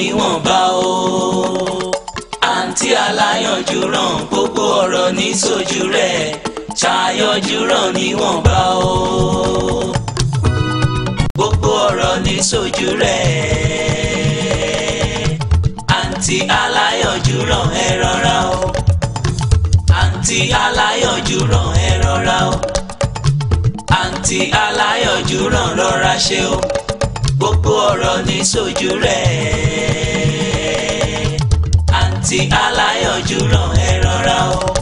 níwọ̀nba o. àǹtí aláyànjú ràn gbogbo ọ̀rọ̀ ní sójú rẹ̀ ṣàyànjú ràn níwọ̀nba o. gbogbo ọ̀rọ̀ ní sójú rẹ̀ àǹtí aláyànjú ràn ẹ rọra o. àǹtí aláyànjú ràn ẹ rọra o. àǹtí aláyànjú ràn rọra ṣe o ọ̀rọ̀ ní sójú rẹ̀ àǹtí aláyọ̀jú ràn ẹ́ rọra o.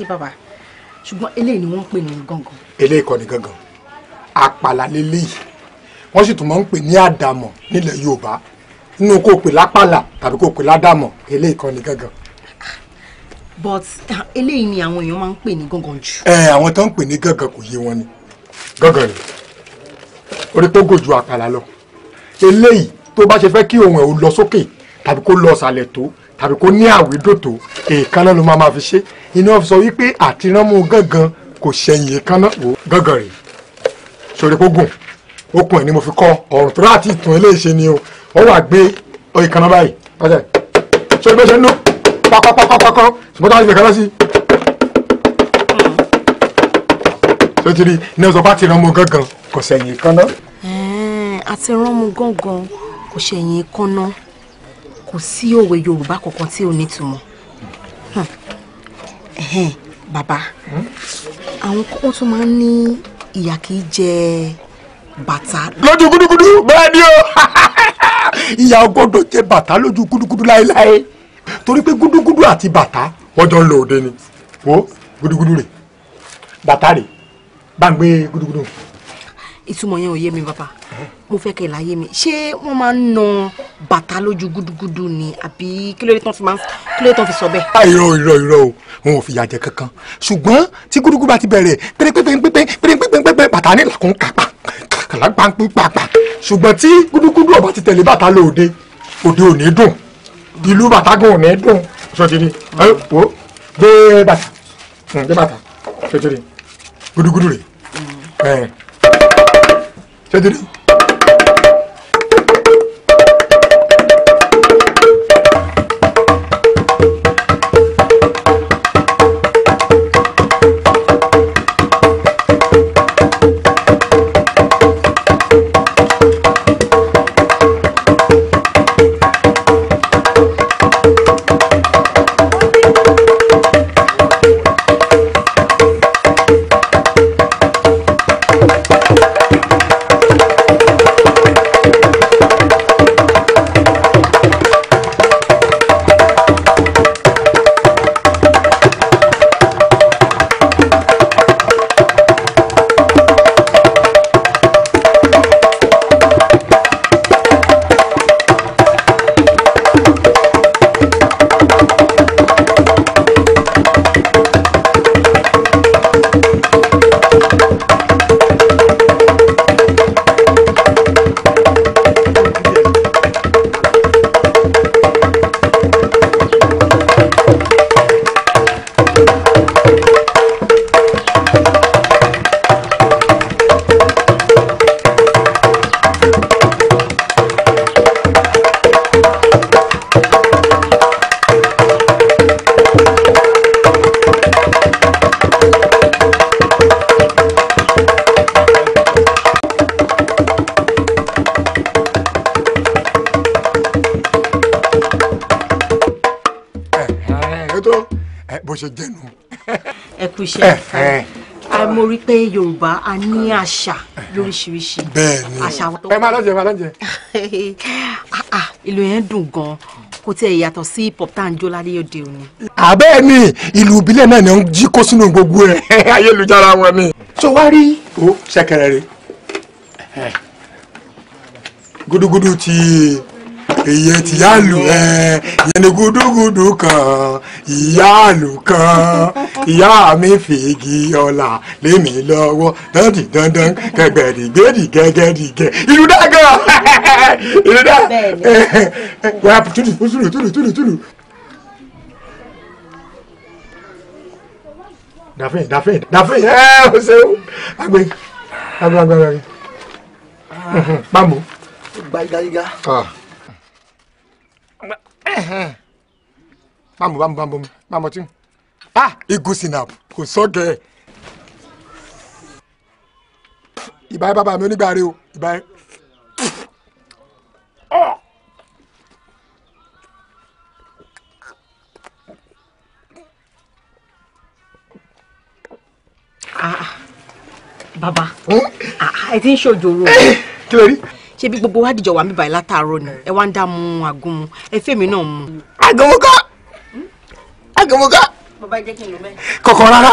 ṣe bàbá ṣùgbọ́n eléyìí ni wọ́n ń pè ní gangan. eléyìí kọ́ ni gangan àpàlà lélẹ́yìí wọ́n sì tún máa ń pè ní àdàmọ̀ nílẹ̀ Yorùbá inú kò pè lápàlà tàbí kò pè ládàmọ̀ eléyìí kọ́ ni gangan. but eléyìí ni àwọn èèyàn máa ń pè ní gangan jù. ẹ àwọn tó ń pè ní gangan kò yé wọn ni gangan ni orí tó gòjù àpàlà lọ eléyìí tó bá ṣe fẹ́ kí ohun ẹ̀ ò lọ sókè tàbí kó lọ sàlẹ̀ tó tàbí kó ní àwídòtò èèkánná ló máa ma fi ṣe iná sọ wípé àtiránmú gángan kò ṣẹ̀yìn èèkánná wò gángan rèé sori kó gùn okùn ẹ̀ ni mo fi kọ́ ọ̀rùn tó láti ìtàn eléyìí ni o ó wà gbé èèkánná báyìí ọ̀sẹ̀ sori bẹ́ẹ̀ ṣe ń nú pápápápápákọ́ ṣùgbọ́n tó fi èèkánná sí i tó ti rí iná sọ bá àtiránmú gángan kò ṣẹ̀yìn èèkánná. àtiránmú gángan kò ṣẹ̀yìn èèkánná kò sí òwe yorùbá kankan tí ò nítumọ̀ hmm. bàbá hmm? àwọn kókó tó máa ń ní ìyà kì í jẹ bàtà. lójú gúdúgúdú bẹ́ẹ̀ ni o ìyà gbọ́dọ̀ jẹ bàtà lójú gúdúgúdú láéláé torí pé gúdúgúdú àti bàtà wọ́n jọ ń lọ òde ni wo gúdúgúdú rè bàtà rè bá ń gbé gúdúgúdú ìtumọ̀ yẹn ò yé mi bàbá mo fẹ́ kẹ́ láyé mi ṣé wọ́n máa ń na bàtà lójú gúdúgúdú ni àbí kí ló dé tán fi máa kí ló dé tán fi sọ bẹ́ẹ̀. irọ́ irọ́ irọ́ o wọn ò fi yà jẹ kankan ṣùgbọ́n tí gúdúgúdú bá ti bẹ̀rẹ̀ pẹ́rẹ́pẹ́pẹ́pẹ́pẹ́pẹ́pẹ́ bàtà ní làkún kápá kàlá gbàǹpé pàpà ṣùgbọ́n tí gúdúgúdú ọba ti tẹ̀lé bàtà lóde òde ò ní dùn ìlú bàtà gan ò ní dùn ṣòtìrì ẹ wò gbé bàtà gbé bàtà ṣòtìrì gúdúgúdú rè 저희들은 iṣẹ́ eh, fún eh. mo rí pé yorùbá a ní àṣà lóríṣiríṣi àṣà tó ẹ máa lọ́jẹ̀ máa lọ́jẹ̀. Ah, ah, ìlú yẹn dùn gan-an kò tiẹ̀ yàtọ̀ sí hip hop òní. àbẹ́ẹ̀ ni ìlú ìbílẹ̀ náà ni ó ń jí kó sínú gbogbo ẹ̀ ayélujára wọn ni. so wá rí o ṣẹ̀kẹ̀rẹ̀ rẹ̀ eh. gudugudu ti èyẹ ti yá lù ẹ yẹn ni gudugudu kan ìyá kan ìyá mi fi igi ọ̀la lé mi lọ́wọ́ dọ́dì dandan kẹgbẹ̀rì gbẹ̀rì gẹ́gẹ́rìgẹ́ ìlú dágọ́ ìlú dá wà túlù túlù túlù túlù túlù. dàfẹ́ dàfẹ́ dàfẹ́ ẹ ọ ṣeun agbe agbe agbe agbe pamọ. gbaigaiga. pamọ pamọ pamọ pamọ tí mo ah igun sinap kò sọ́gẹ̀ ìbá yẹn bàbá mi onígbàre o ìbá yẹn. Ah! Ah, ah, bàbá hmm? ẹ ti ń ṣòjòrò kí ló rí ṣebí gbogbo wa dìjọ wà mí báyìí látàárọ̀ ni ẹ wá ń dá mu àgùnmu ẹ fẹmi náà mu. àgùnmu kọ́ hmm? bàbá jẹ́ kí n lò bẹ́ẹ̀. kọ̀kọ̀ rárá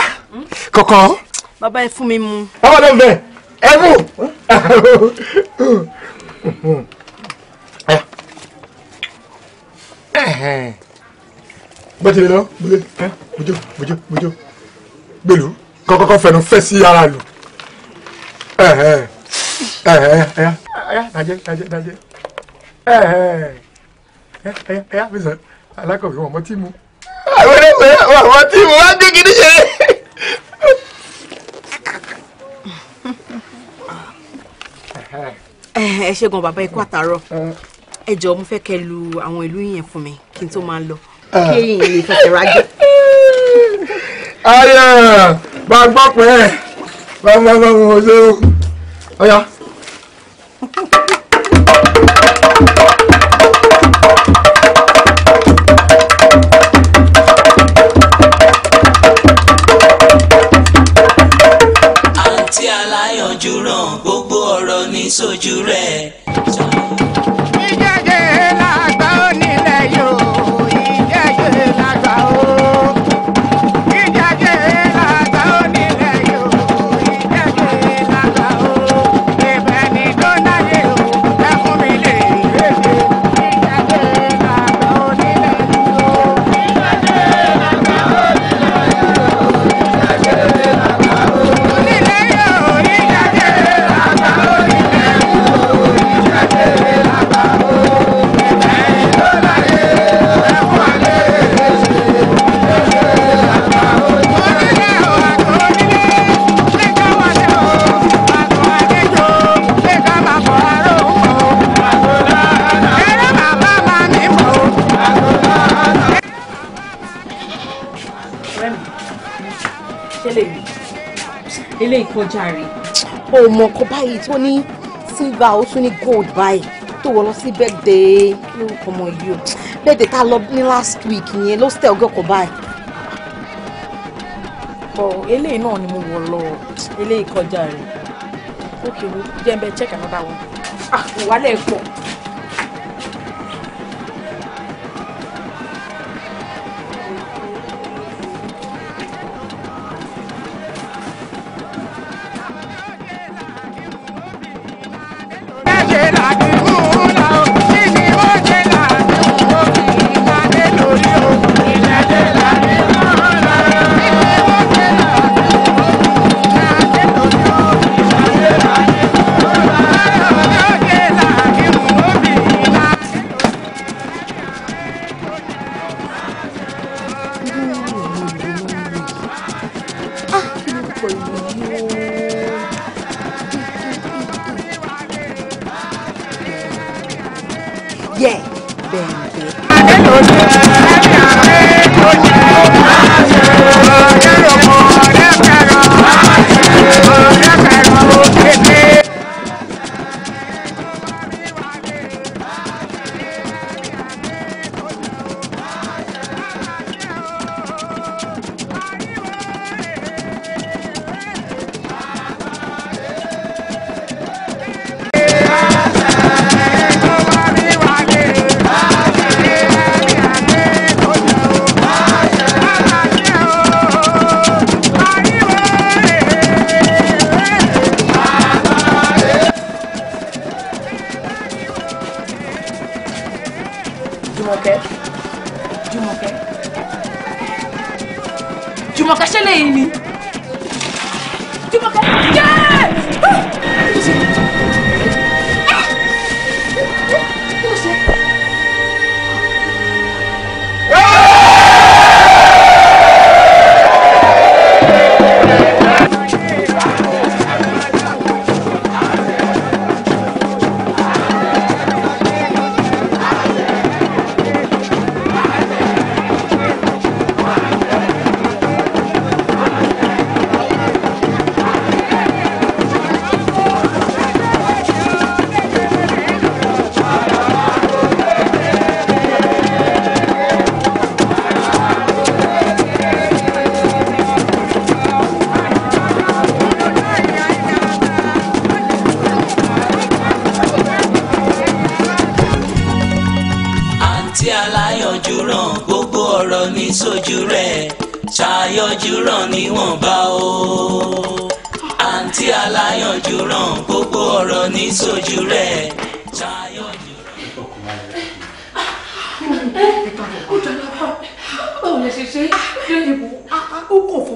kọ̀kọ̀. bàbá ẹ fún mi mu. bàbá náà bẹ ẹ mú. bọ́tí mi lọ bọ́lẹ̀ bójú bójú bójú gbèlú kọ́kọ́kọ́ fẹnu fẹ́ sí ara lò. dájẹ́ dájẹ́ dájẹ́ alákọ̀wé wọn mọ́ tí mu bàbá tí mo wá gbé gidi ṣe. ẹ ṣe gan bàbá ikú àtàárọ̀ ẹ jọ mo fẹ́ kẹ́ lu àwọn ìlú yẹn fún mi kí n tó máa lọ kéyìn lè fẹsẹ̀ rájẹ́. ayọ̀ bá gbọ́ pé bá bá bá mo ṣe ó yá. sojú rẹ̀ kọ́ jàre. o mọ ọkọ báyìí tó ní silver ó tún ní gold báyìí tó wọ lọ sí birthday lórúkọ ọmọ yìí o birthday tá a lọ ní last week yẹn ló stẹ̀ ọgọ́ ọkọ báyìí. bọ̀ eléyìí náà ni mo wọ̀ lọ eléyìí kọjá rẹ̀ okay jẹ́ n bẹ check another one. ah ìwálẹ̀ pọ̀.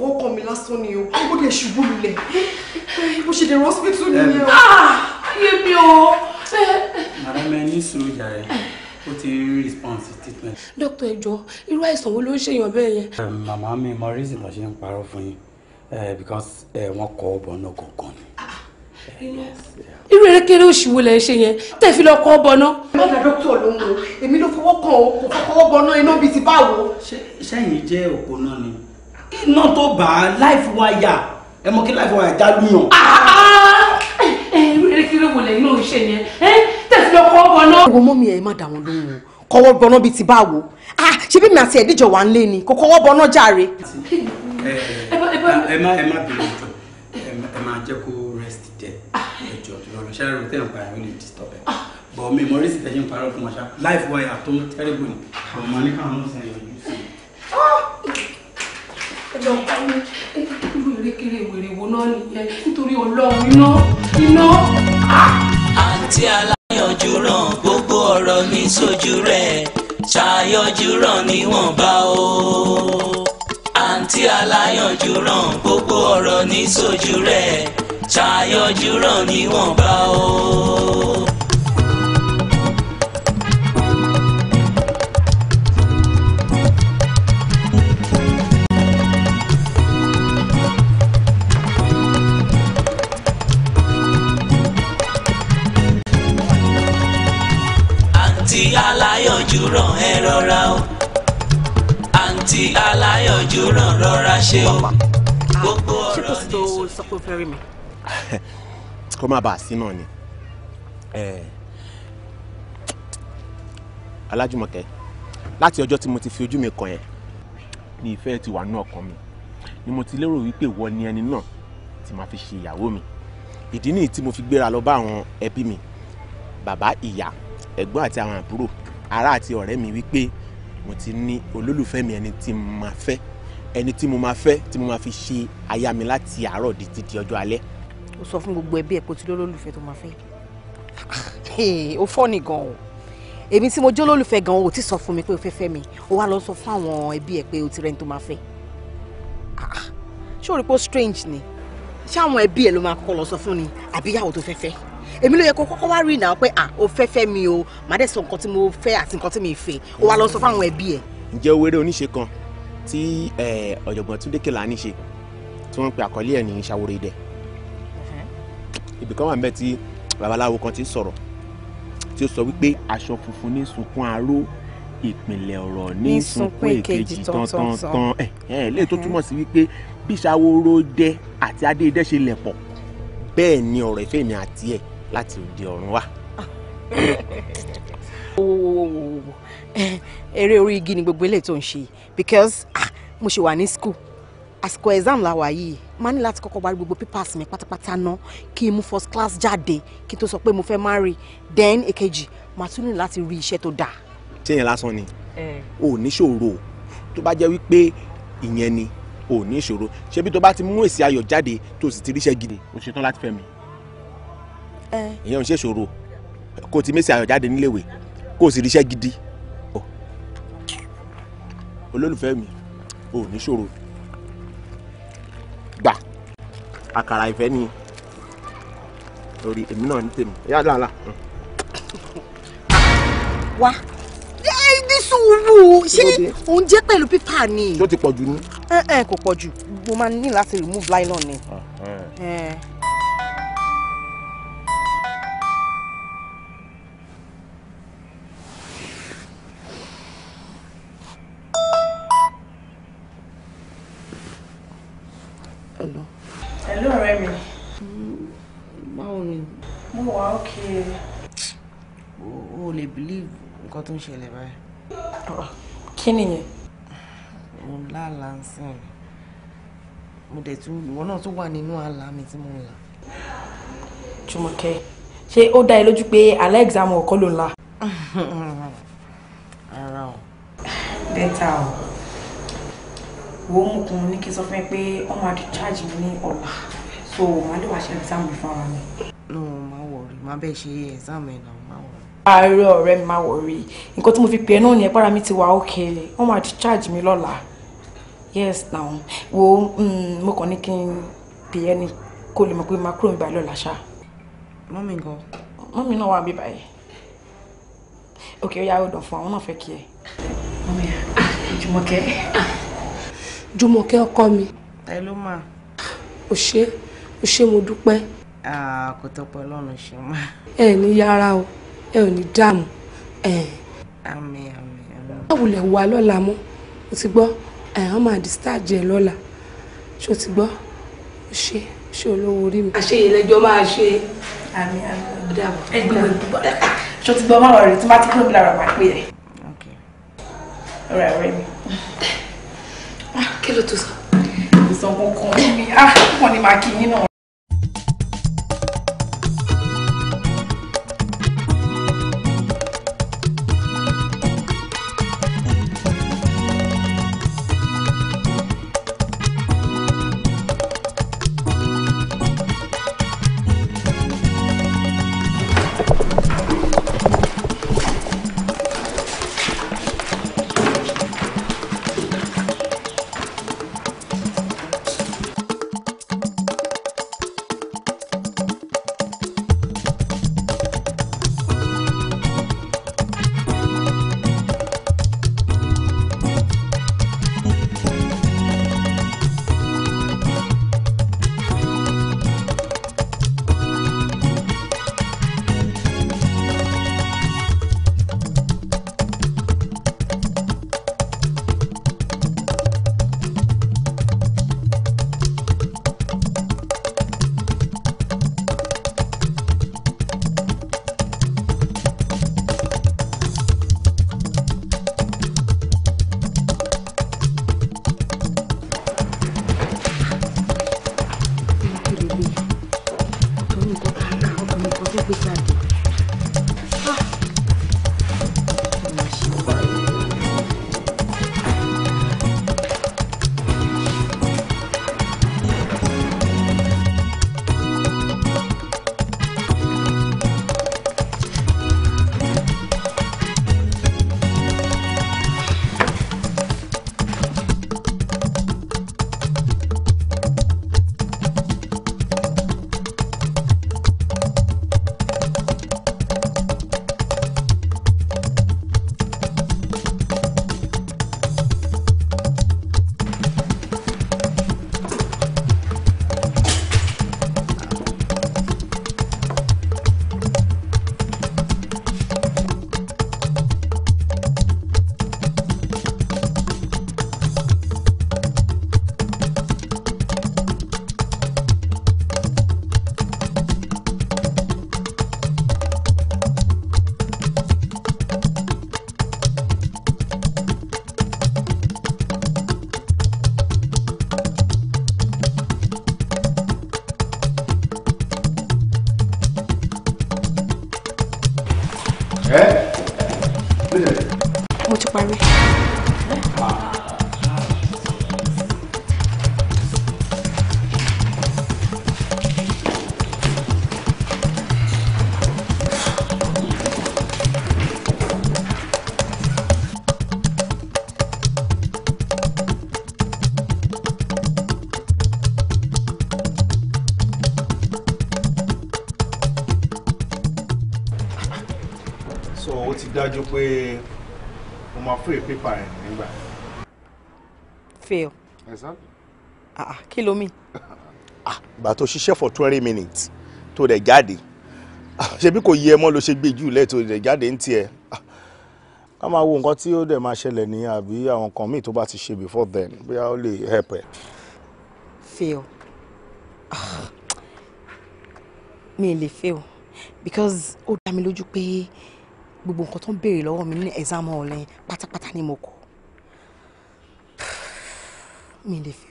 fọwọ́ kàn mí lásán ni o ó dẹ̀ ṣubú lulẹ̀ bó ṣe dẹ̀rọ hospital nìyẹn o. ayé ah! mi o. madam ẹ ní sùúrù jàre ó ti rí response treatment. dókítà ẹ jọ̀ọ́ irú àìsàn wo ló ń ṣèyàn bẹ́ẹ̀ yẹn. màmá mi mọ reason tó ṣe ń parọ́ fún yín eh, because eh, wọ́n kọ ọ̀bọ̀ náà gangan ni. Ah, ah, irú erékeré òṣìwò lẹ ṣe yẹn tẹ́ fi lọ kọ ọ̀bọ̀ náà. mọ́tà dókítà ló ń wo èmi ló fọwọ́ kàn ó kò fọwọ́ bọ̀ náà iná bíi ti báwo. sẹ́yìn jẹ́ òpó náà ni iná tó bá life wire ẹ mọ kí life wire já lùyàn. Ah, ah, ah. ẹ kí ló wọlé inú iṣẹ́ yẹn tẹ̀sí lọ kọ́ ọ̀bọ náà. owó mọ́mí ẹ̀ má dà wọ́n lóhùn o kọ́wọ́ bọ́ná bíi ti báwo ṣé bí mi àti ẹ̀díjọ wà ń lé ni kò kọ́wọ́ bọ́ná jàre. ẹ má ẹ má bèrè ìjọ ẹ má jẹ́ kó rest dẹ̀ ẹjọ́ lọ́rọ̀ ṣáà rò tẹ̀ parí ó lè disturb ẹ̀ but mi mo rí sí tẹ̀yìn parọ́ fún wọn life wire tó terrible ni àwọn ní káwọn ọmọ sẹ́yìn ojú sí i ẹjọ pa mi irú erékeré ìwèrèwò náà nìyẹn nítorí ọlọ́run iná iná. àǹtí aláyànjú ràn gbogbo ọ̀rọ̀ mi sójú rẹ̀ ṣàyọjú ràn níwọ̀nba o. àǹtí aláyànjú ràn gbogbo ọ̀rọ̀ ní sójú rẹ̀ ṣàyọjú ràn níwọ̀nba o. aláyọ̀júràn ẹ rọra o àǹtí aláyọ̀júràn rọra ṣe o gbogbo ah, ọ̀rọ̀ ní sọ. kó má bàa sí náà ni alájùmọ̀kẹ́ láti ọjọ́ tí mo ti fi ojú mi kàn yẹn ni ìfẹ́ ti wà ní ọkàn mi ni mo ti lérò wípé ìwọ ni ẹni náà tí màá fi ṣe ìyàwó mi ìdí nìyí tí mo fi gbéra lọ bá àwọn ẹbí mi bàbá ìyá ẹ̀gbọ́n àti àwọn àbúrò ara àti ọ̀rẹ́ mi wípé mo ti ní olólùfẹ́ mi ẹni tí mo máa fẹ́ ẹni tí mo máa fẹ́ tí mo máa fi ṣe aya mi láti àárọ̀ di títí ọjọ́ alẹ́. o sọ fún gbogbo ẹbí ẹ pé o ti lólùfẹ́ tó máa fẹ́ o fọ́ ni gan o èmi tí mo jẹ́ olólùfẹ́ gan o ti sọ fún mi pé o fẹ́ fẹ́ mi o wá lọ sọ fún àwọn ẹbí ẹ pé o ti rẹ́ni tó máa fẹ́ ah, ṣé o rí pé o strange ni ṣé àwọn ẹbí ẹ ló máa kọ́ lọ sọ fún ni àbíyàwó tó fẹ́ fẹ́ èmi ló yẹ kó kọ́kọ́ wá rí ìnáwó pé à o fẹ́ fẹ́ mi o màá dẹ̀ sọ nǹkan tí mo fẹ́ àti nǹkan tí mi fẹ́ o wá lọ sọ fáwọn ẹbí ẹ̀. ǹjẹ́ owó eré oníṣe kan tí ọ̀jọ̀gbọ́n Túndé Kèlání ṣe tí wọ́n ń pe àkọlé ẹ̀ ní ìṣàwòrán idẹ ibì kan wà ń bẹ tí babaláwo kan ti sọ̀rọ̀ tí ó sọ wípé aṣọ funfun ní sunkún aró ìpìlẹ̀ ọ̀rọ̀ ní sunkún èkejì tán-tán-tán ẹ̀ ẹ̀ lè tó túmọ̀ sí wípé bí ìṣàwòrán idẹ àti adé idẹ ṣe lẹ̀ pọ̀ bẹ́ẹ̀ ni ọ̀rọ̀ ìfẹ́ mi àti ẹ̀ láti òde ọ̀run wá. eré orí igi ni gbogbo eléyìí tó ń ṣe because ah, mo ṣe wà ní school àsìkò exam la wà yìí máa ní láti kọ́kọ́ parí gbogbo papers mi pátápátá ná kí n mú first class jáde kí n tó sọ pé mo fẹ́ marry then èkejì màá tún ní láti rí iṣẹ́ tó dáa. tíyẹn lásán ni o ò ní ṣòro tó bá jẹ́ wípé ìyẹn ni o ò ní ìṣòro ṣebí tó bá ti mú èsì ayọ̀ jáde tó sì ti ríṣẹ́ gidi o ṣetán láti fẹ́ mi èèyàn eh. ń ṣe ṣòro kó o ti mẹ́sì ayọ̀ jáde níléèwé kó o sì ríṣẹ́ gidi olólùfẹ́ mi ò ní ṣòro gbà àkàrà ìfẹ́ ni torí èmi náà ní tèmi yálà là. Hmm. wá eh, ní sùúrù ṣé oúnjẹ pẹ̀lú pípà ni. tó ti pọ̀ jù ni. ẹ eh, ẹ kò pọ̀ jù mo máa ní láti remove nylon ni. Ah, tó ń ṣẹlẹ̀ báyìí. Ah, kí nìyẹn. mo láàlá ń sìn mo dẹ̀ tún ìwọ náà tún wà nínú àlá mi tí mo ń là. Jùmọ̀kẹ́ ṣé ó dá ẹ lójú pé àlá ẹ̀gzámù ọ̀kọ́ ló ń la. ara o. bẹ́tà o wo mú kun ní kí n sọ fún ẹ pé wọ́n máa di chájì ní ọ̀la so màá lè wá ṣe ẹ̀gzámù fún ara mi. no má wọrí má bẹ́ẹ̀ ṣe ẹ̀gzámù ẹ̀ náà má wọrí. ààrẹ ọ̀rẹ́ mi máa wọ̀rí mo fi pè é náà ni mi ti wà òkè wọ́n máa mi yes wo mm, mo kàn ní kí ni kó lè pé máa kúrò mi báyìí lọ́la ṣá. mọ́mí gan. mọ́mí náà wà bí báyìí òkè ó yá fún àwọn náà fẹ́ kí ẹ. Ah, o. ẹ ò ní dààmú. báwo lè wà lọ́la mọ́ o ti gbọ́ àwọn máa discharge ẹ lọ́la ṣó ti gbọ́ o ṣe ṣe olówó orí mi. àṣeyẹ lẹjọ máa ṣe. àmín àmín dàbọ̀. ẹ gbọ́dọ̀ gbọ́dọ̀ ṣó ti gbọ́ máa rẹ̀ tí má ti kúrò lára máa pè é. ọ̀rẹ́ ọ̀rẹ́ mi. Ah, kí ló tó sọ. ìsọ̀kan mi ah wọn ni màá kí yín náà. pé mo máa fún èyí pépà rẹ̀ nígbà. fail. exactly. ah, ah kí ló mi. ah ìgbà tó ṣiṣẹ́ for twenty minutes tó dẹ̀ jáde ah, ṣebí kò yẹ ẹ mọ́ ló ṣe gbé jù lẹ́ẹ̀ tó dẹ̀ jáde ń tiẹ̀ ah, a máa wo nǹkan tí ó dẹ̀ máa ṣẹlẹ̀ ní àbí àwọn nǹkan míì tó bá ti ṣe before then bóyá ó lè help ẹ. fail mi ò lè fail because ó dá mi lójú pé. Pe gbogbo nǹkan tó ń béèrè lọ́wọ́ mi ní exam hall pátápátá ni mo kọ mi lè fi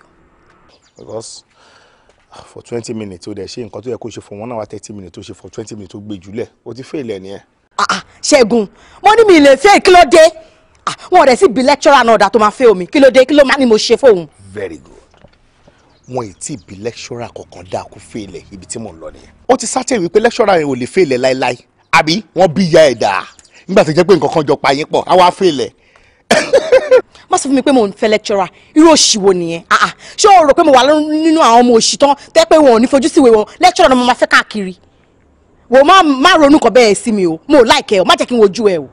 because ah, for twenty minutes o dẹ̀ ṣe nǹkan tó yẹ kó ṣe for one hour thirty minutes o ṣe for twenty minutes o gbé jùlẹ̀ o ti fail ẹ̀ nìyẹn. Ah, ah, ṣẹ́gun mo ní mi lè fẹ́ kí ló dé wọn ò dẹ̀ sì bí lecturer náà ọ̀dà tó máa fail mi kí ló dé kí ló máa ní mo ṣe fóun. very good wọn ì tí bí lecturer kankan dáa kó fail ẹ̀ ibi tí mò ń lọ nìyẹn. ó ti sátẹ̀ wípé lecturer yẹn ò lè fail ẹ̀ láéláé àbí wọ́n bí ya ẹ̀ dáa nígbà tó jẹ́ pé nǹkan kan jọ pa yín pọ̀ àwa fèlè. má sọ fún mi pé mo ń fẹ́ lecturer irú òṣì wo nìyẹn ah, ah. ṣé o rò pé mo wà nínú àwọn ọmọ òṣì tán tẹ́ pé wọn ò ní fojú síwèé wọn lecturer ni mo máa fẹ́ káàkiri wò má má ronú kan bẹ́ẹ̀ sí mi o mo ò láìkẹ́ o má jẹ́ kí n wojú ẹ o.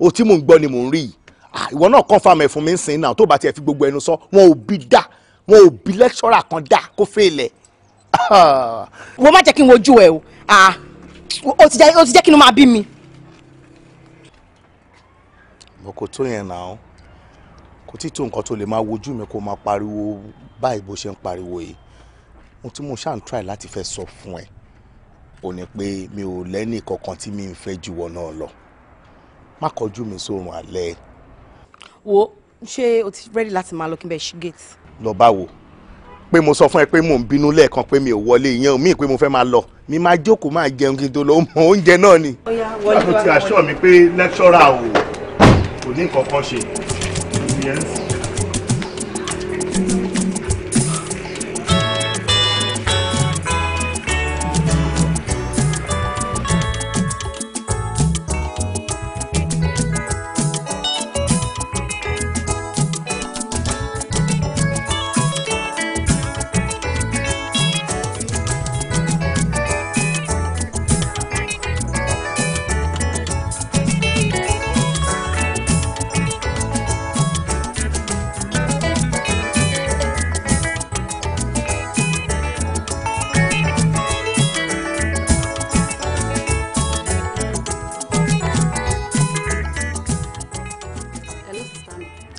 o tí mò ń gbọ́ ni mò ń rí yìí ah, ìwọ náà confirm ẹ̀ fún mi ń sìn náà tó bá tiẹ̀ fi gbogbo ẹnu sọ wọn ò bí dá wọn ò bí lecturer kan dá kó fèlè. wò má jẹ́ kí n wojú ẹ o ó ti jẹ́ kí n máa bí mi bọ̀ kò tó yẹn náà kò tí tó nǹkan tó lè máa wojú mi kó máa pariwo báyìí bó ṣe ń pariwo yìí mo tún mo ṣáà ń try láti fẹ́ sọ fún ẹ ò ní pé mi ò lẹ́nì kankan tí mi ń fẹ́ ju wọn náà lọ má kọjú mi sórun alẹ́. wo ṣé o ti rẹ́dí láti máa lọ kí n bẹ ṣí gate. lọ báwo pé mo sọ fún ẹ pé mò ń bínú lẹ́ẹ̀kan pé mi ò wọlé ìyẹn ò pé mo fẹ́ máa lọ mi máa jókòó máa jẹun kí n tó lọ mọ oúnjẹ náà ni. ó yá wọlé wá wọlé. àtúntì aṣọ mi pé lẹ́kṣọ́rà o kò ní nǹkan kan ṣe ìyẹn ń sìn.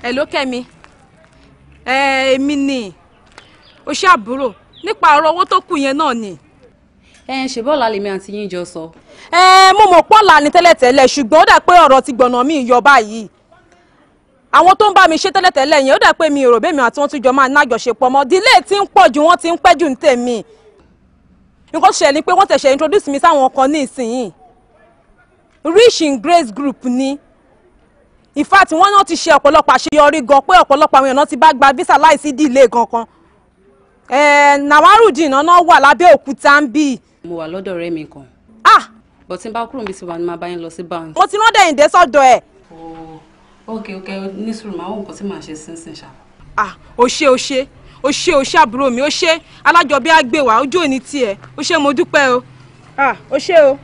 ẹ ló kẹ́mi ẹ èmi ni o ṣe àbúrò nípa ọ̀rọ̀ owó tó kù yẹn náà ni. ẹ ẹ ṣe bọ́ọ̀lù àlèmi àti yín jọ sọ. ẹ mo mọ̀ pọ́ọ̀lù àní tẹ́lẹ̀tẹ́lẹ̀ ṣùgbọ́n ó dà pé ọ̀rọ̀ ti gbọ̀nà mi yọ báyìí àwọn tó ń bá mi ṣe tẹ́lẹ̀tẹ́lẹ̀ yẹn ó dà pé mi rò bẹ́ẹ̀ mi àti wọ́n tún jọ máa nájọṣepọ̀ mọ́ dílé tí ń pọ̀ jù wọ́n ti ń pẹ́ jù tèmi nǹkan ṣẹlẹ̀ ni pé wọ́n tẹ̀sẹ̀ introduce mi sáwọn kan ní ìsinyìí rich in grace group ni in fact wọ́n náà ti ṣe ọ̀pọ̀lọpọ̀ àṣeyọrí gan pé ọ̀pọ̀lọpọ̀ àwọn èèyàn ti bá gba visa láìsí dílé kankan nàwárùdìn náà wà lábẹ́ òkúta ń bì. mo wà lọ́dọ̀ ọ̀rẹ́ mi kan. ah but tí n bá kúrò níbi tí wà ní máa bá yín lọ sí bank. mo ti rán dẹ̀yìndé sọ́dọ̀ ẹ̀. Oh, okay okay ní sùúrù màá wọ nǹkan tí màá ṣe sínsìn ṣá. ah o ṣe o ṣe o ṣe o ṣe àbúrò mi o ṣe alájọbí àgbèwà ojú òní tiẹ̀ o ṣe mo dúpẹ́ o ah o ṣe o.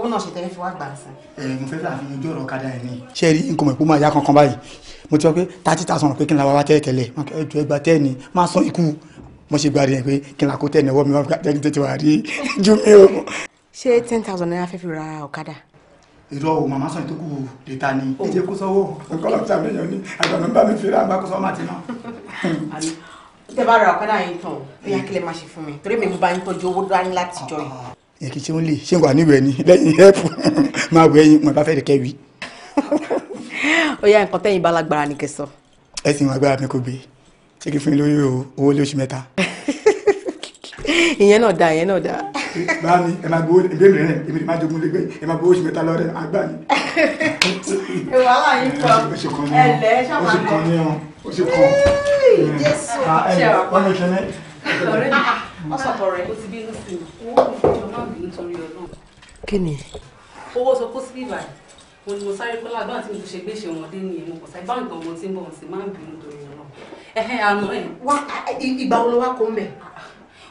owó náà ṣe tẹ́lẹ̀ fi wá gbà á sí. ẹ mo fẹ́ fà fi ojú ọ̀rọ̀ kadà ẹ̀ ní. ṣé rí nǹkan mọ̀ ìpó máa yá kankan báyìí mo ti sọ pé thirty thousand pé kí n la wá wá tẹ́lẹ̀ tẹ́lẹ̀ ẹjọ́ ẹgbà tẹ́ẹ̀ ni máa sọ ikú mo ṣe gbà rí ẹ pé kí n la kó tẹ́ẹ̀ ní ọwọ́ mi máa tẹ́lẹ̀ tẹ́tẹ́ wà rí ju mi o. ṣé ten thousand naira fẹ́ fi ra ọ̀kadà. irọ́ o màmá sọ̀rọ̀ tó kù lẹ́ta ni oh. ẹ jẹ́ kó sọ́wọ́ nǹkan lọ́ọ́ sàmìlẹ̀ ni àgbàdo bá mi fi ra àgbà kó sọ́wọ́ máa ti ná tẹ bá ra ọ̀kadà yín tán bóyá kí lè má ṣe fún mi torí mi ń bá yín tọ́jú owó dání látijọ́ yìí. Ah èkì tí ó lè ṣé wà níwẹ̀ ni lẹ́yìn ẹ̀pù máa wẹ̀ yín wọn bá fẹ́ kẹ́ wí. ó yá nǹkan tẹ́yìn bá lágbára ni kẹsàn. ẹ sì wọn agbára mi kò gbé ṣé kí fún mi lórí owó lóṣù mẹ́ta. ìyẹn náà dáa ìyẹn náà dáa. bá mi ẹ máa gbowó ìbéèrè rẹ èmi ni máa jogún lẹgbẹ ẹ máa gbowó oṣù mẹ́ta lọrẹ àgbà mi. wàhálà yín kọ ẹ lẹ ẹ ṣàmà lẹ. ó ṣe ní ọ ó ṣe ọ̀sọ̀tọ̀ rẹ̀ o ti bí ní sí i owó mi fi ọmọ mi nítorí ọlọ́run. kí ni. owó sọ kó sí bíbà yìí mo ní mo sáré pé ládùn àti mo ṣe gbé ṣe ọmọdé ni èmi kò sáré báńkì ọmọ tí ń bọ̀ sí máa ń bínú torí ọlọ́run. ẹhẹ àná ẹ. wá ìgbà wo ló wá kó ń bẹ̀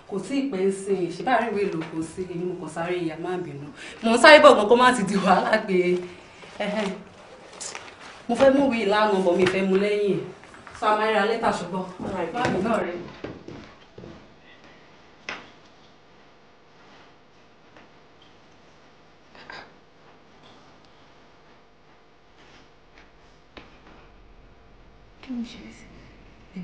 kò tí ì ń sìn ṣe bá rí ìwé kò sí èmi mo kàn sáré ìyá máa bínú mo sáré bọ̀gbọ̀n kó mo fẹ́ mú wí ìlànà ọmọ mi fẹ́ mú lẹ́yìn sọ amáyéra lẹ́tà ṣùgbọ́n báàgì náà rẹ̀. Give me shoes. They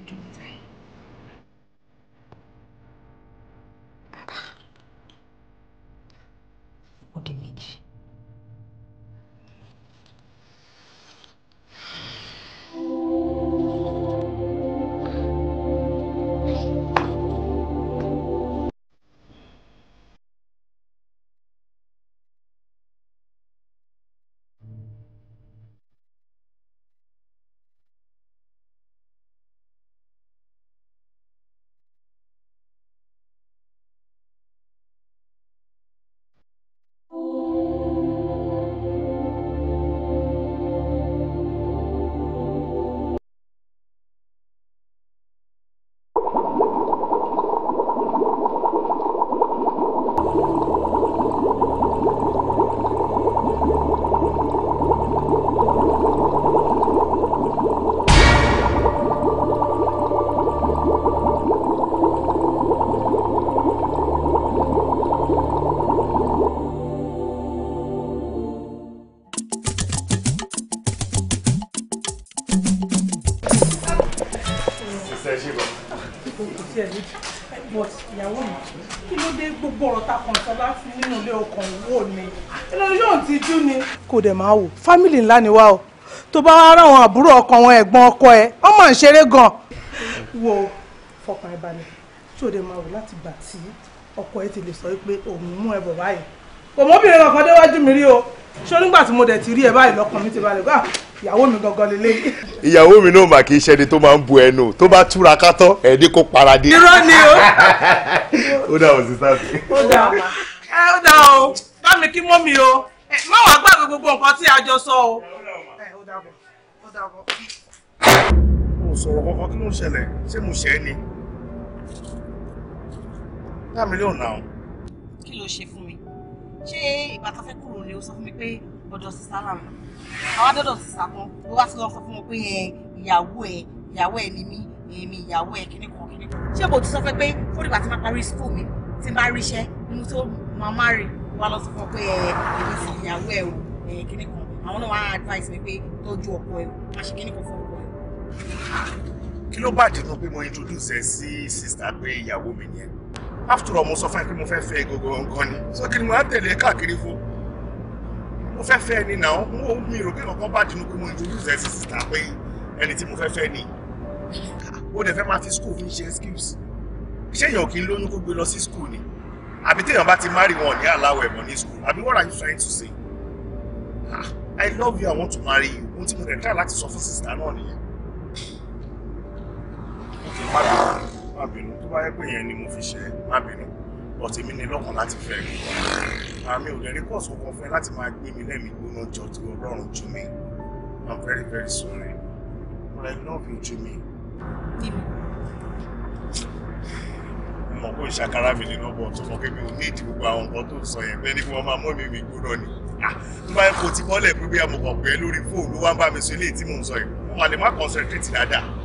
kò sí ẹ̀ lójú but ìyàwó mi kí ló dé gbogbo ọ̀rọ̀ ta kàn sọ láti nínú ilé ọkàn wò ni ilé yóò ti jú ni. kò dẹ̀ máa wò fámìlì ńlá ni wá o tó bá rà àwọn àbúrò ọkọ wọn ẹ̀gbọ́n ọkọ ẹ wọ́n máa ń ṣeré gan. wo fọkàn ẹ balẹ̀ tí o dẹ̀ máa wò láti gbà tí ọkọ ẹ ti lè sọ pé òun mú ẹ bọ̀ báyìí òmóbìnrin kankan déwájú mi rí o ṣé nígbà tí mo dẹ̀ ti rí ẹ báyìí lọ́kàn mi ti balẹ̀ gbà ah, ìyàwó mi gangan lélẹ́yìí. ìyàwó mi náà mà kì í ṣẹni tó máa ń bu ẹnu tó bá túra kátọ́ ẹni kó paradé. irọ́ ni o. ó dà o sísá sí. ó dà ó dà o bá mi kí mọ́ mi o má wàá gbàgbé gbogbo nǹkan tí a jọ sọ o. ó dàbọ̀ ó dàbọ̀. mo sọ̀rọ̀ kankan kí ló ń ṣẹlẹ̀ ṣé mo ṣẹ́ ni. dá mi lóhùn náà. kí ló ṣe fún ṣé ìgbà tó fẹ́ kúrò ni ó sọ fún mi pé ọ̀dọ̀ sísá làwọn àwọn adọ́dọ̀ sísá kan ló wá sí lọ sọ fún mi pé ìyàwó ẹ ìyàwó ẹ ni mí èmi ìyàwó ẹ kíní kan kíní kan ṣé mo ti sọ fẹ́ pé fúnìgbà tí máa parí skul mi tí máa rí iṣẹ́ nínú tó máa má rí wá lọ sọ fún ọ pé èmi sì ìyàwó ẹ o kíní kan àwọn náà wá advice mi pé tọ́jú ọkọ ẹ o má ṣe kíní kan fún ọkọ ẹ. kí ló bàjẹ́ nù pé mo introduce ẹ sí sista pé ìyàwó mi ni ẹ after all mo sọ fún ẹ pé mo fẹ́ fẹ́ gbogbo ọ̀gán ni so kí ni mo á tẹ̀lé káàkiri fún mo fẹ́ fẹ́ ni náà mo mi rò pé ọ̀gán bá dínú pé mo introduce ẹ sí sísá pé ẹni tí mo fẹ́ fẹ́ ni ó dẹ̀ fẹ́ máa fi school fi ṣe excuse iṣẹ́ èèyàn kì í lóyún kó gbé lọ sí school ni àbí téèyàn bá ti marry wọn ní aláwọ̀ ẹ̀mọ́ ní school àbí what are you trying to say ah, i love you i want to marry you ohun tí mo dẹ̀ try láti sọ fún sísá náà nìyẹn má bínú tó bá yẹ pé yẹn ni mo fi ṣe má bínú ọ̀tí mi ní lọ́kàn láti fẹ́ rí àmì ò lè rí kọ́ọ̀sì kankan fún ẹ láti máa gbé mi lẹ́mìí gbóná jọ ti ọlọ́run jù mí I'm very very sorry but I love you jù mí. mo kó ìṣàkárá mi lè lọ́bọ̀ tó mọ̀ kébi ò ní ìdí gbogbo àwọn nǹkan tó sọ yẹn bẹ́ẹ̀ ni wọ́n máa mọ́ mi mi gbóná ni ah! tó bá yẹ kó ti kọ́lẹ̀ pé bí amọ̀kàn lórí fóònù wá ń bá mi sọ eléyìí tí mò ń sọ yìí wọ́n lè má concentrate dáadáa.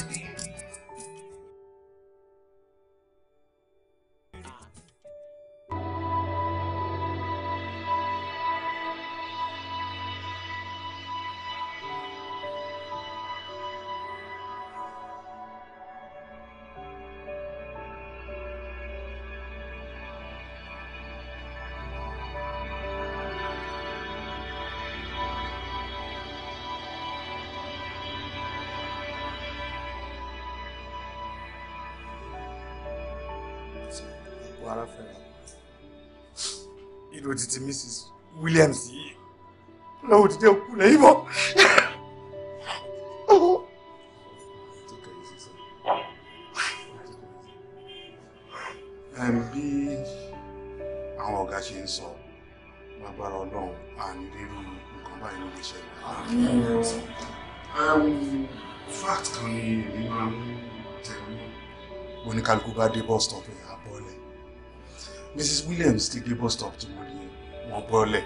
ti Mrs. Williams yìí lọ́wọ́ ti jẹ́ òkú lẹ́yìn bọ́. bí àwọn ọ̀gá ṣe ń sọ lágbára ọlọ́run àní rírú nǹkan báyìí ló lè ṣẹlẹ̀. fact kan ni èmi máa ń tẹ̀lé oníkálukú bá dé bus stop ẹ̀ àbọ̀lẹ̀ Mrs. Williams ti dé bus stop tó mọ́ wọ́n bọ́lẹ̀.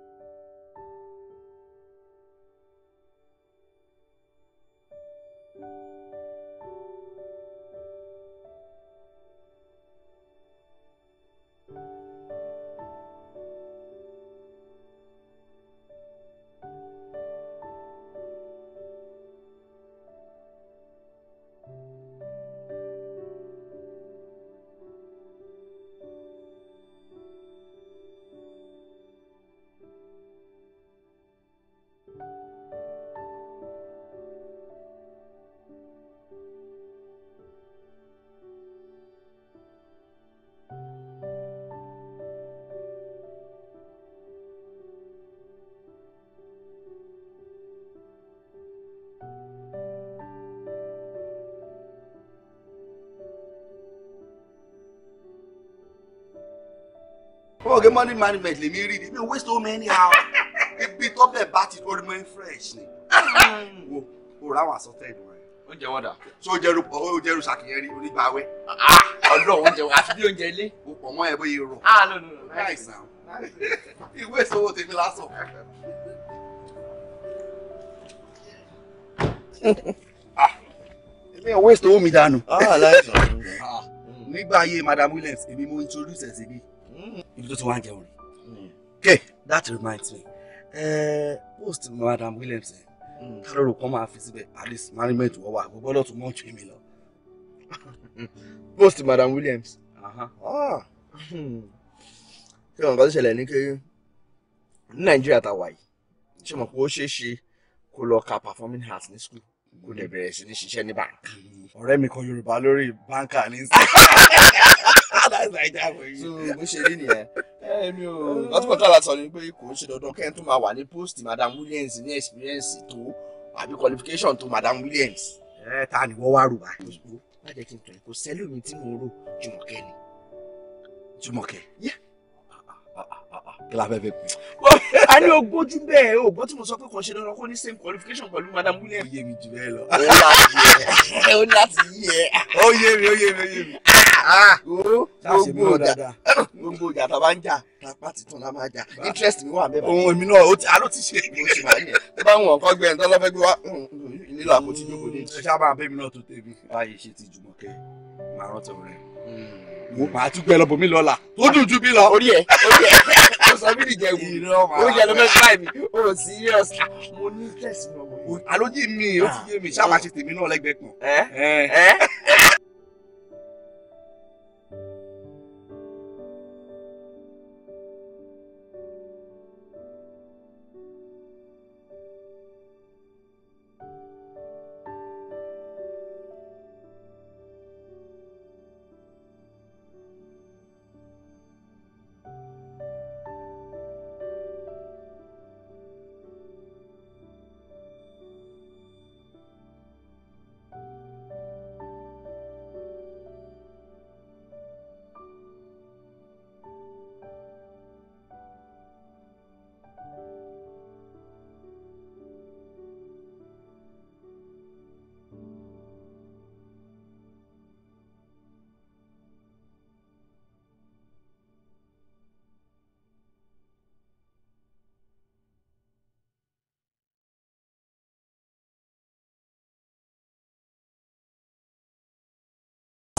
Oh, ọ̀gẹ́ money management lèmi rí read. mi ò waste so many hours ibi tọ́bẹ̀ bá bat. It rí mọ́ fresh ni wo o ra àwọn àsọtẹ́ ìlú rẹ̀. ó jẹ wọ́dà. so jẹrù pọ̀ ó jẹrù ṣàkíyẹ́rí onígbàwẹ́. Ah, ọlọ́run oúnjẹ àfi bí oúnjẹ ilé. jelly? Oh, mọ́ ẹ bóyá irọ́. ah no no no nice now ìwé ìṣòwò tèmi lásán. Ah, èmi ò waste owó Ah, dànù. Ah, nígbà ayé madam williams èmi mo introduce ẹ̀ síbí tó ti wá ń hmm. okay that reminds me uh, post madam williams kálọ̀rọ̀ eh, hmm. kan máa fi síbẹ̀ at least management wọ́n wà gbogbo ọlọ́tún mọ́ ju èmi lọ. post madam williams. Uh huh. kọ́ tó ṣẹlẹ̀ ní kéré ní nàìjíríà tá a wà yìí ṣé mo kó o performing arts ní school kó lè She sí ní ṣiṣẹ́ Or báńkì. Hmm. ọ̀rẹ́ mi kan yorùbá lórí báńkà ní. that's like that for you. so bó ṣe rí nìyẹn ẹmi o ọtí pọ̀ tó àlá sọ ni pé kò ń ṣe dandan kẹ́hìn tó máa wà ní post madam williams ní experience qualification tó madam williams. ẹ ta ni wọ́n wá rò wá. má jẹ́ kí n tọ̀ ẹ́ kò sẹ́lẹ̀ mi tí mo rò jùmọ̀kẹ́ ni jùmọ̀kẹ́. yẹ́ kí la fẹ́ fẹ́ pè. a ní ogún ojú bẹ́ẹ̀ o gbọ́ tí mo sọ pé kàn ṣe dandan kó ní same qualification pẹ̀lú madam Williams. ó yé mi jù bẹ́ẹ̀ lọ. ó yé mi ó yé mi ó yé mi. Ah, ah, gbogbo ọjà gbogbo ọjà tá a bá ń jà tapá titun la máa jà interest mi wà bẹ́ẹ̀. ohun èmi náà a ló ti ṣe èmi oṣù máa yẹ tó bá ń wọ̀n kọ́ gbé ẹni tó lọ́ fẹ́ gbé wá nílò mm, mm, mm, àpótí jókòó ní. sábà bẹ́ẹ̀ mi náà tó tẹ̀mí. báyìí ṣe ti jùmọ̀ kẹ́ máa rántí ọ̀rẹ́ mo máa tún gbẹ lọ́bọ̀ mi lọ́la tó dùn ju mi lọ. orí ẹ orí ẹ mo sọ mí nìjẹ wù ó yẹ lọ mẹ́fà mi ó rò serious mo ní tẹ̀sí lọ́wọ́. àlójì mi ó ti yé mi ṣáà máa ṣe tèmi náà lẹ́gbẹ̀ẹ́ kan.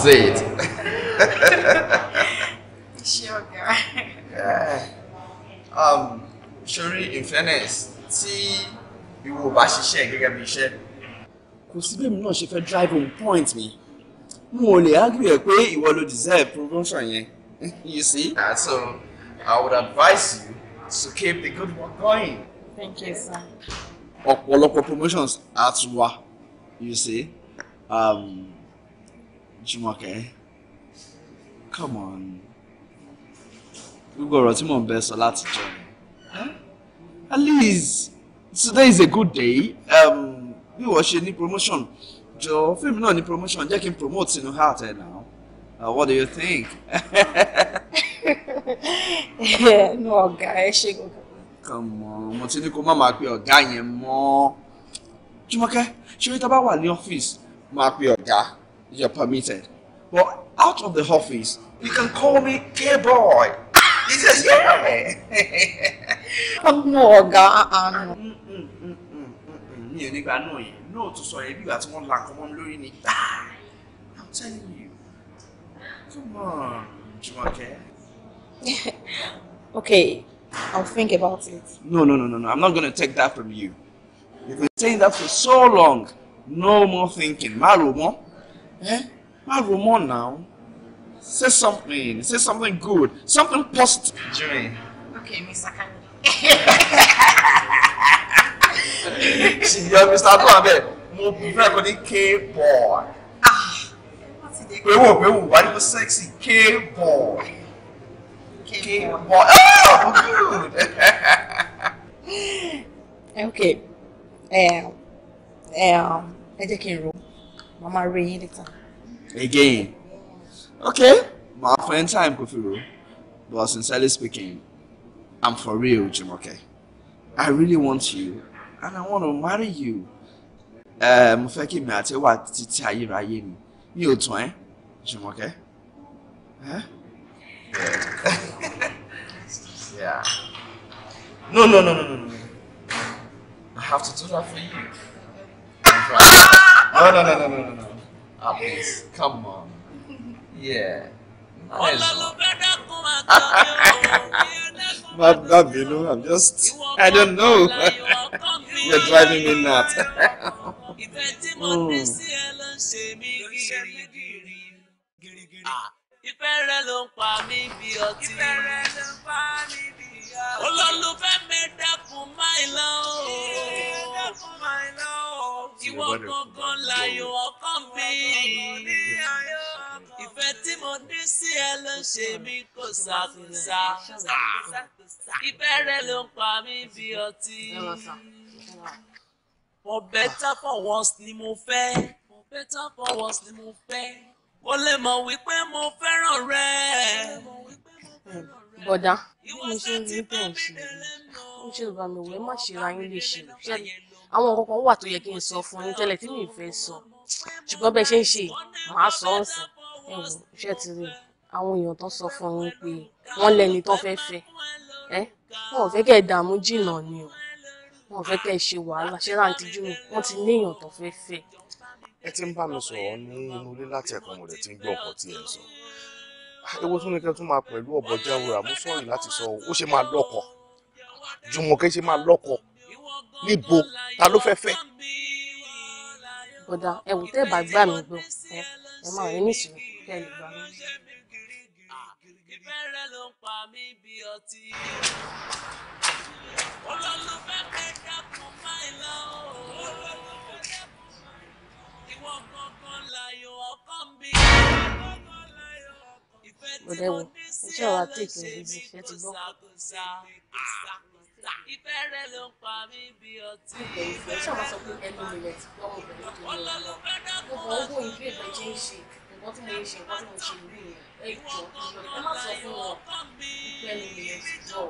Say it. Sure, Yeah. Um, Shori, in fairness, see, you will ṣiṣẹ́ gẹ́gẹ́ bí iṣẹ́. Kò sí bí èmi náà ṣe fẹ́ drive home point me. Mo only lè argue ẹ̀ pé ìwọ ló deserve promotion yẹn. You see? Uh, so, I would advise you to keep the good work going. Thank you, sir. Or local promotions á tún You see? Um, Jùmọ̀kẹ́ come on gbogbo ọ̀rọ̀ tí mò ń bẹ sọ láti jọ at least today is a good day um, bí wọ́n ṣe ní promotion jọ fíìmù náà ní promotion jẹ́ kí n promote inú heart ẹ̀ now uh, what do you think. ẹnu ọ̀gá ẹ ṣe gbogbo. come on mo ti ní kó má máa pe ọ̀gá yẹn mọ́ Jùmọ̀kẹ́ ṣé orí tá a bá wà ní ọ́fíìsì máa pe ọ̀gá you're permitted. But out of the office, you can call me K-boy. He says, yeah. Ọmọ ọ̀gá àánú. Mi no, ní gba náà yẹn, náà tó sọ yẹn bí ìgbà to wọ́n la nǹkan mọ́ ah, I'm telling you, come on, Jumoke. Okay, I'll think about it. No, no, no, no, no, I'm not going to take that from you. You've been saying that for so long. No more thinking. Má ro Eh? Má rò now. Say something. Say something good. Something positive. Jimmy. Okay, Mr. Kandi. Ṣìyọ Mr. Adúlábẹ̀, mo prefer kò ní K-boy. Pèwò why wà nínú sexy K-boy. K-boy. Ah, oh, good. okay. Um, um, I'm taking room màmá rí yín later. again okay My friend, time kò fi but sincerely speaking i'm for real Jim. Okay, i really want you and i want to marry you eh, mo fẹ́ kí mi what wà títí ayérayé ni mi ò Jim. Okay. Huh? Yeah. No, no, no, no, no, no. I have to do that for you. no, no, no, no, no, no, Ah, please, come on. Yeah. Nice. Not, you know, I'm just, I don't know. You're driving me nuts. mm. ah olólùfẹ́ mi dákun máì lọ o ìwọ gangan láyọ̀ ọkàn mi ìfẹ́ tí mo ní sí ẹ ló ṣe mí kò ṣàkóṣà ìfẹ́ rẹ ló ń pa mí bí ọtí for better for worse ni mo fẹ́ for better for worse ni mo fẹ́ kó lè mọ̀ wípé mo fẹ́ràn rẹ. bọ̀dá bí mo ṣe ń rí bẹ́ẹ̀ ṣe ó ṣe ìgbà mi òwe má ṣe ra yín lè ṣe ṣe àwọn nǹkan kan wà tó yẹ kí n sọ fún yín tẹ́lẹ̀ tí mi fẹ́ sọ ṣùgbọ́n bẹ́ẹ̀ ṣe ń ṣe màá sọ ọ́ sí ẹ wò iṣẹ́ ti rí àwọn èèyàn tó sọ fún yín pé wọ́n lẹ́ni tó fẹ́ fẹ́ ẹ wọn ò fẹ́ kẹ́ ẹ dààmú jìnnà ni o wọn ò fẹ́ kẹ́ ẹ ṣe wàhálà ṣé láǹtí jù wọ́n ti ní èèyàn tó fẹ́ fẹ́. ẹ ti ń bá mi sọ̀rọ̀ ní inú ilé láti ẹ̀kọ́ mo lè ń gbọ́ ọ̀pọ̀ tí ẹ sọ ewo tún ní kẹ́ tún máa pẹ̀lú ọ̀bọ̀ jáwúra mo sọ̀rọ̀ láti sọ ó ṣe máa lọ́kọ Jùmọ̀kẹ́ ṣe máa lọ́kọ níbo ta ló fẹ́ fẹ́. bọ̀dà ẹ̀wù tẹ́ bá gbà mí gbọ́ ẹ máa rí níṣìí kẹ́ ẹ lè gbà mí. ìbẹ̀rẹ̀ ló bọ̀dẹ̀ wò iṣẹ́ wa take it easy ṣe ti gbọ́. Ah, ìfẹ́ rẹ̀ ló ń pa mí bí ọtí. ìfẹ́ ṣàwọn sọ pé ẹnu mi rẹ̀ ti gbọ́ ọmọbìnrin tó ń lọ. mo kàn ń wò ìwé ìbẹ̀jẹ̀ ń ṣe nǹkan tí mo ń ṣe nǹkan tí mo ṣe ìlú yẹn ẹ jọ ẹ má sọ fún wọn ìfẹ́ ẹnu mi rẹ̀ ti gbọ́.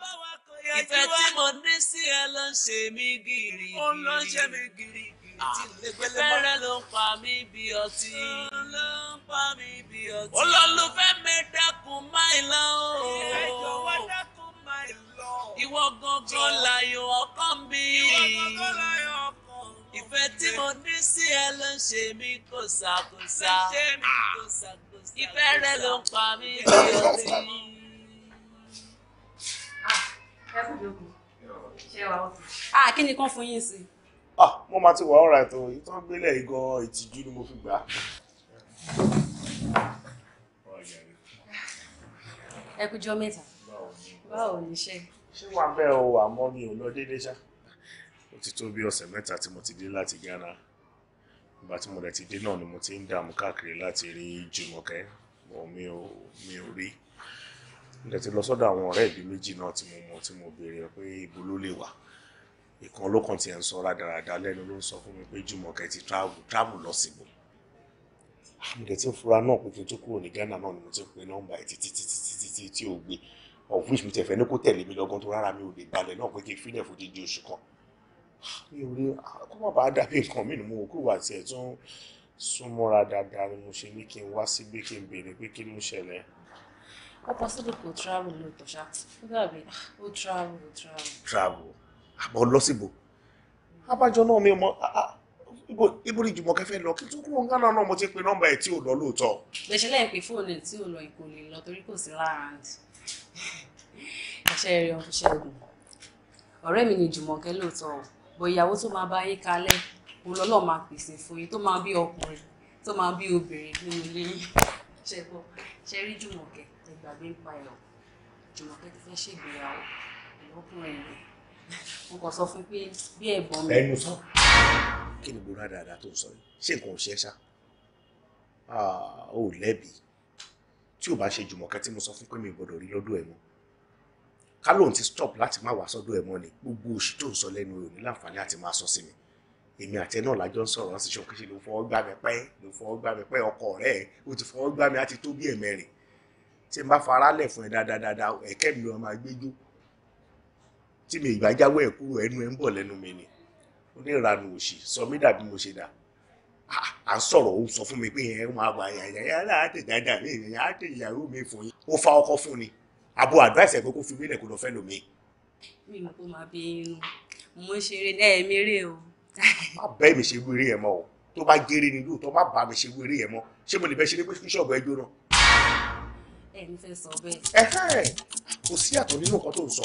ìfẹ́ tí mo ní sí ẹ ló ń ṣe mí gírígírí. ó ló ń ṣe mí gírígírí. Fẹ́rẹ́ ló ń pa mí bí ọtí. Olólùfẹ́ mi dákun máì lọ. Ìwọ gangan láyọ̀ ọkàn mi. ìfẹ́ tí mo ní sí ẹ ló ń ṣe mí kòsàkòsà ìfẹ́ rẹ ló ń pa mí bí ah, o ti. Ah, kí ni kan fún yín sí i ah mo máa ti wà ọ̀rà ètò èyí tó ń gbélé ìgọ̀ ìtìjú ni mo fi gbà á. ẹ kú jọ mẹ́ta báwo ni ṣe. ṣé wàá bẹ́ o àmọ́ mi ò lọ déédéé ṣá. ó ti tó bí ọ̀sẹ̀ mẹ́ta tí mo ti dé láti Ghana ìgbà tí mo rẹ̀ ti dé náà ni mo ti ń dààmú káàkiri láti rí Jùmọ̀kẹ́ mi ò mi ò rí mo ti lọ sọ́dọ̀ àwọn ọ̀rẹ́ ìbí méjì náà tí mo mọ̀ tí mo béèrè pé ibo ló lè wà ìkan ló kàn ti ẹ̀ ń sọ rádaràda lẹ́nu ló ń sọ fún mi pé Jùmọ̀kẹ́ ti travel travel lọ síbò àmì ah, dẹ̀ tí ń fura náà pé kí n tó kúrò ní Ghana náà ni mo ti ń pe nọ́mbà ẹ̀ títí títí títí tí tí ò gbé of which mi ti ẹ̀fẹ́ ní kó tẹ̀lé mi lọ́gán tó rárá mi ò lè balẹ̀ náà pé kí n fílẹ̀ fún dídí oṣù kan ah, mi ò rí ah, kó má bàa dàbí nǹkan mí ni mo kó wà tiẹ̀ tún súnmọ́ra dáadáa ni mo ṣe ní kí n wá síbí kí n béèrè pé kí ló ṣẹlẹ̀ ó possible travel lóòótọ́ ṣá ó dàbí ó travel ó travel. travel àbọ̀ lọ́sìbò abájọ náà ni ọmọ ibo ni Jùmọ̀kẹ́ fẹ́ lọ kí tó kúrò ńgá náà mo ti pe nọ́mbà ẹ̀ tí ò lọ lóòótọ́. gbèsè lẹ́yìn pé fóònù ẹ̀ tí ò lọ ìkò lè lọ torí kò sí láàánd ẹ̀ṣẹ̀ rẹ̀ ọ̀fun ṣẹ́gun ọ̀rẹ́ mi ni Jùmọ̀kẹ́ lóòótọ́ bọ̀ ìyàwó tó máa bá yín kalẹ̀ òun lọ́lọ́ máa pèsè fún yín tó máa bí ọkùnrin tó máa bí obìnrin nínú ilé yín ṣẹ́gbọ́ ṣe rí Jùmọ̀kẹ́ ẹgbàgbé ń pa ẹ̀rọ Jùmọ̀kẹ́ mo kàn sọ fún pé bí ẹ̀gbọ́n mi. ẹnu sọ kí ni gbóná dáadáa tó ń sọ yìí ṣé nǹkan ò ṣe é ṣá ah, ò lẹ́bi tí ò bá ṣe jùmọ̀kẹ́ tí mo sọ fún pé mi gbọ́dọ̀ rí lọ́dọ̀ ẹ̀ mọ́ ká lóun ti stop láti má wá sọ́dọ̀ ẹ̀ mọ́ ni gbogbo òṣì tó ń sọ lẹ́nu rẹ̀ ò ní láǹfààní àti máa sọ sí mi èmi àti ẹ náà lájọ ń sọ̀rọ̀ sí ṣọ́kí ṣe ló fọwọ́ gbá mi pẹ́ ló fọwọ́ gbá mi pẹ́ ọkọ rẹ̀ o ti fọwọ́ gbá mi á ti tó bí ẹ̀mẹ́rin tí n bá fara lẹ̀ fún ẹ dáadáa ẹ̀kẹ́ mi lọ́ọ́ máa gbẹ́jọ́ tí mi ìgbà jáwọ́ ẹ̀ kúrò ẹnu ẹ̀ ń bọ̀ lẹ́nu mi ni ó ní ìranù òṣì sọ mí dàbí mo ṣe dà à ń sọ̀rọ̀ ó sọ fún mi pé ẹ máa gbà yàyà yàrá àtẹ̀dáadáa mi yàyà àtẹ̀yàwó mi fún yín ó fa ọkọ fún ni abo advice ẹ̀ pé kó fi mílẹ̀ kó lọ fẹ́ lómi. mi ò kó máa bí irun mo ṣe eré náà ẹ̀mí rè o. má bẹ́ẹ̀ mi ṣe wéré ẹ̀ mọ́ o tó bá géré ni lóòótọ́ má bá mi ṣe wéré ẹ̀ mọ́ ṣé mo lè fẹ́ ṣe ní bíṣọ̀bù ẹjọ́ náà. ẹ ní fẹ́ sọ bẹ́ẹ̀. kò sí àtọ̀ nínú nǹkan tó ń sọ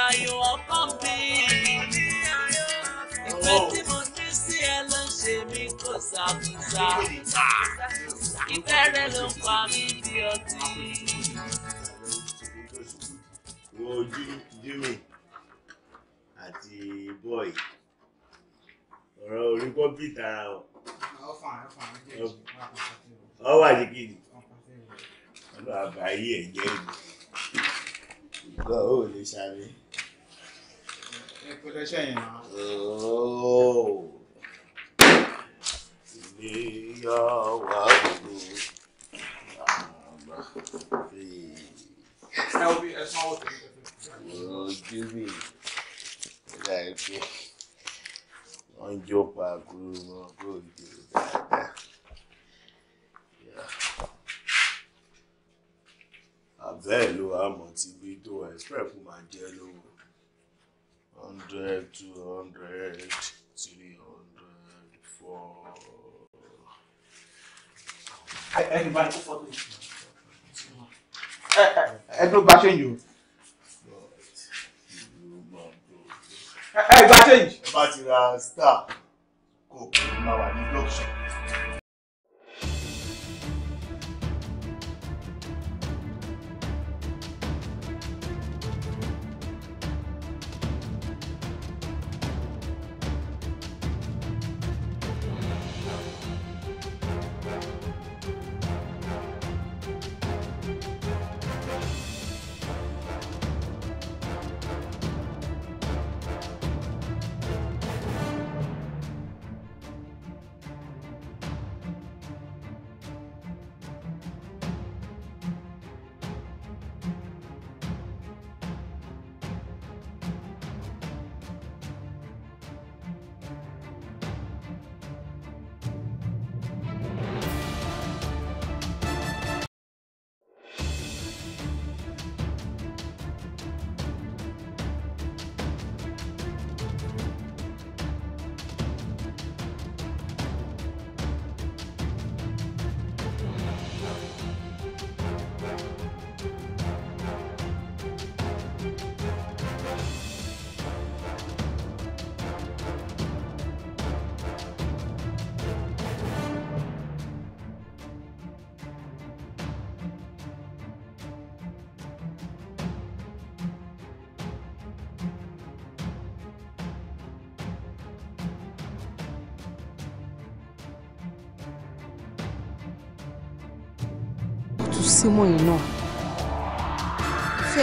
láyọ̀ ọkọ mi. Ìfẹ́ tí mo ní sí ẹ ló ṣe mí kò sàkúsà. Ìfẹ́ rẹ ló ń pa mí bí ọtí. Wo Jimmy àti Boy ọ̀rọ̀ orí bọ́bí ìtara ọ̀. Ọ wà ní kìnnì. Ọlọ́ àbáyé ẹ̀jẹ̀ ìgbà ó lè ṣàlẹ̀ ìgbéyàwó ojú mi láì pé wọ́n jó pa kúrú mọ́ kó jù dáadáa. àbẹ́ẹ̀ ló wà mọ̀ tí bí tó ẹ̀sìpẹ̀ kò máa jẹ́ lówó. 100, 200, 300, 4. Ẹgbẹ́ gba change o. Ẹ gba change. Ẹ bá ti ra star kò kí n wà ní blockchain.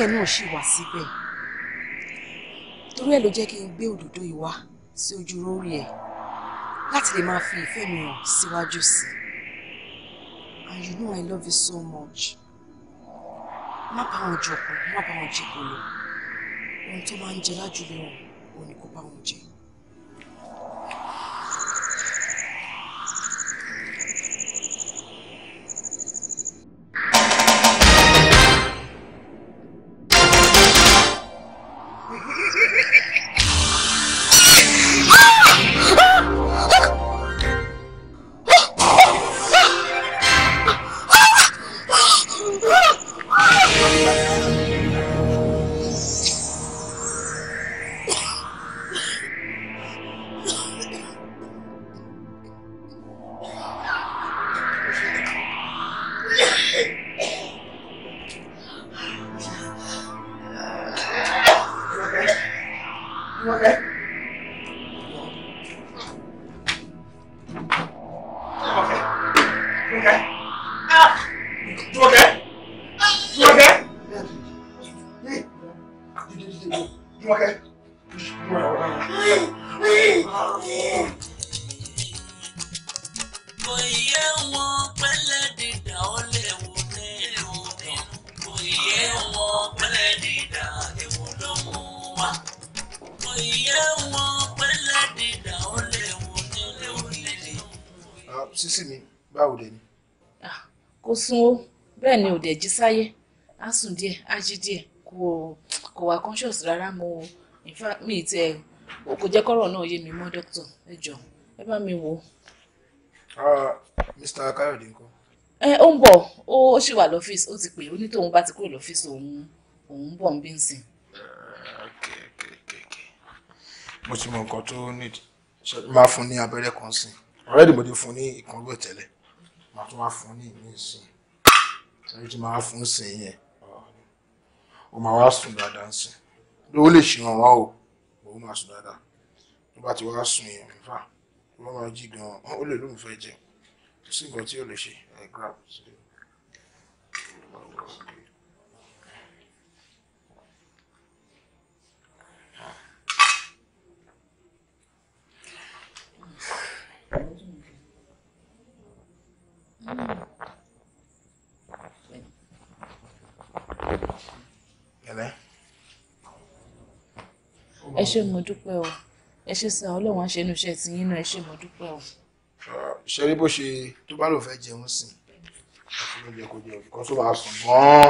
díẹ̀ náà ṣì wà síbẹ̀ torí ẹ̀ ló jẹ́ kí n gbé òdòdó yìí wá sí ojú rórí ẹ̀ láti lè máa fi ìfẹ́ mi hàn síwájú sí and you know I love you so much má bá wọn jọkùn má bá wọn jẹkùn lọ ohun tó máa ń jẹ lájúlé wọn òun ni kó bá sùn o bẹ́ẹ̀ ni ò dẹ̀ jí sáyé á sùn díẹ̀ á jí díẹ̀ kò kò wá conscious rárá mo in fact mi ti kò jẹ́ kọ́rọ̀ náà yé mi mọ́ dókítà ẹ jọ ẹ bá mi wò. Ah, Mr. Kayode ńkọ́. ẹ ó ń bọ̀ ó ṣì wà lọ́fíìsì ó ti pè ó ní tóun bá ti kúrò lọ́fíìsì òun òun bọ̀ ń bí ń sìn. mo ti mọ nǹkan tó need máa fún ní abẹ́rẹ́ kan sí already mo ti fún ní ìkànlú ẹ̀tẹ́lẹ̀ màá tún wá fún ní ìmí ìsìn ẹni tí máa fún sí yẹn ó máa wá sùn dáadáa sí lówó lè ṣìràn wá o òun máa sùn dáadáa tó bá ti wá sùn yẹn nífà wọ́n máa jí gan-an ó lè lóun fẹ́ jẹ kò sí nǹkan tí ó lè ṣe ẹ grab Mm-hmm. rẹ. ẹ ṣé mo dúpẹ́ o ẹ ṣé sá ọlọ́run àṣẹnu iṣẹ́ ti yín náà ẹ ṣé mo dúpẹ́ o. ṣe rí bó ṣe tó bá lò fẹ́ jẹun sí i kó tó bá sùn gan-an.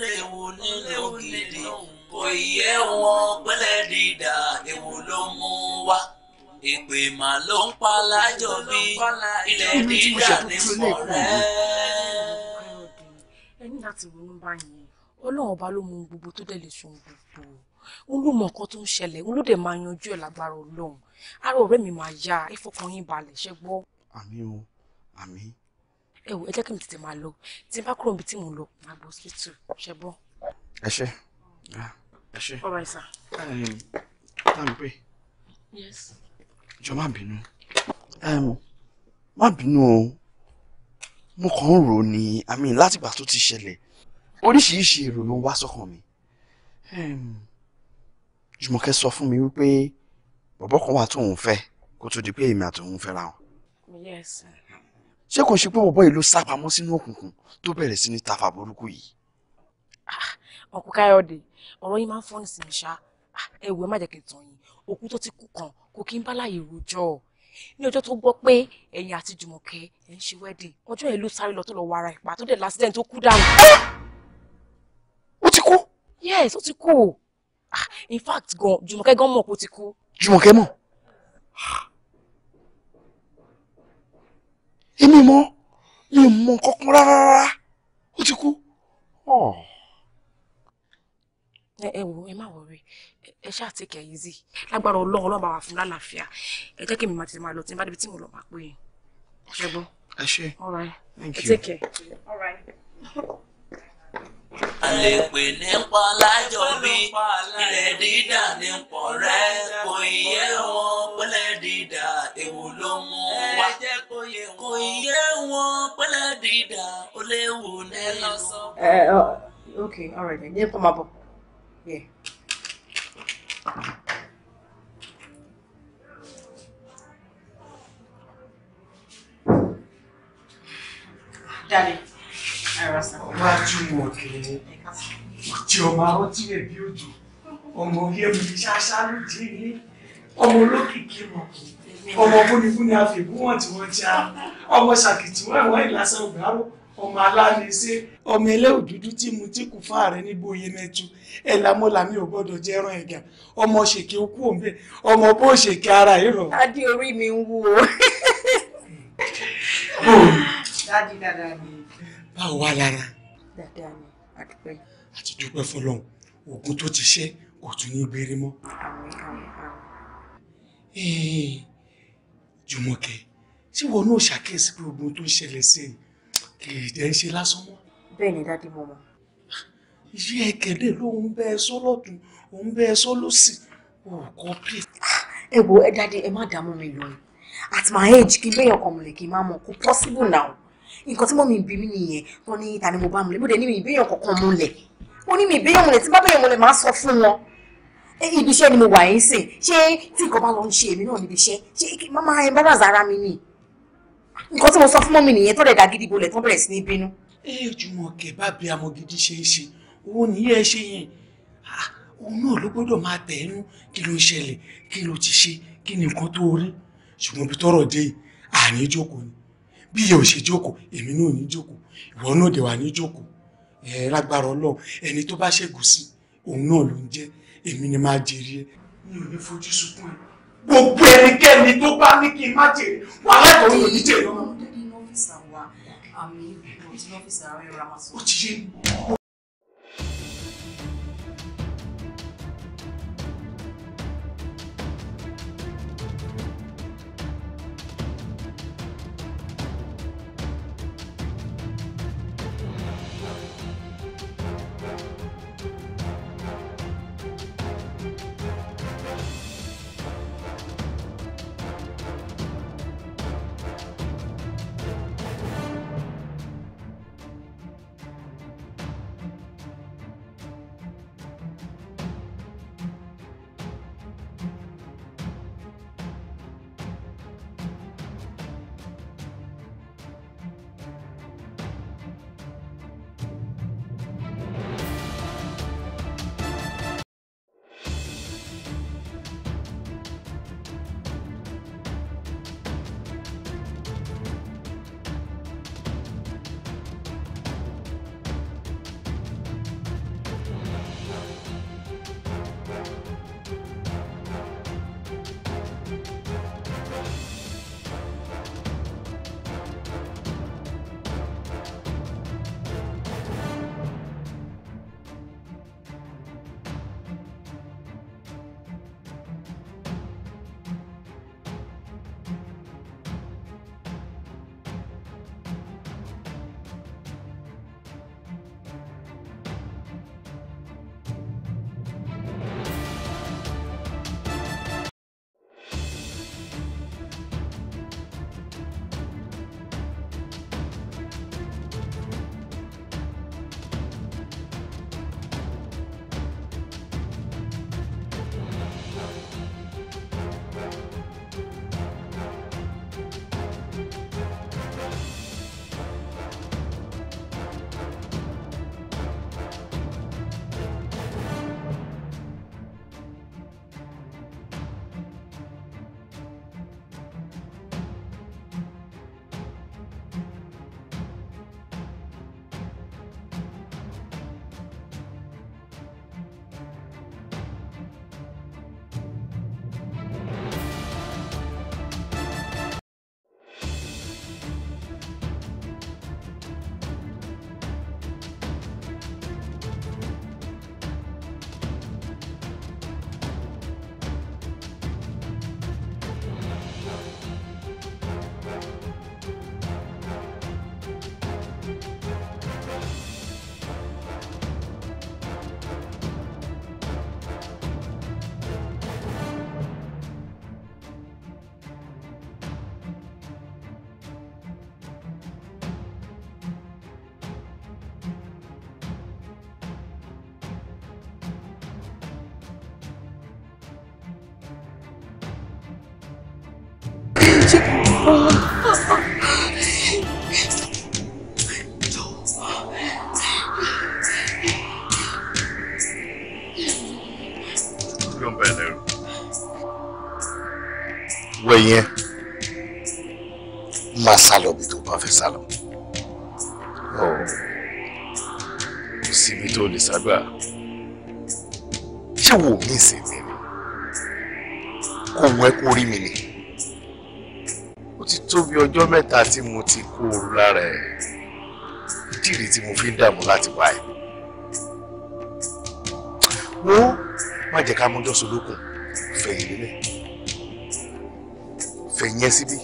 lé ewu nínú gidi kò yẹ wọn pẹ́lẹ́ dídà ewu ló mú wá èpè mà ló ń pa bí ilẹ̀ dídà ní fọ̀rẹ́. ẹ ní láti ronú báyìí ọlọ́run ọba ló mú gbogbo tó dẹ̀ lè sun gbogbo òun tó ń ṣẹlẹ̀ òun máa yanjú ẹ̀ lágbára ọlọ́run ara ọ̀rẹ́ mi máa yá ìfọkànyín balẹ̀ ṣẹ́gbọ́. àmín o àmín ẹ wò ẹ jẹ́ kí n tètè máa lọ tí n bá kúrò níbi tí mò ń lọ máa gbọ́ hospital ṣe bọ́. ẹ ṣe ah, ẹ ṣe ọ̀rọ̀ ìsà. tàǹpé jọ bínú má bínú o mo kàn ń rò ní àmì látìgbà tó ti ṣẹlẹ̀ oríṣiríṣi èrò ló ń wá sọ́kàn mi jùmọ̀kẹ́ sọ fún mi wípé bọ̀bọ́ kan wà tóun fẹ́ kó tó di pé èmi àtòun fẹ́ra wọn. yes ṣé kò ṣe pé bọ̀bọ̀ yìí ló sá pamọ́ sínú òkùnkùn tó bẹ̀rẹ̀ sí ní tafa burúkú yìí. ọkùnrin ah, káyọ̀dé ọ̀rọ̀ yìí máa ń fọ́n ìsinmi ṣá ah, ẹ wò ẹ má jẹ́ kí n tàn yín òkú tó ti kú kan kò kí n bá láàyè rojọ́ ní ọjọ́ tó gbọ́ pé ẹ̀yin àti jùmọ̀kẹ́ ẹ̀ ń ṣe wedding ọjọ́ yẹn ló sáré lọ tó lọ wọ ara tó dẹ̀ lásìdẹ̀ntì tó kú dànù. ó ti kú. yes ó ti kú ah, in fact gan jùmọ̀kẹ́ gan mọ̀ pé ó ti kú. jùmọ̀kẹ́ mọ̀ èmi mọ́ mi mọ kankan rárá rárá ó ti kú. Oh. ẹ wo ẹ má wọrí ẹ ṣáà ti kẹ easy lágbára Ọlọ́run Ọlọ́run bá wà fún lálàáfíà ẹ jẹ́ kí mi máa ti máa lọ tí n bá débi tí mo lọ máa pè é ṣẹgbọn. ẹ ṣe thank you. ẹ take care. all right àlèpè nípa lájọbí ilẹ̀ dídà ní pọ̀rẹ́ kò yẹ wọn pẹ́lẹ́ dídà èwo ló mú wá kò yẹ wọn pẹ́lẹ́ dídà ó léwu nílò. ẹ ẹ oh, ok alright then. jẹ́ kó máa bọ̀. Yeah. Daddy ọmọ ajúmọ̀ kìíní ìjì ọmọ arọ́tí ẹ̀bí òjò ọmọ orí wọn tí wọ́n já ọmọ ṣàkìtì wọn ẹ̀wọ̀n ìlàsẹ̀ ògbárò ọmọ aláàlẹ́sẹ̀ ọmọ ẹlẹ́ òdúdú tí mu tí kù fún ààrẹ níbo oyè mẹ́tu ẹ̀ lámọ́lá mi ò gbọ́dọ̀ jẹ́ ẹran ẹ̀gà ọmọ ṣèké okú òǹbẹ ọmọ bó ṣèké ara ìrọ̀. adé orí mi ń wú o. dáadáa ni báwo wá lára. dáadáa ni àdúpẹ́. àti dúpẹ́ fọlọ́run oògùn tó ti ṣe kò tún ní gbére mọ́. àmín àmín àmín. jùmọ̀kẹ́ tí wọn náà ṣàkíyèsí pé oògùn tó ń ṣẹlẹ̀ sí i kì í dẹ́ ń ṣe lásán mọ́. bẹ́ẹ̀ ni dádì mọ̀ mọ́. iṣẹ́ ẹ̀kẹ́dẹ̀ ló ń bẹ́ ẹ sọ́ lọ́dún òun bẹ́ ẹ sọ́ lọ́sì òkò pè. Ah, ẹ wo ẹ dáadé ẹ má dààmú mi lóyún at my age kí bẹ́ẹ̀ ọkọ̀ mọ̀lẹ́kì máa mọ̀ kó possible now nǹkan tí mọ́mí bí mi nìyẹn wọ́n ní ta ni mo bá múlẹ̀ mo dẹ̀ ní mi ìbéèyàn kankan múlẹ̀ ó ní mi ìbéèyàn múlẹ̀ tí bá bẹ̀yàn múlẹ̀ máa sọ fún wọn ibi iṣẹ́ ni mo wà yín sìn ṣé tí nǹkan bá lọ ń ṣe èmi náà níbi iṣẹ́ ṣé máma embarrass ara mi ni nǹkan tí mo sọ fún mọ́mí nìyẹn tó dẹ̀ dà gidi bolẹ̀ tó bẹ̀rẹ̀ sí ní bínú. ẹ jùmọ̀ kẹ́ bá bí amọ̀ gidi ṣe é ṣe owó nìyẹn ṣe yẹn ah, òun náà ló gbọ́dọ̀ máa tẹ̀ ẹ́nu kí ló ṣẹlẹ̀ kí ló ti ṣe kí ni nǹkan tó rí ṣùgbọ́n bí tọ́rọ̀ dé àní jókòó ni bí ìyẹn ò ṣe jókòó èmi náà ní jókòó ìwọ náà dẹ̀ wà ní jókòó ẹ lágbára ọlọ́run ẹni tó bá ṣẹ́gun sí òun náà ló ń jẹ́ èmi ni máa jèrè ẹ mi ò ní fojú sunkún ẹ gbogbo ẹnikẹ́ni tó bá ní kí n má jèrè wàhálà ìwọ náà ní jèrè. ó ti yé. àgbà ṣé wo mi ìsinmi ni kò wọ ẹ kó rí mi ni ó ti tó bí ọjọ́ mẹ́ta tí mo ti kó o lára ẹ̀ ìdírí tí mo fi ń dààmú láti wá ẹ̀ wo má jẹ́ ká mọ́jọ́ sọlókùn fẹ̀yìn nílẹ̀ fẹ̀yìn ẹ síbí.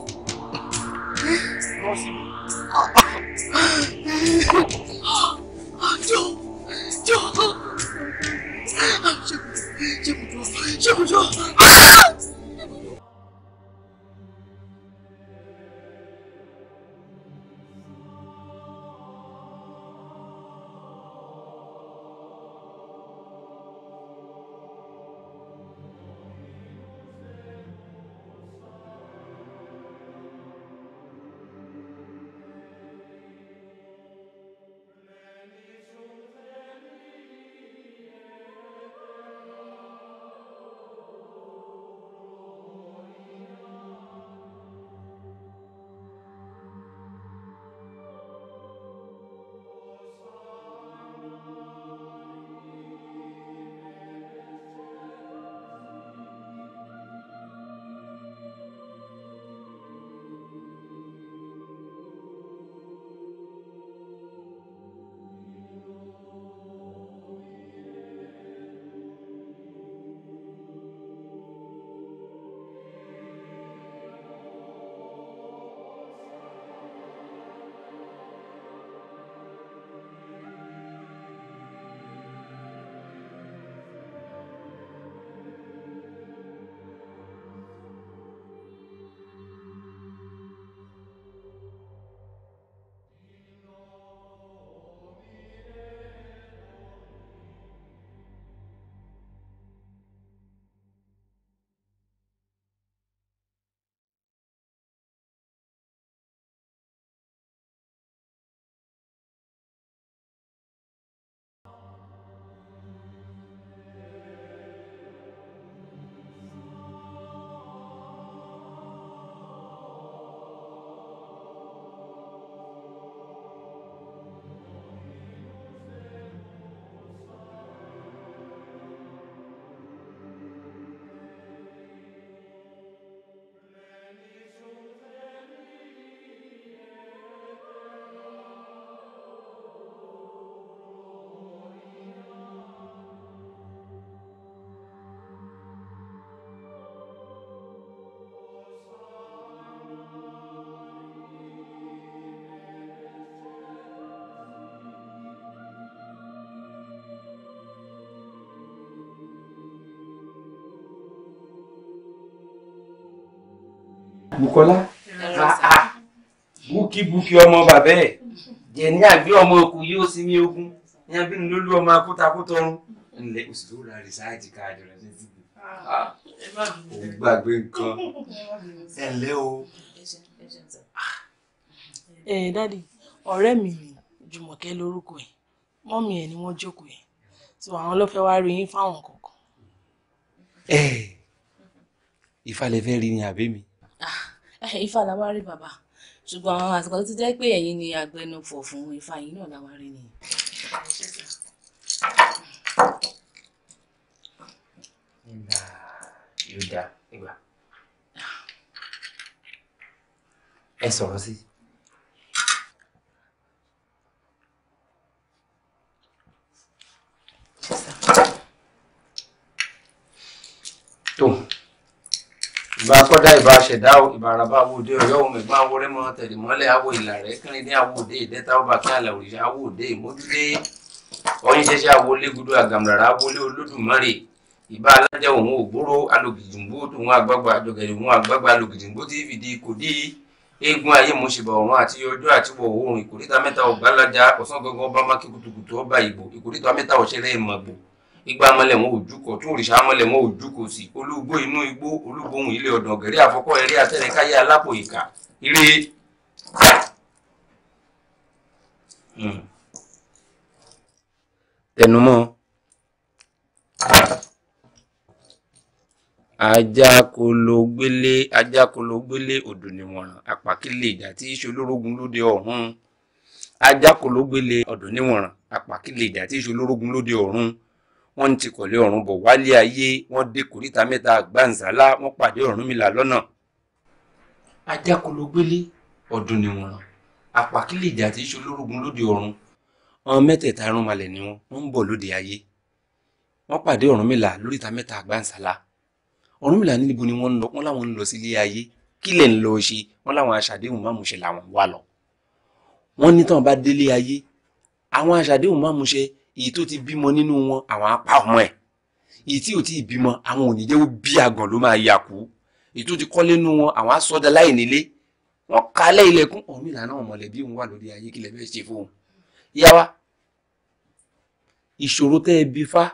Bukola búkíbúkí ọmọ bàbá ẹ̀ jẹ ní àbí ọmọ okùn yóò sí ní ogun ní abínú lólú ọmọ akútakútọrun ńlẹ oṣù tó ra rìsáàjì káàdì rẹ ní ti ah, òun gbàgbé nǹkan ẹ ǹlẹ́ o. ẹ dáàdi ọ̀rẹ́ mi ni Jùmọ̀kẹ́ lórúkọ ẹ̀ mọ́mì ẹ̀ ni wọ́n jókòó ẹ̀ tí àwọn ló fẹ́ wáá rí yín fáwọn kọ̀ọ̀kan. ẹ ìfàlẹ̀ rí ni àbí mi. ifá la wá rí bàbá ṣùgbọ́n àsìkò tó jẹ́ pé ẹ̀yin ni agbẹnufọ̀ fún ifá yìí náà la wá rí nìyẹn. ìgbà yóò dá ìgbà ẹ sọ̀rọ̀ sí. tó ìbá kọ́dá ìbá ṣẹ̀dá ìbáraba awòde ọ̀yọ́ ohun ẹ̀gbọ́n awọ́rẹ́ mọ́ tẹ̀lẹ̀mọ́lẹ̀ awọ ìlàrẹ́ kẹrin ní awòde ìdẹ́ta ọba kí àlàòrìṣà awòde ìmójúdé ọyún ṣẹṣẹ awolé gudu àgàmùràrà awolé olódùmarè ìbá alájà òun ògbóró alògìdìǹbó tòun àgbàgbà àjọgẹ̀dẹ̀ òun àgbàgbà alògìdìǹbó tí fìdí kò dí eégún ayé mọ̀ṣẹ̀bà ọ̀run àti ọjọ́ àtiwọ̀ oòrùn ìkòríta mẹ́ta ọ̀gbàlájà ọ̀sán gangan ọba mákì kùtùkùtù ọba ìbò ìkòríta mẹ́ta ọ̀ṣẹ́rẹ́ ìmọ̀gbò igbá mọ́lẹ̀ wọn ò júkọ̀ tó òrìṣà mọ́lẹ̀ wọn ò júkọ̀ sí olúgbó inú igbó olúgbóhùn ilé ọ̀dàn ọ̀gẹ̀rẹ́ àfọ́kọ́ ẹ̀rẹ́ àtẹ̀rẹ́káyé alápò ìkà ire. Hmm. tẹnumọ́ ajakologbélé ajakologbélé odò níwọ̀nràn àpákílẹ̀ ìjà tí í ṣe olórógun lóde ọ̀run ajakologbélé odò níwọ̀nràn àpákílẹ̀ ìjà tí í ṣe olórógun lóde ọ̀run wọ́n ti kọ̀lé ọ̀run bọ̀ wálé ayé wọ́n dé kòríta mẹ́ta àgbáǹsálá wọ́n pàdé Ọ̀rúnmìlà lọ́nà. ajákologbélé ọdún ni wọn àpàkìlìjà àti iṣu olórogún lóde ọ̀run àwọn mẹ́tẹ̀ẹ̀ta arúnmalẹ̀ ni wọn wọ́n ń bọ̀ lóde ayé wọ́n pàdé Ọ̀rúnmìlà lóríta mẹ́ta àgbáǹsálá Ọ̀rúnmìlà ní níbo ni wọ́n ń lọ wọ́n láwọn ń lọ sílé ayé kílẹ̀ ń lọ ṣe wọ́n láwọn aṣàdéhùn má múṣe làwọn wà lọ wọ́n ní tán bá délé ayé àwọn aṣàdéhùn má èyí tó ti bímọ nínú wọn àwọn apá ọmọ ẹ̀ èyí tí ò tí ì bímọ àwọn ò ní jẹ́ ó bí àgàn ló máa yàkú èyí tó ti kọ́lé nínú wọn àwọn asọ́dá láì nílé wọn kalẹ̀ ilẹ̀kùn ọ̀hún ìlànà ọ̀mọ̀lẹ́bí òun wà lórí ayé kílẹ̀ bẹ́ẹ̀ ṣe fóun yáwá ìṣòro tẹ́ ẹ bí fá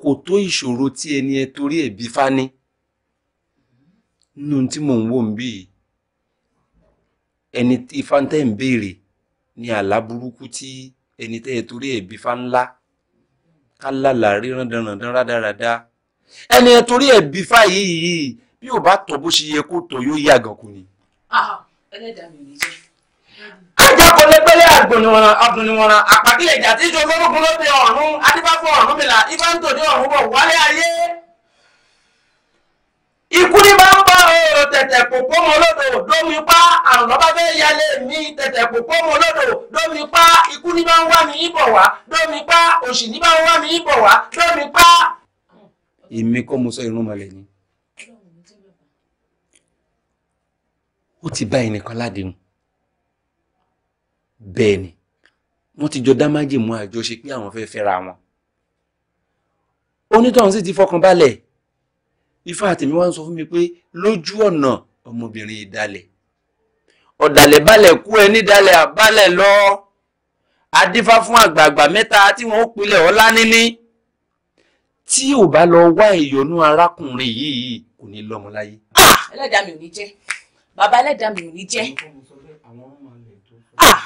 kò tó ìṣòro tí ẹni ẹ torí ẹ bí fá ní nínú tí mò ń wò ń bí ẹni ifá tẹ́ ń béèrè ní àlá burúkú tí. Ti ẹni tẹ́ ẹ torí ẹ̀bí fa ńlá kálàlà ríran dandan rádaràda ẹni ẹ torí ẹ̀bí fa yìí bí ò bá tọ́ bó ṣe yẹ kó tọ́ yóò yí àgànkù ni. ajakọlẹgbẹlẹ ah, agbọniwọran agbọniwọran àpàkìlẹ ìjà tí ìjọba ológun ló dé ọ̀run adébáfọ ọ̀run mìlá ibà ń tòde ọ̀run bọ̀ wálé ayé ikú ní bá ń bá o tẹ̀tẹ̀ kò kó mọ́ lọ́dọ̀ lómi pa àrùn lọ́ba fẹ́ yálé mi tẹ̀tẹ̀ kò pọ́ mọ́ lọ́dọ̀ lómi pa ikú ní bá ń wá mi yíbọ̀ wá lómi pa òṣì ní bá ń wá mi yíbọ̀ wá lómi pa. èmi kọ́ mo sọ irun mọ́lẹ̀ ni ó ti bá ẹnìkan ládìhun bẹ́ẹ̀ ni wọ́n ti jọ dámájì mú àjọṣe pé àwọn fẹ́ fẹ́ra wọn onítọ̀hún sì ti fọkàn balẹ̀ ifá àtẹ̀mí wá ń sọ fún mi pé lójú ọ̀nà ọmọbìnrin ìdálẹ̀ ọ̀dàlẹ̀ balẹ̀ kú ẹ nídàlẹ̀ àbálẹ̀ lọ adífá fún àgbààgbà mẹ́ta tí wọ́n pilẹ̀ ọlá níní tí ò bá lọ wá ìyọnú arákùnrin yìí kò ní lọ́mọ láyé. Ah! ẹlẹ́dàá mi ò ní jẹ́ bàbá ẹlẹ́dàá mi ò ní jẹ́. Ah!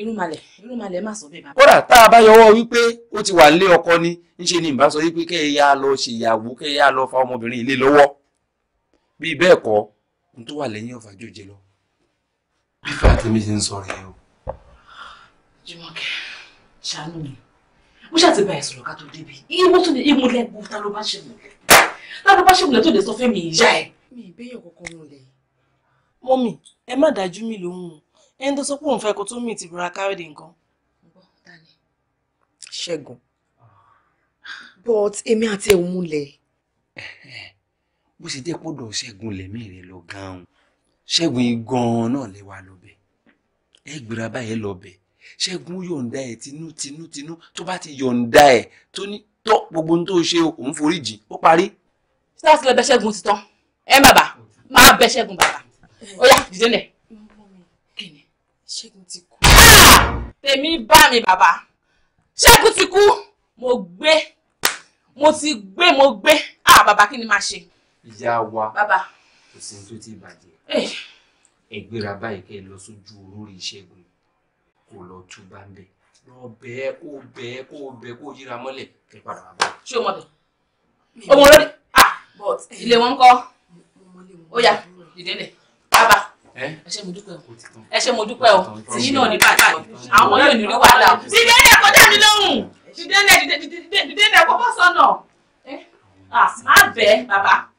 irúnmalẹ̀ irúnmalẹ̀ má sọ bẹ́ẹ̀ bàbá. kódà tá a bá yọwọ́ wípé ó ti wà lé ọkọ ni ńṣe ni ìbá sọ wípé kẹ́ ẹ yá lọ ṣèyàwó kẹ́ ẹ yá lọ fa ọmọbìnrin ilé lọ́wọ́ bí bẹ́ẹ̀ kọ́ n tó wà lẹ́yìn ọ̀fà jòjé lọ bífẹ́ àtẹ̀mí ti ń sọ rèé o. Jùmọ̀kẹ́ ṣàánú mi mo ṣàti bá ẹ̀sùn lọ́ka tó débi ìwọ tó ní ìmúlẹ̀ gbọ́ ta ló bá ṣe múlẹ̀ ta ló bá ṣe múlẹ̀ tó lè sọ fún mi ìyá ẹ̀. mi ìbéyàn kankan wọn lẹ. mọ́mì ẹ má dájú mi lóhùn ẹni tó sọ pé òun fẹ́ kó tó mì ti bùra káyọ̀dé nǹkan. ṣẹ́gun but èmi àti ẹ̀ múlẹ̀. bó ṣe jẹ́ pọ́dọ̀ ṣẹ́gun lẹ̀mí rẹ̀ lọ gan-an ṣẹ́gun gan-an náà lè wà lọ́bẹ̀ ẹ gbéra báyìí lọ́bẹ̀ ṣẹ́gun yọ̀ǹda ẹ̀ tinú tinú tinú tó bá ti yọ̀ǹda ẹ̀ tó ní tọ́ gbogbo ohun tó ṣe òun foríjì ó parí. sísá sílẹ̀ bẹ ṣẹ́gun ti tán ẹ bàbá máa bẹ ṣẹ́gun bàbá ó yá dìde lẹ̀. ṣẹ́gun ti kú. tèmi bá mi bàbá ṣẹ́gun ti kú mo gbé mo ti gbé mo gbé ah bàbá kí ni máa ṣe. ìyá wa bàbá kò sí tó ti bàjẹ́ eh. ẹ gbéra báyìí kẹ́ ẹ lọ sójú olórí ìṣègùn kò lọ túbá ń bẹ lọ bẹ́ẹ̀ kó bẹ́ẹ̀ kó bẹ́ẹ̀ kó yíra mọ́lẹ̀ kẹ́ padà wá báyìí. ṣé o mọ̀ bẹ́ẹ̀ ọmọ olórí ah eh, ilé wọn ń kọ́ ó yá ìdílé bàbá ẹ ṣé mo dúpẹ́ o ẹ ṣé mo dúpẹ́ o tìyín náà ní bàjẹ́ àwọn yóò ní rí wàhálà o dídé ní ẹ̀kọ́ dá mi lóhùn dídé ní ẹ̀kọ́ bọ́ sọ́nà má bẹ́ẹ̀ bàbá.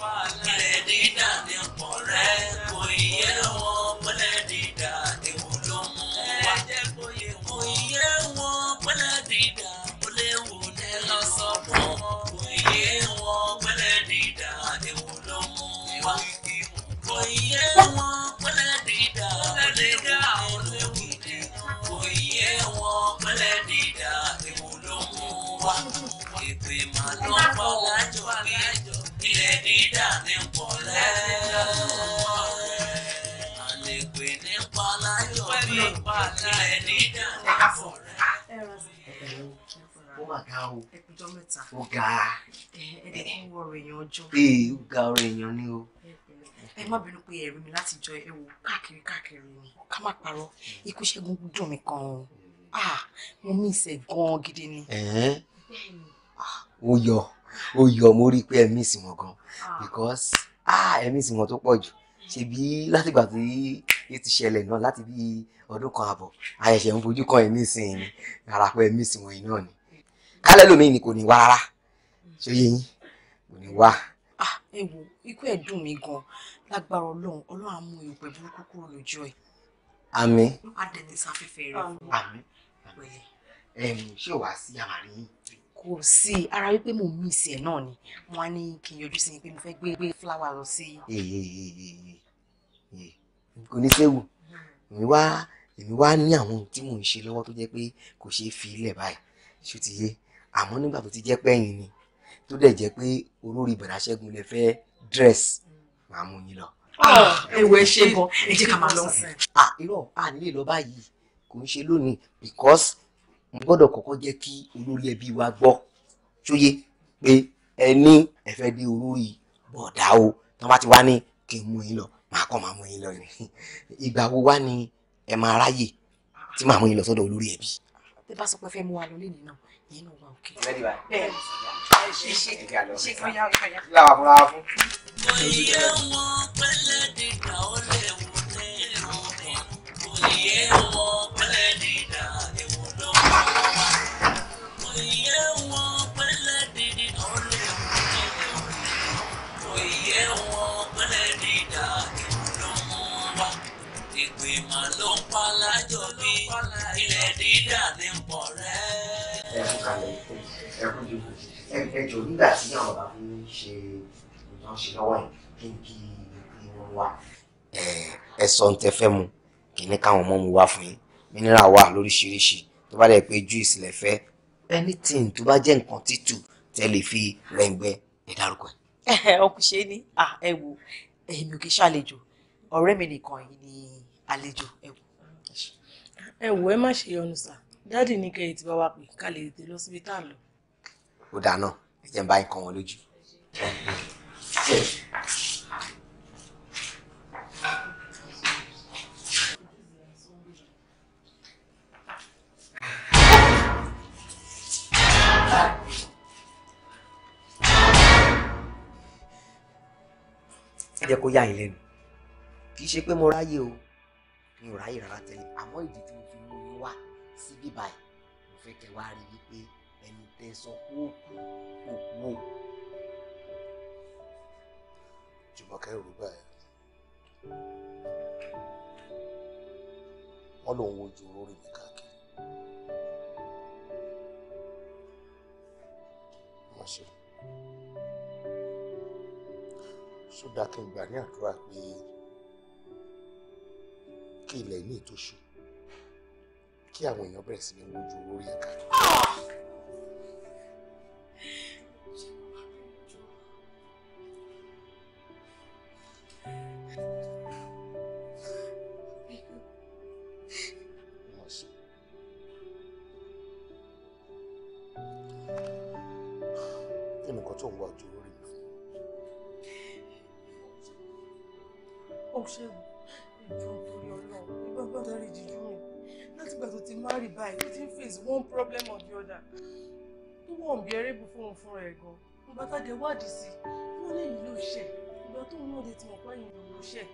one. àga ẹni dáhùn àfọ̀rá. ó mà ga o ó ga ee ó ga ọ̀rọ̀ èèyàn ni o. ẹ má bínú pé ẹ̀rí mi láti jọ ẹ wò káàkiri káàkiri ni ká má parọ́ ikú ṣẹ́gun dùn mí kan o mo mí ìṣe gan-an gidi ni. ó yọ ó yọ mo rí i pé ẹ mí ìsìn wọn gan because ẹ mí ìsìn wọn tó pọ̀ jù ṣèbí látìgbà tí yìí ti ṣẹlẹ̀ náà láti bí ọdún kan àbọ̀ àyẹ̀ṣẹ̀ ń fojú kan ẹ̀mí sìn ní àràpọ̀ ẹ̀mí sìn wọ̀nyí náà ni kálẹ̀ lómi ni kò ní wá rárá ṣó yé yín kò ní wá. Ah, ẹ wo ikú ẹ dùn mí gan lágbára Ọlọ́run Ọlọ́run á mú ìpè burúkú kúrò lójú ẹ. àmín. á dẹni sáfẹ́fẹ́ rẹ fún ṣé wàá sí àmàlí yìí kò sí ara wípé mò ń miss ẹ náà ni wọn á ní kí n yọjú sí i pé mo fẹ́ gbé gbé fúláwà lọ sí. kò ní séwu èmi wá èmi wá ní àwọn tí mò ń ṣe lọ́wọ́ tó jẹ́ pé kò ṣeé fi ilẹ̀ báyìí ṣó ti yé àmọ́ nígbà tó ti jẹ́ pẹ́yìn ni tó dẹ̀ jẹ́ pé olórí ìbàdàn ṣẹ́gun lè fẹ́ dress máa mú yín lọ. ẹwẹ ṣe bọ ẹ jẹ́ ká máa lọ sí. Ah, irọ́ a nílè lọ báyìí kò ń ṣe lónìí because n gbọ́dọ̀ kọ́kọ́ jẹ́ kí olórí ẹbí wa gbọ́ ṣóyé pé ẹ ní ẹ fẹ́ di olórí bọ̀dá o tí wọ́n bá ti wá ní kí n mú yín lọ màá kàn máa mú yín lọ ni ìgbà wo wá ni ẹ máa ráyè tí màá mú yín lọ sọ́dọ̀ olórí ẹbí. bí bá sọ pé fẹ́ mú wa lọ lẹ́yìn náà yẹn náà wà òkè. bẹ́ẹ̀ ṣe ṣe ṣe kí wọ́n yá ọ̀yà yá. láwa fún láwa fún. mo yẹ wọn pẹ̀lẹ́ dìgbà ó lè wọlé ìrọ̀lẹ́ mo yẹ wọn pẹ̀lẹ́ dìgbà. ìgbìmọ̀ ló ń pa lájọ bí ilẹ̀ dídà ní pọ̀ rẹ̀. ẹ kú kalẹ̀ ẹ kú jù ẹ jọ nígbà tí àwọn bàbá mi ṣe ìtàn ṣe lọ́wọ́ yìí kí n kí irun wa. ẹ sọ ń tẹ fẹ́ mu kí ní káwọn ọmọ mu wá fún yín mineral wà lóríṣiríṣi tó bá dẹ̀ pé juice lẹ fẹ́ anything tó bá jẹ́ nǹkan títù tẹ́ lè fi rẹ̀ǹgbẹ́ ẹ dárúkọ ẹ̀. ọkùnṣe ni ẹ wo èmi ò kì í ṣàlejò ọ̀rẹ́ mi nìkan yìí ni àlejò ẹ wo. ẹ wo ẹ má ṣe yọnu sá dáàdì ní kẹyìn tí bá wà pé ká lè dé lọ síbi tá a lọ. ó dáa ẹ jẹ́ ń bá yín kan wọn lójú. jẹ́ kó yà yín lẹ́nu kì í ṣe pé mo ráyè o mi ò ráyè rárá tẹ́lẹ̀ àmọ́ ìdí tí mo fi mú yín wá sí bíbá ẹ̀ mo fẹ́ kẹ́ wá rí wípé ẹni tẹ́ sọ kó kú kó kú o. Jùmọ̀kẹ́ rò báyìí wọ́n lòun wojú olórí mi káàkiri wọ́n ṣe sódà kí n gbà ní àdúrà pé kí ilẹ̀ ní ìtòṣù kí àwọn èèyàn bẹ̀rẹ̀ sí ní wojú orí ẹ̀ka. wọ́n bí eré bu fún fún rẹ̀ gan ìgbà tó dé wádìí sí wọ́n ní ìlú iṣẹ́ ìgbà tó ń wọ́de tí mo pẹ́ yìí ló ṣẹ̀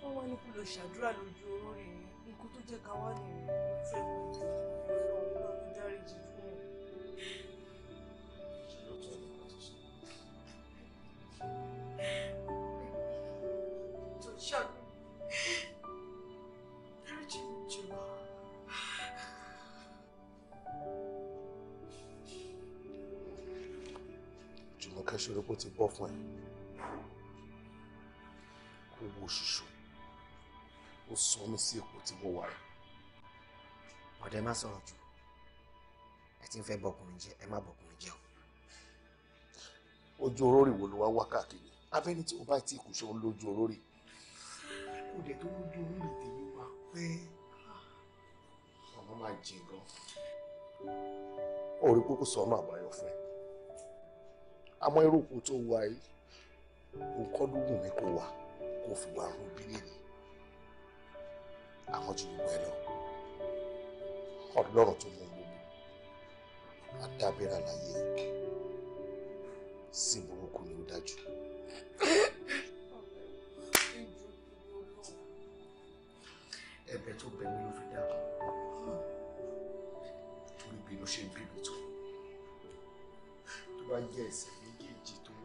wọ́n wá ní kó lọ ṣàdúrà lójú oró rẹ̀ nǹkan tó jẹ́ ká wá nìyẹn ṣòro kó ti bọ́ fún ẹ kó wo ṣùṣù ó sọ mí sí ipò tí mo wà rẹ. ọ̀dẹ má sọ̀rọ̀ jù ẹ ti ń fẹ́ bọkùnrin jẹ ẹ má bọkùnrin jẹ o. ojú orórì wo ló wá wá káàkiri abẹ́ni tí o bá ti kù ṣe ń lójú orórì. kò dé tó lójú orórì tèmi wá pé ọmọ máa jìn gan. orí kúkú sọ ọmọ àbáyọ fún ẹ àmọ́ irú kò tó wà yìí òun kọ́ ló wù mí kó wà kó fi wà rú bílẹ̀ ni àwọn ju gbogbo ẹ lọ ọlọ́run tó mú gbogbo adábẹ́rẹ́ àlàyé sí burúkú ni ó dájú. ẹ̀bẹ̀ tó bẹ mí ló fi dákun torí bí ló ṣe ń bíbí tó tó bá jẹ́ ẹ̀sìn.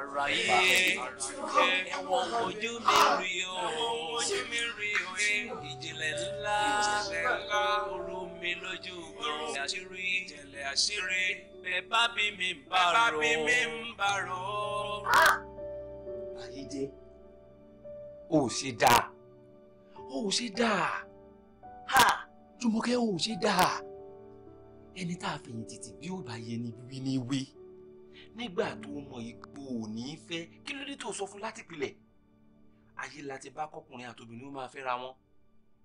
ara yìí ẹ̀wọ̀n ojú mi rí o ojú mi rí o ìjìnlẹ̀ ńlá ńlá orú mi lójú gbòòrò àṣírí ìjìnlẹ̀ àṣírí bẹ́ẹ̀ bá bí mi ń bá rò ó. àyíjẹ ò ṣe dáa ò ṣe dáa ha Jùmọ̀kẹ́ ò ṣe dáa ẹni tá a fẹ̀yìntì tì bí ó bá yẹ ni wí ni wí nígbà tó mọ̀ ipò òní fẹ́ kí ló dé tó sọ fún láti pilẹ̀ ayé láti bá kọkùnrin àtobìnrin ó máa fẹ́ra wọn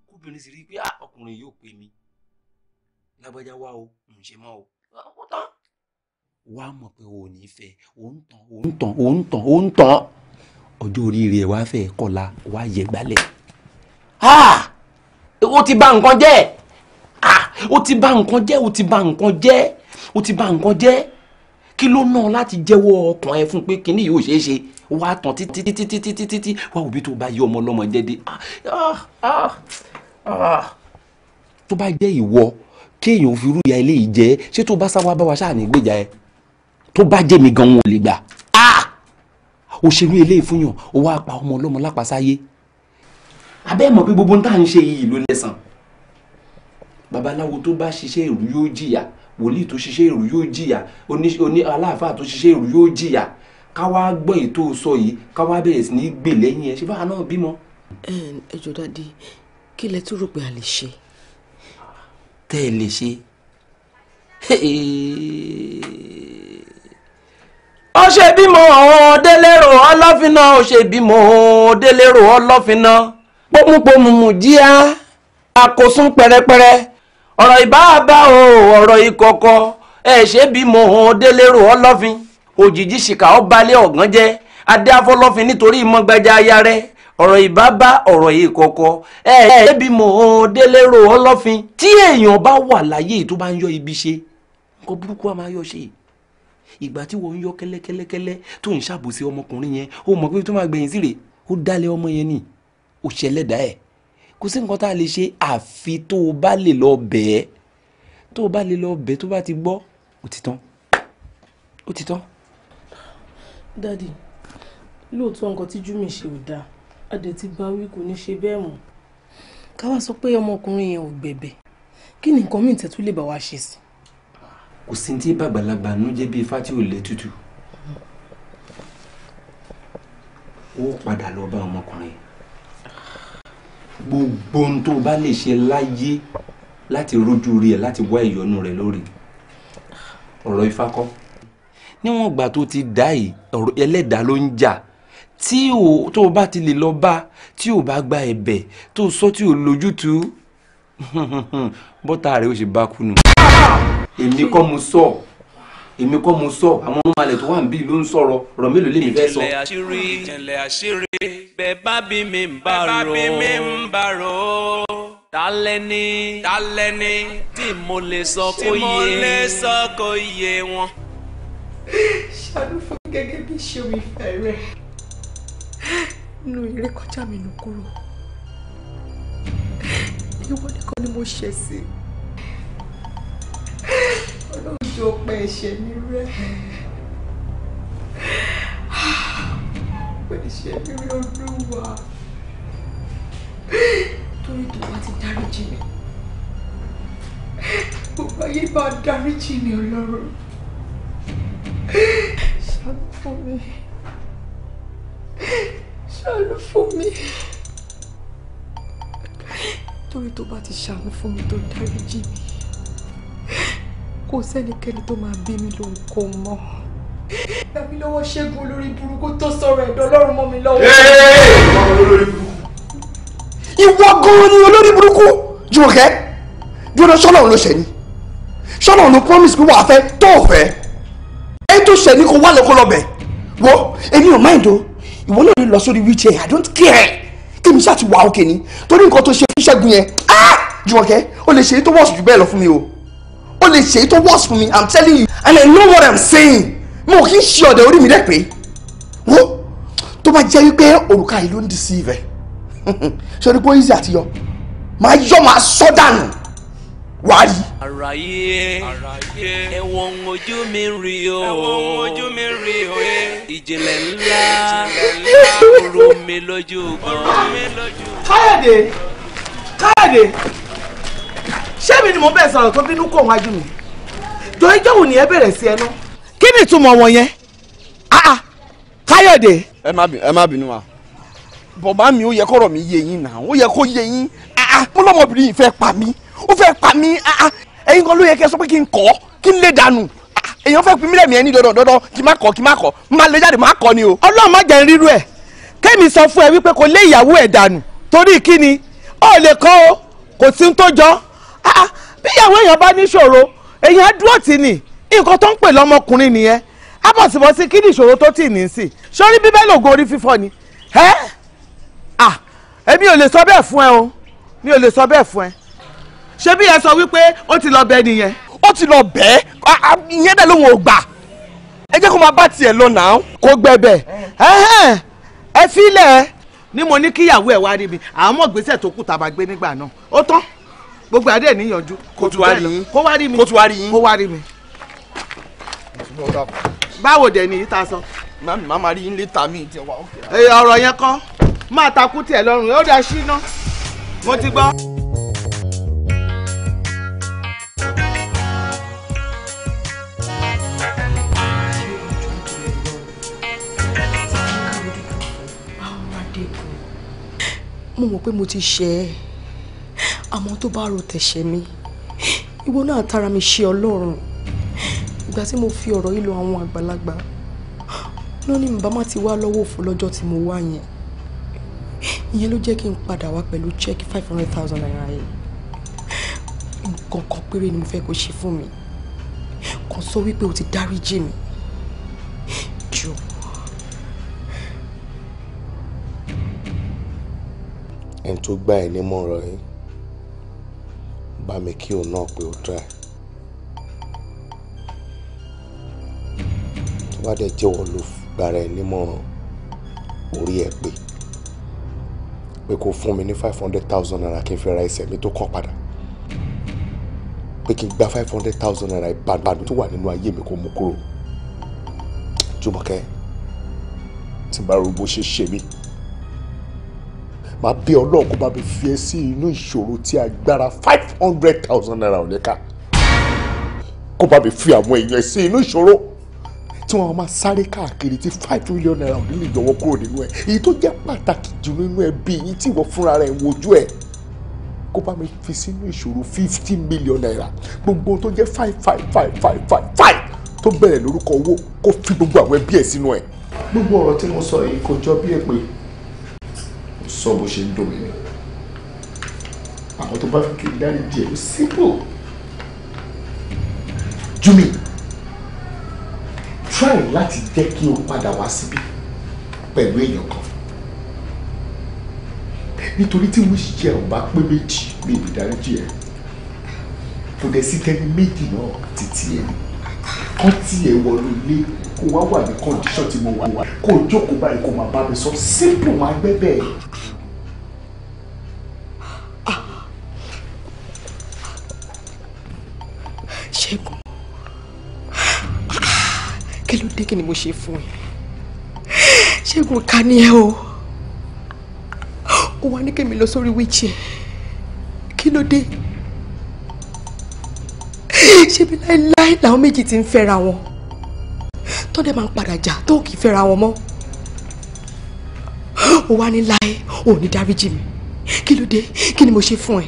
kóbìnrin sì rí i pé ah, ọkùnrin yóò pè mí lágbájá wá o ń ṣe mọ́ o ó tán wàá mọ̀ pé o ò ní fẹ́ o ń tàn o ń tàn o ń ọjọ́ orí rẹ̀ wá fẹ́ kọ́la wá yẹ gbálẹ̀ ó ah! ti bà nǹkan jẹ́ ó ah! ti bà nǹkan jẹ́ ó ti bà nǹkan jẹ́ ó ti bà nǹkan jẹ́ kí ló ná láti jẹ́wọ́ ọkàn ẹ fún pé kínní yìí ò ṣeé ṣe wá tán títí títí títí títí tí wá òbí tó bá yí ọmọ ọlọ́mọ jẹ́ dé ah, ah, ah, tó bá jẹ́ ìwọ kéèyàn fi irú ìyá eléyìí jẹ ṣé tó bá sáwá bá wa ṣáà ní gbèjà ẹ tó bá jẹ́ mi gan wọn ò lè gbà òṣèlú eléyìí fún yàn ó wá pa ọmọ ọlọ́mọ lápasáyé abẹ́ mọ̀ pé gbogbo ń tà ń ṣe yìí ló lẹ́sàn babaláwo tó bá ṣiṣẹ́ ìrú yóò jìyà wòlíì tó ṣiṣẹ́ èrú yóò jìyà oní aláàfáà tó ṣiṣẹ́ èrú yóò jìyà ká wá gbọ́ èyí tó sọ yìí ká wá bẹ̀rẹ̀ sí ní gbè lẹ́yìn ẹ̀ ṣé báwa náà bímọ. ẹ jọ̀ọ́ dáadé kí lẹ tún rò pé a lè ṣe. tẹ́ ẹ lè ṣe. ó ṣe bímọ ọ̀ọ́dẹ́lẹ́rò ọlọ́fínà ó ṣe bímọ ọ̀ọ́dẹ́lẹ́rò ọlọ́fínà pómúpómù mùjíà àkósùn pẹ̀rẹ́pẹ̀rẹ́ ọ̀rọ̀ ìbáàbá o ọ̀rọ̀ ìkọ̀kọ̀ ẹ̀ ṣe bí mo hàn délérò ọlọ́fin òjijì ṣìkà ó balẹ̀ ọ̀gán jẹ́ adé afọlọ́fin nítorí ìmọ̀gbájá aya rẹ̀ ọ̀rọ̀ ìbábá ọ̀rọ̀ ìkọ̀kọ̀ ẹ̀ ṣe bí mo hàn délérò ọlọ́fin tí èèyàn bá wà láyé tó bá ń yọ ibi ṣe nǹkan burúkú á máa yọ ṣe ìgbà tí wọ́n ń yọ kẹ́lẹ́kẹ́lẹ́kẹ́lẹ́ tó ń ṣàbòsí ọmọkùnrin yẹn ó mọ̀ pé tó máa gbẹ̀yìn sí rèé ó dálé ọmọ yẹn ni ó ṣẹlẹ́dàá ẹ̀ kò sí nǹkan tá a lè ṣe àfi tó o bá lè lọ bẹ̀ẹ́ tó o bá lè lọ bẹ̀ẹ́ tó bá ti gbọ́ ó ti tán ó ti tán. dadi lóòótọ́ nǹkan tí júmi ṣe ò dáa adé ti bá wí kò ní ṣe bẹ́ẹ̀ mọ́ ká wá sọ pé ọmọkùnrin yẹn ò gbẹ̀bẹ̀ kí ni nǹkan míì tẹ́tú lè bá wa ṣe sí. kò sí tí bàgbàlagbà ń jẹ́ bí ifá tí ò lè tutù ó padà lọ bá ọmọkùnrin yẹn gbogbo ohun tó o bá lè ṣe láyé láti rójú rí ẹ láti wá ìyọnu rẹ lórí ọ̀rọ̀ ifá kọ́ níwọ̀n ìgbà tó ti dá yìí ọ̀rọ̀ ẹlẹ́dàá ló ń jà tí o tó o bá ti lè lọ bá tí o bá gba ẹ̀bẹ̀ tó o sọ tí o lójútùú bọ́tà rẹ ó ṣe bá kú nù èmi kọ́ mo sọ. So èmi kọ́ mo sọ àwọn ọmọ alẹ̀ tó wà ń bí ló ń sọ̀rọ̀ ọ̀rọ̀ mélòó lèmi fẹ́ sọ. ìjìnlẹ̀ àṣírí ìjìnlẹ̀ àṣírí bẹ́ẹ̀ bá bí mi ń bá rò bẹ́ẹ̀ bá bí mi ń bá rò tálẹ́ni tálẹ́ni tí mo lè sọ kó yé tí mo lè sọ kó yé wọn. ṣàánú fún gẹ́gẹ́ bí ṣe omi fẹ́ eré kọjá mi nù kúrò ìwọ nìkan ni mo ṣẹ̀ sí ọlọ́run jọ pa ẹ̀ṣẹ̀ mi rẹ́ pa ẹ̀ṣẹ̀ mi rẹ́ olúwa torí tó bá ti dáríjì mi gbogbo ayé bá dáríjì mi ọlọ́run ṣàánú fún mi ṣàánú fún mi torí tó bá ti ṣàánú fún mi tó dáríjì mi kò sẹ́nikẹ́ni tó máa bí mi lóhun kò mọ́ tàbí lọ́wọ́ ṣẹ́gun olórí burúkú tó sọ̀rọ̀ ẹ̀dọ́ ọlọ́run mọ́ mi lọ́wọ́. ìwọ gan-an ni olórí burúkú jùmọ̀kẹ́ jùmọ̀kẹ́ sọ́nà ló ṣẹ̀ ni sọ́nà ló promise pé wàá fẹ́ tó o fẹ́ ẹ tó ṣẹ̀ ni kò wá lọ́kọ́ lọ́bẹ̀ wọ èmi ò mind o ìwọ náà lè lọ sórí wheelchair i don't care kémi ṣáà ti wà òkè ni torí nǹkan tó ṣe fún ṣẹ́gun yẹn ah! jùmọ̀kẹ́ o lè ṣe é tó wọ̀sùn jù bẹ́ẹ̀ lọ fún mi o ó lè ṣe é tó for me. mi i'm telling you and i know what i'm saying mo kì í ṣe ọ̀dẹ̀ orí mi dẹ̀ pé wo tó bá jẹ́ wípé òrùka yìí ló ń deceive ẹ̀ sori pé easy àti yọ máa yọ máa sọ dànù wá rí. àráyé ẹ̀wọ̀n ojú mi rí o ẹ̀wọ̀n ojú mi rí o ìjìnlẹ̀ ìjìnlẹ̀ ńlá oró mi lójú gan. káyọ̀dé káyọ̀dé ṣé mi ni mo bẹ̀rẹ̀ sọ̀rọ̀ tó bínú kò wájú mi jọ ẹjọ́ wò ni ẹ bẹ̀rẹ̀ sí ẹnu. kí ni ìtumọ̀ wọn yẹn ah, ah, káyọ̀dé. ẹ má bínú wa bọ̀bá mi ó yẹ kọ́rọ̀ mi yé yín náà ó yẹ kó yé yín ah, mo lọ́mọbìnrin yìí fẹ́ pa mí ó fẹ́ pa mí ẹ̀yin kan ló yẹ kẹ́ sọ pé kí n kọ́ kí n lè dànù èèyàn fẹ́ pin mí lẹ́mìí ẹni dandan dandan kí má kọ́ kí má kọ́ má lè jáde má kọ́ ni o. ọlọ́run má jẹ́ ríru ẹ̀ kémi sọ fún ẹ wípé kò lé ìyàwó ẹ̀ dànù torí kíni ó lè kọ́ o kò sí ń tó jọ Ah, bí ìyàwó èèyàn bá níṣòro èèyàn dúró tì ní nǹkan tó ń pè lọ́mọkùnrin nìyẹn ábọ̀sibọ̀sí kí ni ìṣòro tó tì ní sí sórí bíbẹ́ lògùn orí fífọ́ ni ẹ́ à ah, èmi ò lè sọ bẹ́ẹ̀ fún ẹ o mi ò lè sọ bẹ́ẹ̀ fún ẹ ṣé bí ẹ sọ wípé ó ti lọ bẹ nìyẹn. ó ti lọ bẹ́ẹ̀ ah, ìyẹn dẹ̀ ló ń gbà ẹ jẹ́ kó máa bá tiẹ̀ lọ náà kó gbẹ̀bẹ̀ ẹ fílẹ̀ ni mo ní kíyàwó ẹ̀ wá rí mi àwọn ọmọ ìgbésẹ̀ tó kù tá a máa gbé nígbà náà ó tán gbogbo adé níyànjú kó tún wá rí yín kó wá rí mi kó tún wá rí yín kó wá rí mi. báwo dẹ̀ ni ìta sọ. mami mama rí yín létà mi ìtẹ̀ wá òkè. ẹ ọ̀rọ̀ yẹn kọ́ máa takú tiẹ̀ lọ́rùn ó dá síná mo ti gbọ́. mo mọ̀ pé mo ti ṣe é àmọ́ tó bá ro tẹ̀ṣẹ̀ mi ìwọ náà tara mi ṣe ọlọ́run ìgbà tí mo fi ọ̀rọ̀ yìí lọ àwọn àgbàlagbà náà ni bàbá má ti wá lọ́wọ́ òfò lọ́jọ́ tí mo wá yẹn ìyẹn ló jẹ́ kí n padà wá pẹ̀lú chẹ́ẹ̀kì five hundred thousand naira yìí nǹkan kan péré ni mo fẹ́ kó ṣe fún mi kàn sọ wípé o ti dáríjì mi jù. ẹni tó gbà ẹ́ nímọ̀ràn yín bá mi kí òun náà pé ó try. tó bá dẹ̀ jẹ́wọ́ ló gbára ẹ nímọ̀ràn orí ẹ pé pé kó fún mi ní five hundred thousand naira kí n fi ra ẹsẹ̀ mi tó kàn padà pé kí n gba five hundred thousand naira ìbànú tó wà nínú ayé mi kó mú kúrò Jùmọ̀kẹ́ tí n bá rò bó ṣe ṣe mí máa bí ọlọ́run kó bá mi fi ẹ́ sí inú ìṣòro tí agbára five hundred thousand naira ò lè ká kó bá mi fi àwọn èèyàn sí inú ìṣòro tí wọ́n máa sáré káàkiri tí five million naira ò ní lè yọwọ́ kúrò nínú ẹ̀ èyí tó jẹ́ pàtàkì jù nínú ẹbí yìí tí ìwọ fúnra rẹ̀ wojú ẹ̀ kó bá mi fi sínú ìṣòro fifteen million naira gbogbo tó jẹ́ five five five five five five tó bẹ̀rẹ̀ lórúkọ owó kó fi gbogbo àwọn ẹbí ẹ̀ sínú ẹ̀. gbogbo ọ̀rọ̀ tí mo sọ yìí kò jọ bí èpè sọ bó ṣe ń dùn mí ni àwọn tó bá fi kí n dárí jẹ ó simple Jumi try láti jẹ́ kí o padà wá síbí pẹ̀lú èèyàn kan nítorí tí wọ́n ṣiṣẹ́ ọba pé méjì ní ìdáríjì ẹ̀ kò dẹ̀ sí tẹni méjì náà títí ẹ̀ kán tí ẹ̀ wọnú ilé kó wá wà ní kọ́ndíṣọ̀n tí mo wà kó jókòó báyìí kó máa bá mi sọ simple máa gbẹ́ bẹ́ẹ̀. kí ló dé kí ni mo ṣe fún ẹ ṣẹ́gun ká ní ẹ o ó wá ní kèmi lọ sórí wíìchì kí ló dé ṣebí láéláé làwọn méjì ti ń fẹ́ra wọn tọ́dẹ̀ máa ń padà jà tó kì í fẹ́ra wọn mọ́ ó wá ní láé ò ní dáríjì mi kí ló dé kí ni mo ṣe fún ẹ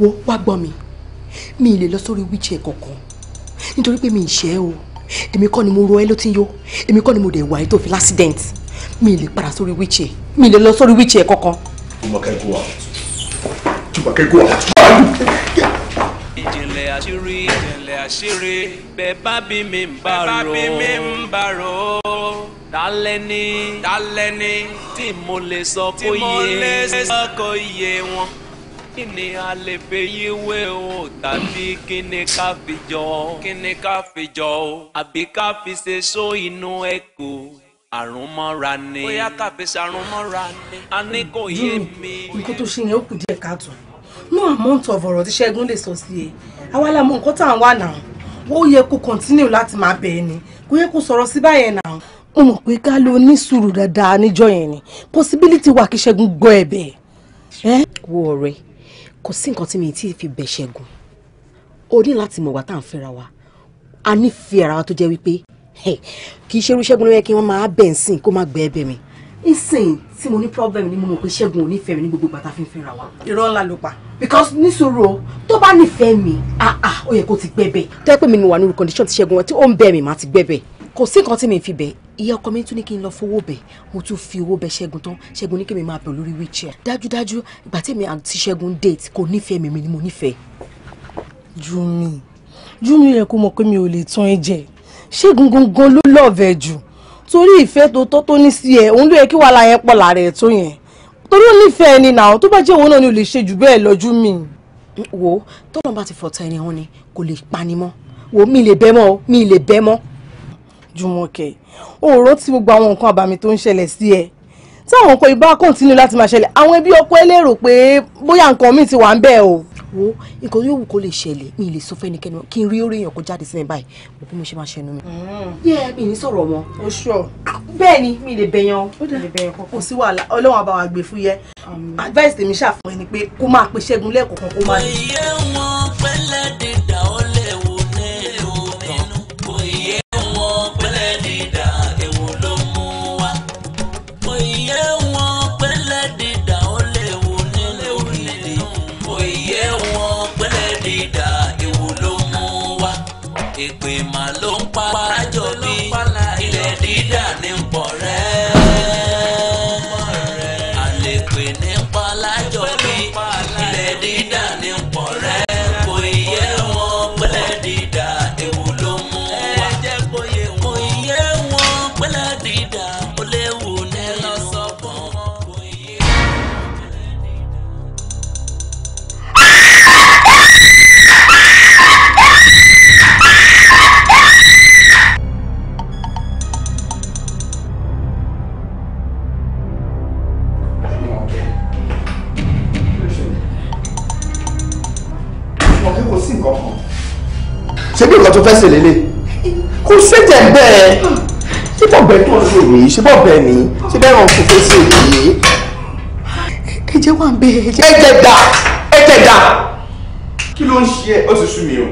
wo wá gbọ́ mi mi ì lè lọ sórí wíìchì ẹ̀ kọ̀ọ̀kan nítorí pé mi ì ṣẹ̀ o èmi kọ́ ni mo ro ẹ́ ló ti ń yó èmi kọ́ ni mo dẹ̀ wà ẹ́ tó fi l'accident mi lè padà sórí wíìchì mi lè lọ sórí wíìchì ẹ̀ kankan. Jùmọ̀kẹ́ go out Jùmọ̀kẹ́ go out. ìjìnlẹ̀ àṣírí ìjìnlẹ̀ àṣírí bẹ́ẹ̀ bá bí mi ń bá rò ó dálẹ́ni dálẹ́ni tí mo lè sọ kó yé wọn kí ni a lè fi yíwé o tàbí kí ni ká fi jọ kí ni ká fi jọ o àbí ká fi ṣe só inú ẹ kù àrùnmọ́ra ni. bóyá kàfẹ́sì àrùnmọ́ra ni. a ní kò yé mi. nǹkan tó ṣe yẹn ó kù díẹ̀ káàtó no amount of ọ̀rọ̀ tí ṣẹ́gun lè sọ sí e àwa la mọ nǹkan tá à ń wà náà ó yẹ kó continue láti máa bẹ̀ ẹ́ ni kó yẹ kó sọ̀rọ̀ sí báyẹn náà. ó mọ̀ pé ká ló ní sùúrù dáadáa níjọ́ yẹn ni possibility wà kí ṣẹ́gun gbọ́ ẹ̀bẹ̀. wo ọ̀rẹ́ kò sí nǹkan tí mi ti fi bẹ̀ ṣẹ́gun o ní láti mọ̀ wá tá à ń fẹ́ra wa a nífẹ̀ẹ́ ara wa tó jẹ́ wípé kì í ṣerú ṣẹ́gun ló yẹ kí wọ́n máa bẹ̀ ń sìn kó má gbẹ́ ẹbẹ̀ mi nsìn tí mo ní problem ni mo mọ̀ pé ṣẹ́gun ò nífẹ̀ẹ́ mi ní gbogbo bàtà fi ń fẹ́ra wa. irọ́ ńlá ló pa. because níṣòro tó bá nífẹ̀ẹ́ mi ah ah ó yẹ kó ti gbẹ́bẹ̀. tẹ́ pé mi ni wà ní condition ti ṣẹ́gun wọn tí ó ń bẹ̀ mi máa ti gbẹ́bẹ̀ kò sí nǹkan tí mi fi bẹ̀ ìyá ọkọ mi tún ní kí n lọ fowó bẹ̀ mo tún fi owó bẹ̀ ṣẹ́gun tán ṣẹ́gun ní kí mi máa bẹ̀ lórí wheelchair dájúdájú ìgbà tí èmi àti ṣẹ́gun date kò nífẹ̀ẹ́ mi ni mo nífẹ̀ẹ́. jumi jumi yẹ kó mọ̀ pé mi ò lè tán ẹ jẹ ṣẹ́gun gangan ló lọ́ọ̀vẹ̀ jù torí ìfẹ́ tó tọ́ tó ní sí ẹ òun ló yẹ kí wàhálà yẹn pọ̀ lára ẹ̀ tó yẹn torí ó nífẹ̀ẹ́ ni nàá tó bá jẹ́ òun náà ni ò lè ṣe jù bẹ́ẹ̀ lọ́jú mi. wo tọ́lọ́ bá ti fọ̀tà ẹni hàn ni kò lè pani wo mi lè bẹ́ mọ́ mi lè bẹ́ mọ́ Jùmọ̀kẹ́ òòró tí gbogbo àwọn nǹkan àbàmì tó ń ṣẹlẹ̀ sí ẹ táwọn nǹkan ìbá kọ́ńtínú láti máa ṣẹlẹ̀ àwọn ẹbí ọkọ ẹ lérò pé bóyá nǹkan míì ti wà ń bẹ̀ o. wo nǹkan yóò wù kó lè ṣẹlẹ̀ mi lè sọ fẹ́nikẹ́ni kí n rí orí èèyàn kó jáde sí mi báyìí mo bí mo ṣe máa ṣẹnu mi. Mm. yẹ mi ní sọ̀rọ̀ mọ́. o sọ bẹ́ẹ̀ ni mi lè bẹ̀yàn kò sí wàhálà ọlọ́run àbá advice tèmi ṣàfihàn ni pé kó máa nǹkan tó fẹ́ ṣe lélẹ̀ kò ṣèjẹ̀ bẹ́ẹ̀ ṣé bọ̀bẹ tó ń lò rèé ṣé bọ̀bẹ ni ṣé bẹ́ẹ̀ wọn kò fẹ́ ṣe rèé. ẹ̀jẹ̀ wà ń bẹ ẹ̀jẹ̀. ẹ̀jẹ̀ dà ẹ̀jẹ̀ dà. kí ló ń ṣe ẹ ó ti sú mi o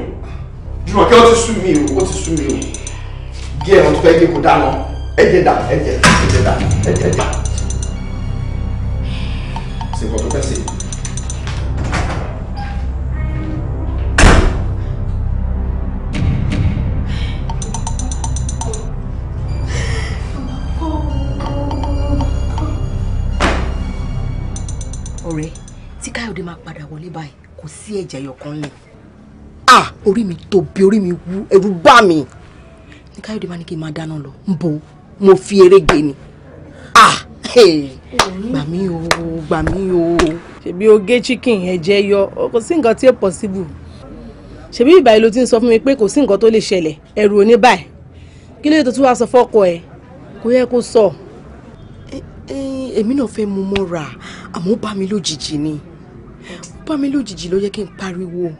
jùmọ̀ kí ó ti sú mi o ó ti sú mi o díẹ̀ wọn tó fẹ́ gé kó dáná ẹ̀jẹ̀ dà ẹ̀jẹ̀ dà ẹ̀jẹ̀ dà ẹ̀jẹ̀ dà. ẹ̀jẹ̀ yọkan lẹ̀ ah orí mi tóbi orí mi wú ẹ̀rù bá mi ní káyọ̀dé bá ní kí n máa dáná lọ ń bo mo fi eré ni ah gbà mí o gbà mí o. ṣebí o gé chicken ẹ̀jẹ̀ yọ kò sí nǹkan tí ó possible ṣebí ìbàyí ló ti ń sọ fún mi pé kò sí nǹkan tó lè ṣẹlẹ̀ ẹ̀rù ò ní báyìí kí ló yẹ tó tún wá sọ fọ́kọ ẹ̀ kò yẹ kó sọ. èmi náà fẹ́ mú mọ́ra àmọ́ bá mi lójijì ni ó bá mi lójijì ló yẹ kí n pariwo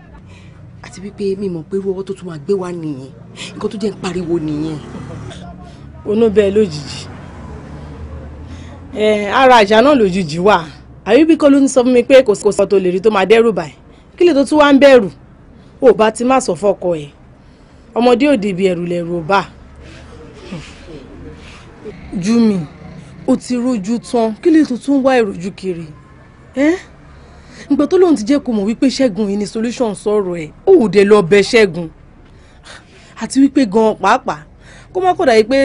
àti wípé mi mọ̀ pé irú ọwọ́ tó tún máa gbé wá nìyẹn nǹkan tó jẹ́ ń pariwo nìyẹn. onú bẹ́ẹ̀ lójijì ara àjà náà lójijì wà àríbí kọ́ ló ń sọ fún mi pé kò sí ọ̀tọ̀ lè rí tó máa dẹ́rù báyìí kí lè tó tún wá ń bẹ̀rù ò bá ti má sọ fọ́kọ ẹ̀ ọmọdé òde ibi ẹ̀rù lẹ̀rù ò jumi o ti rojú tán kí lè tó tún wá ìrojú kiri. Eh? ìgbà tó lóun ti jẹ́ kó mọ̀ wípé ṣẹ́gun yìí ni solution sọ̀rọ̀ ẹ̀ ó ò dé lọ bẹ ṣẹ́gun àti wípé gan pàápàá kó má kódà yìí pé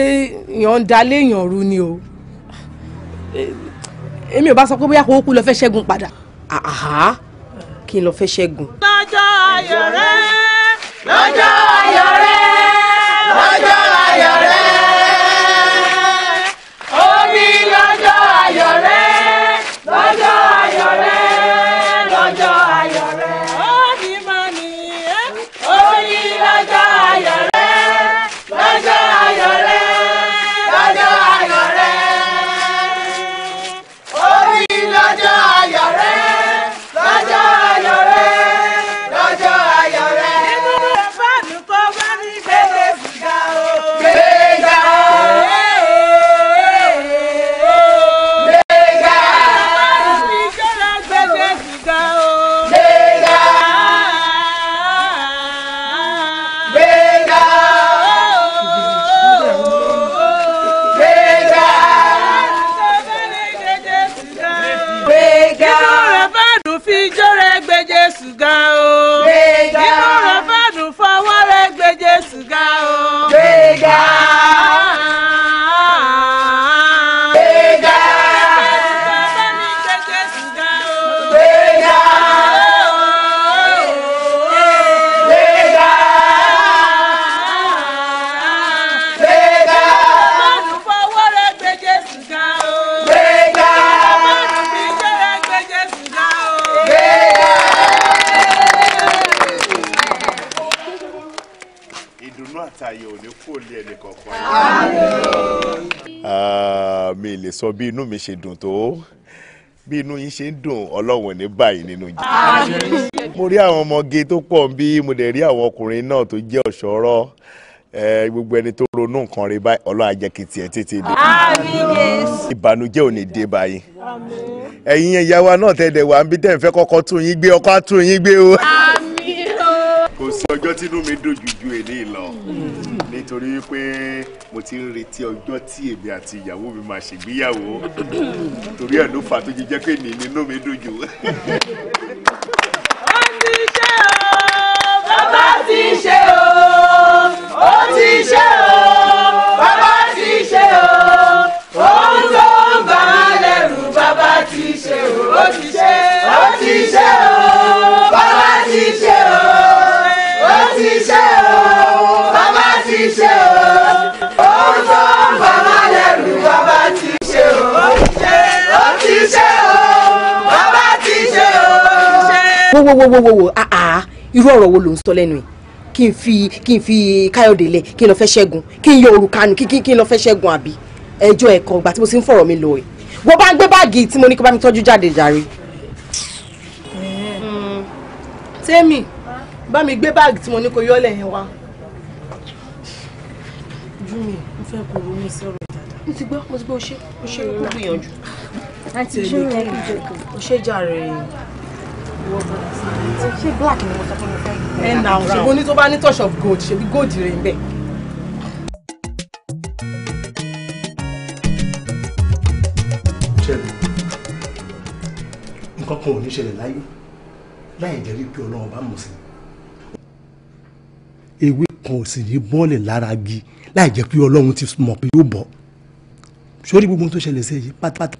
èèyàn ń léèyàn rú ni o èmi ò bá sọ pé bóyá kó kú lọ fẹ́ ṣẹ́gun padà kí n lọ fẹ́ ṣẹ́gun. lọ́jọ́ ayọ̀ rẹ̀ lọ́jọ́ ayọ̀ rẹ̀. sọ bí inú mi ṣe dùn tó bí inú yín ṣe ń dùn ọlọ́run ní báyìí nínú jẹ́. mo rí àwọn ọmọge tó pọ̀ bí mo dẹ̀ rí àwọn ọkùnrin náà tó jẹ́ ọ̀ṣọ́rọ́ gbogbo ẹni tó ronú nǹkan rí báyìí ọlọ́run ajẹ́kìtì ẹ̀ tètè dé. ìbànújẹ́ ò ní dé báyìí. ẹ̀yin ẹ̀yà wa náà tẹ̀dẹ̀ wá ń bí tẹ̀ kọ́kọ́ tún yín gbé ọkọ́ tún yín gbé o. kò sí ọjọ́ tínú mi dojú ju èlé lọ. Mm nítorí pé mo ti ń retí ọjọ́ tí èmi àti ìyàwó mi máa ṣègbéyàwó torí ẹ̀ ló fà tó ti jẹ́ pé ní inú mi dùn jù. ó ti ṣe o bàbá ti ṣe o ó ti ṣe o bàbá wo wo wo wo wo ah ah irú ọ̀rọ̀ wo ló ń sọ lẹ́nu yìí kí n fi kí n fi káyọ̀dé lẹ̀ kí n lọ fẹ́ ṣẹ́gun kí n yọ òrùka nù kí kí n lọ fẹ́ ṣẹ́gun àbí ẹjọ́ ẹ̀kan ìgbà tí mo ti ń fọ̀rọ̀ mi lọ ẹ̀ wọ́n bá ń gbé báàgì tí mo ní kí bá mi tọ́jú jáde jàre. tèmi bá mi gbé báàgì tí mo ní kó yọ́lẹ̀ yẹn wá. júmi mo fẹ́ kó ronú sọ̀rọ̀ dáadáa. mo ti gbọ́ mo ti gbọ́ o ṣe o ṣé black ni mo sọ fún mi fẹ́. ẹ nà ọ̀rọ̀ ṣùgbọ́n ní tó bá ní touch of gold ṣebí gold rẹ̀ ń bẹ̀. ṣẹlẹ̀ nǹkan kan ò ní ṣẹlẹ̀ láyé láì jẹ́ wípé ọlọ́run bá mọ̀ sí i. ewé kan ò sì ní bọ́ọ̀lì lára gi láì jẹ́ pé ọlọ́run ti mọ̀ pé yóò bọ̀ sórí gbogbo tó ṣẹlẹ̀ sí ẹ yìí pátápátá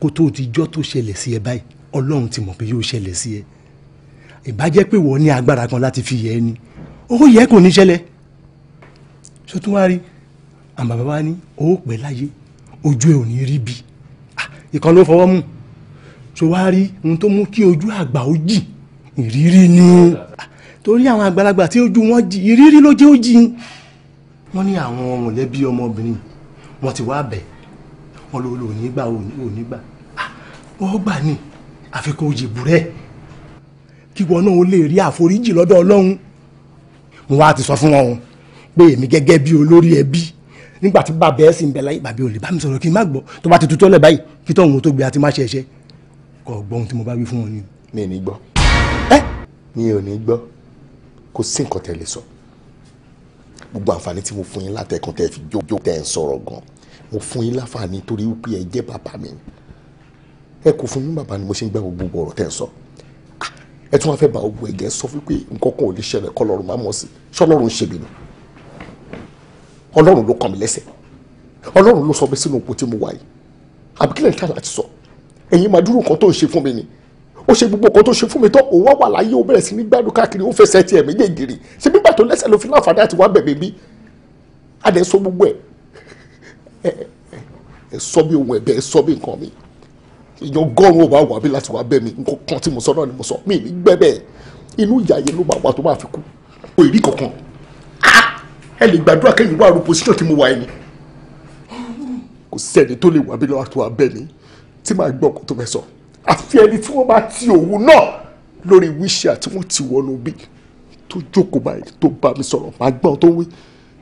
kó tó di ijọ́ tó ṣẹlẹ̀ sí ẹ báyìí ọlọ́run ti mọ̀ pé yóò ṣẹlẹ̀ sí ẹ ìbájẹ́ pé wọ́n ní agbára kan láti fi yẹ ẹ ni owó yẹ kò ní ṣẹlẹ̀ ṣó tún wá rí àmọ́ bàbá ní owó pẹ́ láyé ojú ẹ ò ní rí bi ah, ìkan ló fọwọ́ mú ṣó wá rí ohun tó mú kí ojú àgbà ó jì ìrírí ni ah, torí àwọn àgbàlagbà tí ojú wọn jì ìrírí ló jẹ́ ó jì wọ́n ní àwọn mọ̀lẹ́bí ọmọbìnrin wọ́n ti wá bẹ̀ wọ́n lò ó lò ó nígbà ó nígbà ó ah, gbà ni àfikún òjìbúrẹ́ kíwọ náà ó lè rí àforíjì lọ́dọ̀ ọlọ́run mo wá ti sọ fún wọn pé èmi gẹ́gẹ́ bí olórí ẹbí nígbà tí bàbá ẹ̀ sì ń bẹ láyé bàbá ò lè bá mi sọ̀rọ̀ kí n má gbọ́ tó bá ti tutọ́ lẹ̀ báyìí kí tóun tó gbé àti má ṣe ẹ̀ṣẹ̀ gbọ́ ohun tí mo bá wí fún wọn ni. mi ò ní gbọ́ mi ò ní gbọ́ kò sí nǹkan tẹ́ lè sọ gbogbo àǹfààní tí mo fún yín látẹ̀kùn tẹ́ fi jókòó tẹ́ ń sọ̀rọ̀ gan mo fún yín láǹfààní torí wípé ẹ jẹ́ bàbá mi ẹ kò fún mi bàbá ni mo ṣe ń gbẹ gbogbo ọ̀rọ̀ tẹ́ ẹ sọ ah, ẹ tún wá fẹ́ ba ogun ẹ̀jẹ̀ sọ fún pé nǹkan kan ò lè ṣẹlẹ̀ kọ́ lọ́run máa mọ̀ sí ṣọ́lọ́run ń ṣèbí ni ọlọ́run ló kàn mí lẹ́sẹ̀ ọlọ́run ló sọ mi sínú ipò tí mo wà yìí àbíkílẹ̀ ń tà láti sọ ẹ̀yin máa dúró nǹkan tó ń ṣe fún mi ni ó ṣe gbogbo nǹkan tó ṣe fún mi tán òun wá wà láyé ó bẹ̀rẹ̀ sí ní gbádùn káàkiri ó fẹsẹ̀ tiẹ̀ méjèèjì ṣe nígbà tó lẹ́sẹ̀ ló fi láǹfààní àti wá bẹ̀bẹ̀ bí sọ gbogbo ẹ̀ ẹ̀ sọ bí ohun ẹ̀bẹ̀ ẹ̀ sọ bí nǹkan mi èèyàn gọ́rùn-ún wà wà bí láti wà bẹ́ẹ̀ mi nǹkan kan tí mo sọ náà ni mo sọ mí ní gbẹ́bẹ́ inú ìyá yẹn ló máa wà tó máa fi kú kò ì rí kankan ah! ẹ lè gbàdúrà kẹ́yìn wà rú pòsíṣàn tí mo wà ẹni kò sẹ́ni tó lè wà bí láti wà bẹ́ẹ̀ mi tí màá gbọ́ ọkọ̀ tó fẹ́ sọ àfi ẹni tí wọ́n bá ti òun náà lórí wíṣẹ́ àti wọ́n ti wọnú bí tó jókòó báyìí tó bá mi sọ̀rọ̀ màá gbọ́n tó wí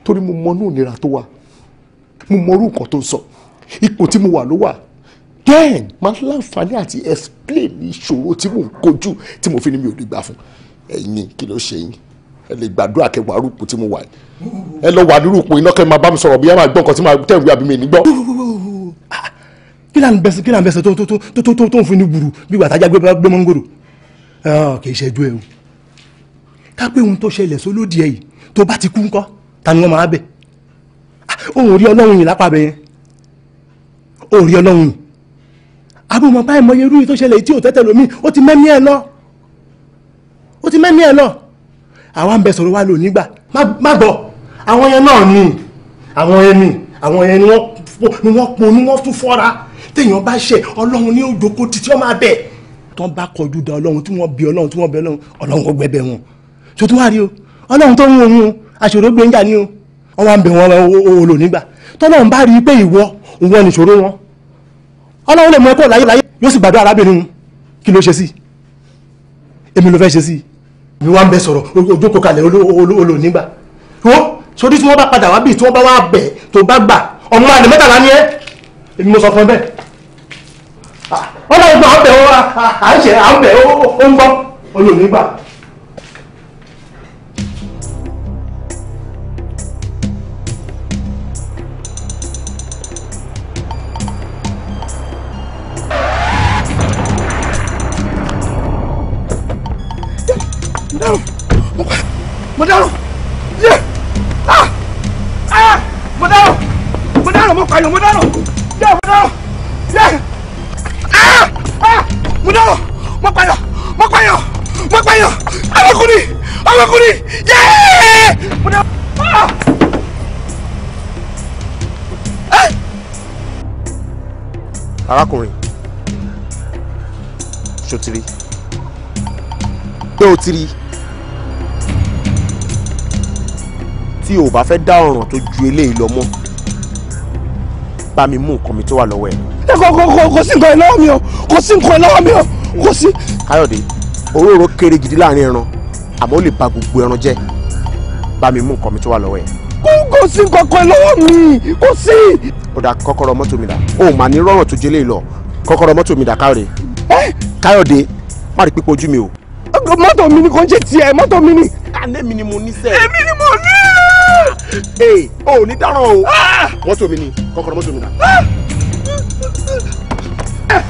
torí mo mọ inú ìnira tó wà mo mọ orú tó ń sọ ipò tí mo wà ló wà then máa láǹfààní àti explain ìṣòro tí mò ń kojú tí mo fi ní mi ò lè gbà fún ẹ̀yin kí ló ṣe yín ẹ lè gbàdúrà kẹwàá rúpò tí mo wà yìí ẹ lọ wà nírú òpó iná kẹ máa bá mi sọ̀rọ̀ bí yá máa gbọ́ nǹkan tí máa tẹ̀ wí àbí mi nígbọ́. kí là ń bẹ̀sẹ̀ kí là ń bẹ̀sẹ̀ tó tó tó tó tó ń fún ní gbùrù bí wàtá jágbé gbé mọ́ngòrò ah, kì í ṣẹ́jú ẹ o ká pé ohun tó ṣẹlẹ̀ sólódì ẹ yìí tó bá ti kú ńkọ́ ta ni wọ́n máa bẹ̀ ah, ohun rí ọlọ́run yìí lápá bẹ̀ yẹn rí ọlọ́run yìí àbúmọ̀ báyìí mọ irú tó ṣẹlẹ̀ tí ò tẹ́tẹ̀ lómi ó ti mẹ́mí ẹ̀ lọ ó ti mẹ́mí ẹ̀ lọ àwa ń bẹ sọ̀rọ̀ wa lò nígbà má gbọ́ àwọn yẹn náà ni àwọn yẹn ni àwọn yẹn ni wọ́n pọn ni wọ́n tún fọ́ra téèyàn bá ṣe ọlọ́run ní òjòkó títí ọmọ abẹ́ tó ń bá kọjú da ọlọ́run tí wọ́n bí ọlọ́run tí wọ́n bẹ ọlọ́run ọlọ́run kò gbẹbẹ wọn tó tún wá rí o ọlọ́run tó ń wo òun àṣòro gbẹ̀ngà ni o wọ́n wá ń bẹ̀ wọ́n olò nígbà tọ́lọ́run bá rí i pé ìwọ òun wọn nìṣòro wọn ọlọ́run lè mú ẹkọ́ láyé láyé yóò sì gbàdúrà arábìnrin kí ló ṣe sí èmi ló fẹ́ ṣe sí mi wá ń bẹ sọ̀rọ̀ ojókòó kalẹ̀ olónígbà wo sórí tí wọ́n bá padà wá bí tí wọ́n bá wá bẹ̀ tó bá gbà ọmọ àlè mẹ́tàlá ni ẹ́ èmi mo sọ fún ẹ bẹ́ẹ̀ ah, ọlọ́run gbà ọ́ bẹ̀ ọ́ à ń bẹ̀ ó ń gbọ́ olónígbà. Ah! mo dárò yé ah ah mo dárò mo dárò mo pààyàn mo dárò ah ah mo dárò mo pààyàn mo pààyàn mo pààyàn ọmọkùnrin ọmọkùnrin yé mo dárò ah. Eh! arákùnrin ṣòtiri pé o ti tí o bá fẹ́ dá ọ̀ràn tó ju eléyìí lọ mọ́ bá mi mú nǹkan mi tó wà lọ́wọ́ ẹ̀. kò kò kò kò sí nǹkan ẹ̀ lọ́wọ́ mi o kò sí nǹkan ẹ̀ lọ́wọ́ mi o kò sí. káyọ̀dé òróró kéré gidi láàrin ẹran àmọ́ ó lè ba gbogbo ẹran jẹ́ bá mi mú nǹkan mi tó wà lọ́wọ́ ẹ̀. kò kò sí nǹkan kan lọ́wọ́ mi kò sí. ó dà kọ́kọ́rọ́ mọ́tò mi dà o mà ní rọ́rùn tó jẹ́lé lọ kọ́kọ́rọ́ mọ́tò mi dà káyọ̀dé. káyọ̀dé má rí pípojú mi o. mọ́tò mi ni kò ń ee o ò ní dáràn o ah! mọ́tò mi ni kọ́kọ́rọ́ mọ́tò mi nà. Ah!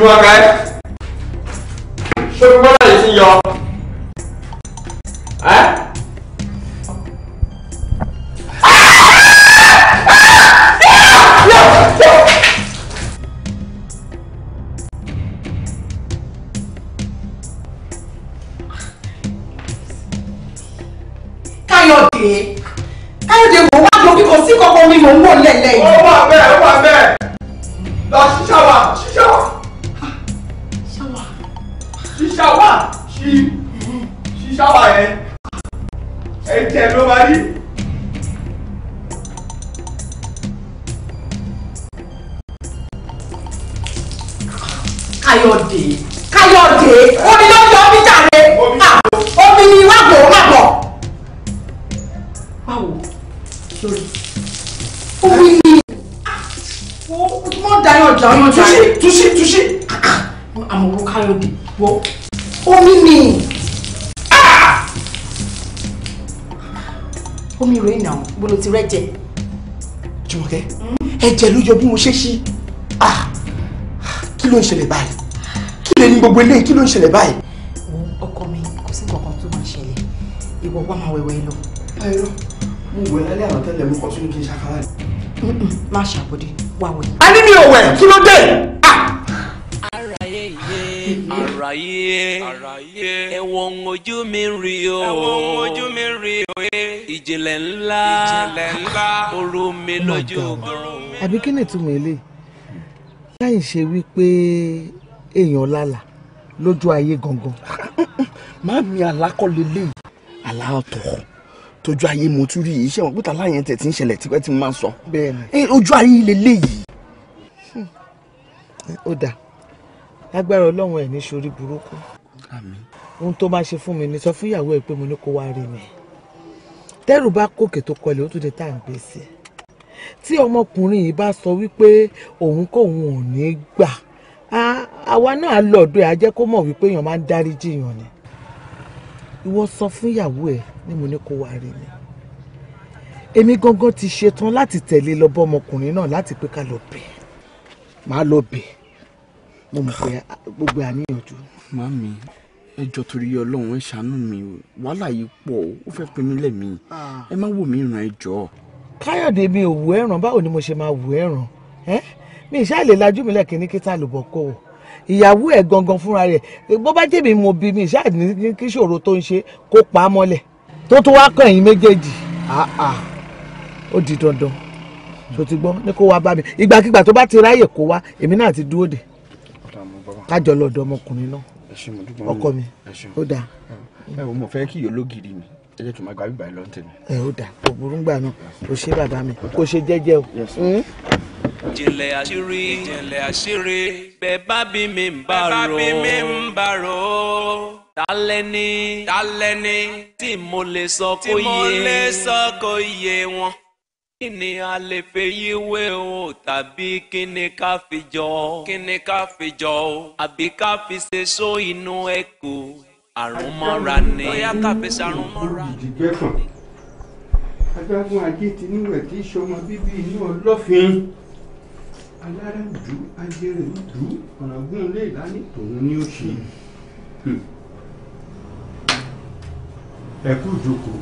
Jùmọ̀kẹ́ ṣé gbogbo náà yìí ti yọ ẹ́. Káyọ̀dé Káyọ̀dé wò wá lórí kò sí kankan mi mò ń wò lẹ́lẹ́ ṣáwà yẹn ẹ̀jẹ̀ ló máa rí. Káyọ̀dé Káyọ̀dé omi ló ń yọ omi jàre ah, omi ni wàgbọ̀ wàgbọ̀. Báwo lórí omi ni wọ́n ah, dáyọ̀ dáyọ̀ dáyọ̀ túṣí túṣí túṣí ah, àmọ̀rọ̀ Káyọ̀dé wọ́n omi ni. omi rèé nà ó bolo ti rẹ́ jẹ. Jùmọ̀kẹ́ ẹ̀jẹ̀ ló yọ bí mo ṣe ṣí ah, kí ló ń ṣẹlẹ̀ báyìí kí lè ní gbogbo eléyìí kí ló ń ṣẹlẹ̀ báyìí. ọkọ mi kò sí nǹkan kan tó máa ṣẹlẹ̀ ìwọ wá máa wẹ̀wẹ̀ lọ. ayọ̀ mo wẹ̀ lálẹ́ àwọn tẹ́lẹ̀ mo kọ́ sínú kí n ṣàkárà. má ṣàbòdì wà wẹ̀. a ní mi ò wẹ̀ kí ló dé àráyé ẹ̀wọ̀n ojú mi rí o ẹ̀wọ̀n ojú mi rí o ìjìnlẹ̀ ńlá ìjìnlẹ̀ ńlá oru mi lójú ogun. àbí kí ni ìtumọ̀ ilé láì ṣe wípé èèyàn lálà lójú ayé gangan màámi alákọ̀lé léyìí aláàtọ̀ tójú ayé mo tún rí iṣẹ́ wọn pẹ́tà láyẹn tẹ̀ tí ń ṣẹlẹ̀ tipẹ́ tí mo máa ń sọ ojú ayé lélẹ́yìí. ó dáa lágbára ọlọ́run ẹ̀ ní sori burúkú àmín ohun tó máa ṣe fún mi ni sọ fún ìyàwó ẹ pé mo ní kó wá rí mi tẹ́rù bá kòkè tó kọlẹ̀ ó tún di tá à ń gbé sí tí ọmọkùnrin yìí bá sọ wípé òun kóun ò ní gbà àwa náà lọ́ọ̀dọ̀ ẹ̀ á jẹ́ kó mọ̀ wípé èèyàn máa ń dáríjì yàn ni ìwọ sọ fún ìyàwó ẹ ni mo ní kó wá rí mi èmi gangan ti ṣetán láti tẹ̀lé lọ bọ́ ọmọkùnrin náà láti pé ká lọ bẹ̀ máa lọ bẹ̀ mo mọ̀ pé gbogbo àníyànjú. màmí ẹ jọ torí Ọlọ́run ẹ ṣàánú mi wàhálà yìí pọ̀ ó fẹ́ pin mí lẹ́mìí ah. ẹ má wò mí ràn ẹ jọ. káyọ̀dé mi ò wù ẹ̀ràn báwo ni mo ṣe máa wù ẹ̀ràn ẹ́ mi ìṣá lè lajú mi lẹ́kìnní kí tá lùbọ̀ kọ́ o ìyàwó ẹ̀ gangan fúnra rẹ̀ bó bá jẹ́ mi mo bí mi ìṣá ní kí ṣòro tó ń ṣe kó pa á mọ́lẹ̀ tó tún wá kàn yín méjèèjì ó di dandan tó ti gbọ́ ní kó wá bá mi ìgbàkigbà tó bá ti ráyè kó wá èmi náà ti dúró dè kájọ lọ́dọ̀ ọmọkùnrin náà ọkọ mi ó dáa. ẹ o mọ fẹ kí yòó lógiri mi ẹ jẹ tó máa gba bíbá ẹ lọ́ntẹ̀ mi. ẹ ó dáa kò burú gbà náà kò ṣe bàbá mi kò ṣe jẹ́jẹ́ o. ìjìnlẹ̀ hmm? àṣírí ìjìnlẹ̀ àṣírí bẹ́ẹ̀ bá bí mi ń bá rò bẹ́ẹ̀ bá bí mi ń bá rò talẹ́ni talẹ́ni tí mo lè sọ kó yé wọn kí ni a lè fi yíwé o tàbí kí ni ká fi jọ o kí ni ká fi jọ o àbí ká fi ṣe só inú ẹ kù àrùn mọ́ra ni. bóyá ká fi ṣàrùn mọ́ra. adágún ajé tinú rẹ̀ tí sọmọ bíbí inú ọlọ́fin alára dùn ajẹrẹ dùn ọ̀nàgún lè lání tòun ní òsì ẹ kú ìjókòó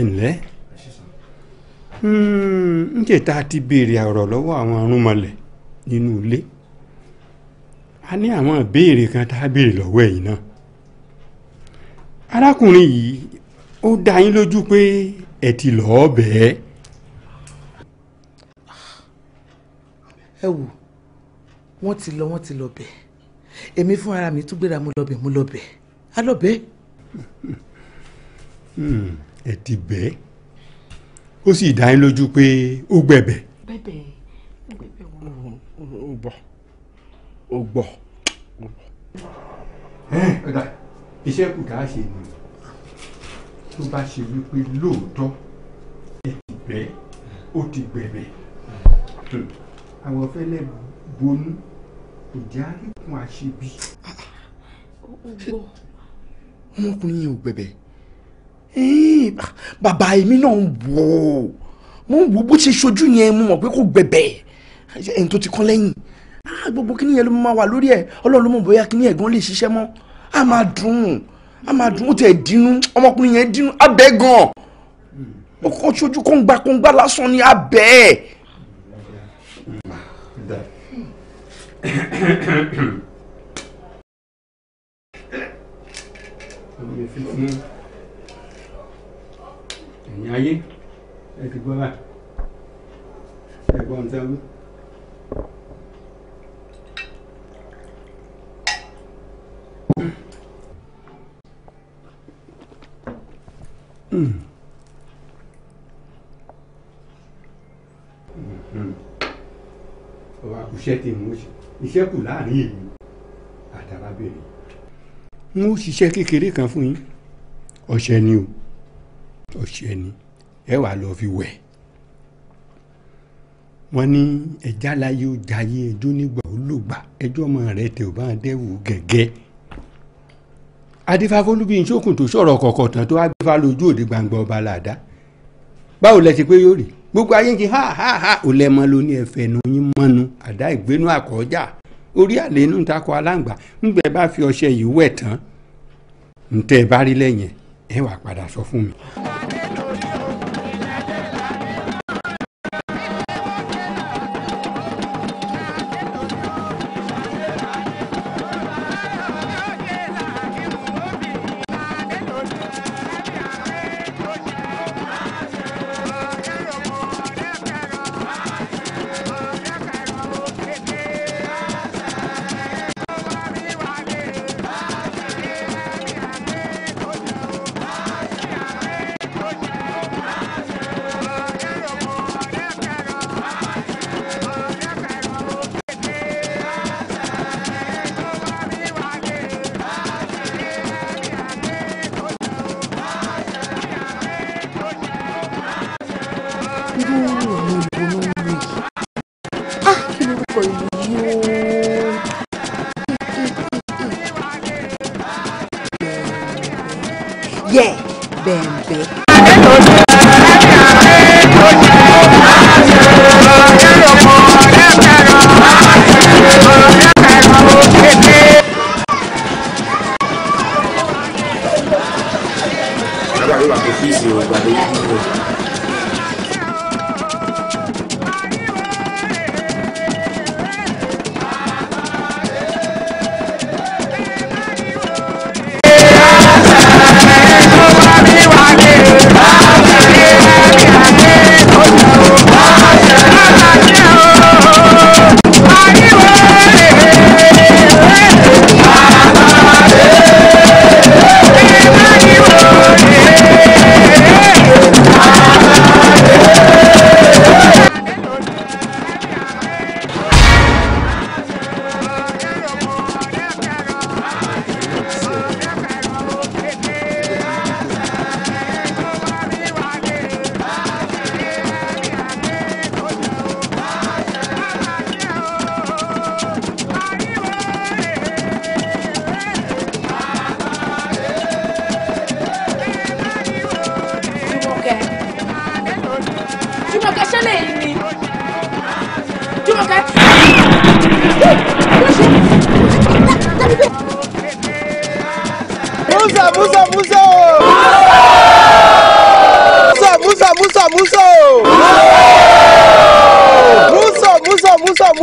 ẹ ǹlẹ́. Hmm, ǹjẹ́ tá a ti béèrè ọ̀rọ̀ lọ́wọ́ àwọn arúnmọlẹ̀ nínú ilé a ní àwọn ìbéèrè kan tá a béèrè lọ́wọ́ ẹ̀yin náà arákùnrin yìí ó dá yín lójú pé ẹ ti lọ́ọ́ bẹ́ẹ̀. ẹ wò wọ́n ti lọ wọ́n ti lọ bẹ́ẹ̀ èmi fún ara mi tún gbéra mú lọ́bẹ̀ mú lọ́bẹ̀ á lọ́bẹ̀. Hmm, ẹ ti bẹ́ẹ̀ ó sì dá yín lójú pé ó gbẹ̀bẹ̀. bẹ́bẹ̀ gbẹ̀bẹ̀ wọ́n. iṣẹ́ kù tá ṣe nù tó bá ṣe wípé lóòótọ́ ẹ ti gbẹ́ ó ti gbẹ̀bẹ̀ àwọn fẹ́lẹ́ bonú ìjà àríkùn àṣebí. ọmọkùnrin yẹn ò gbẹ̀bẹ̀. Eh, ah, bàbá èmi náà ń wò ó mo ń wò ó bó ṣe ṣojú yẹn mo mọ̀ pé kò gbẹ̀bẹ̀ ẹni tó ti kán lẹ́yìn ah, gbogbo kíní yẹn ló máa wà lórí ẹ̀ ọlọ́run ló mọ̀ bóyá kíní ẹ̀gbọ́n lè ṣiṣẹ́ mọ́ a máa dùn a máa dùn ó tẹ̀ dínú ọmọkùnrin yẹn dínú abẹ́ gan ó kọ́ ṣojú kóńgbà kóńgbà lásán ni abẹ́ ẹ̀. Thank ẹ̀yìn ayé ẹ ti gbọ́ báyìí ẹ gbọ́ ohun tẹ́ ọba kùṣẹ́ tí mo ṣe iṣẹ́ kù láàrin èmi àtàràbẹ̀rẹ̀. n ó ṣiṣẹ́ kékeré kan fún yín ọ̀sẹ̀ ni o. ọṣẹ ni ẹ wàá lọ fi wẹ̀ wọ́n ní ẹja láyé ó jayé ẹjọ́ nígbà ó ẹjọ́ ọmọ rẹ̀ tẹ̀ ò bá dẹ́wù gẹ̀gẹ́ adífáfólúbí ìṣókùn tó sọ̀rọ̀ kọ̀kọ̀ tán tó agbèfà lójú òde gbangba ọba làdá báwo lẹ ti pé yóò rí gbogbo ayé ha ò àdá ìgbénu orí ẹ wá padà sọ fún mi.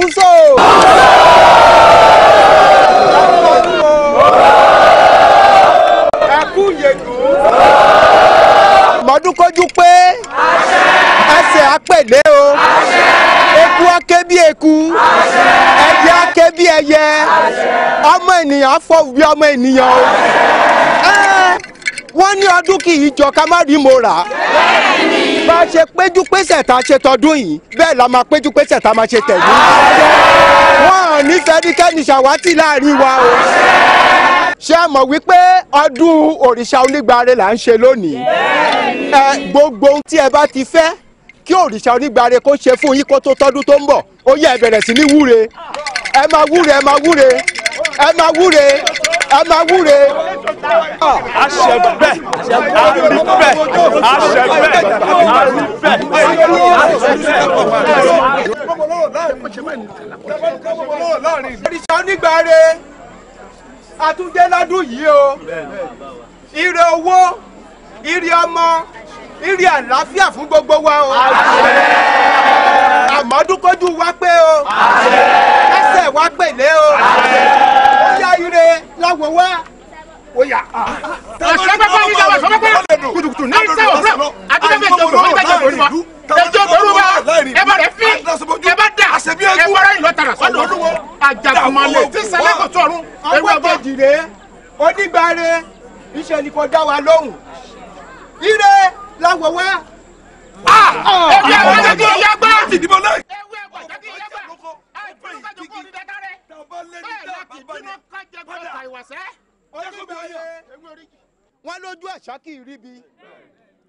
Fúnṣó. ẹkú yẹgùn. mọ́dúnkójú pé ẹsẹ̀ àpèlé o eku ake bí eku ẹyẹ ake bí ẹyẹ ọmọ ènìyàn afọwúwí ọmọ ènìyàn o wọ́n ní ọdún kì í jọ ká má rí mo rà. bẹ́ẹ̀ bá a ṣe péjú pésẹ̀ tá a ṣe tọdún yìí bẹ́ẹ̀ la máa péjú pésẹ̀ tá a máa ṣe tẹ̀dún. wọ́n á ní kẹ́ni ṣàwátì láàrin wa o. ṣé ẹ mọ̀ wípé ọdún òrìṣà onígbàre là ń ṣe lónìí. ẹ gbogbo ohun tí ẹ bá ti fẹ́ kí òrìṣà onígbàre kó ṣe fún yín kó tó tọdún tó ń bọ̀ ó yẹ ẹ bẹ̀rẹ̀ sí ní wúre ẹ máa wúre ẹ máa wúre ẹ máa wúre ẹ máa wúre. àṣẹ bẹ́ẹ̀ àrí bẹ́ẹ̀ àṣẹ bẹ́ẹ̀ àrí bẹ́ẹ̀ àṣẹ bẹ́ẹ̀. ìṣe onígbàre àtúndé ládùn yìí o ire owó ire ọmọ ìrì àlàáfíà fún gbogbo wa o. àṣẹ. àmọ́dúnkójú wa pé o. àṣẹ. ẹsẹ̀ wa pèlé o. àṣẹ. ó yá ire láwo wá. ó yà. ọ̀sọ́pẹ́pẹ́ ní ìjọba ọ̀sọ́pẹ́pẹ́ kùtùkùtù ní ìṣe òwúrọ̀ adúlọ́mẹ̀jọ òwúrọ̀ mẹ́jọ òwúrọ̀ ẹjọ́ òwúrọ̀ wa ẹ bá rẹ̀ fi ẹ dà ẹ rẹ̀ lọ sọ́dọ̀ olúwo àjàkùmọ̀lẹ̀ sẹ́lẹ̀ kò tọ̀run. àwọn kejì láwọ̀ wá. Ah! Ah! Ah! ẹbí àwọn ọ̀dọ́gbẹ́ ọ̀yá gbá. ẹwé ẹ̀kọ́ ọ̀dọ́gbẹ́ ọ̀yá gbá. àìpẹ́ ìgbàjọ kọ́ ni dáadáa rẹ̀. bẹ́ẹ̀ láti bínú kájẹ gbọ́ àìwàsẹ́. wọ́n lójú àṣà kì í ríbi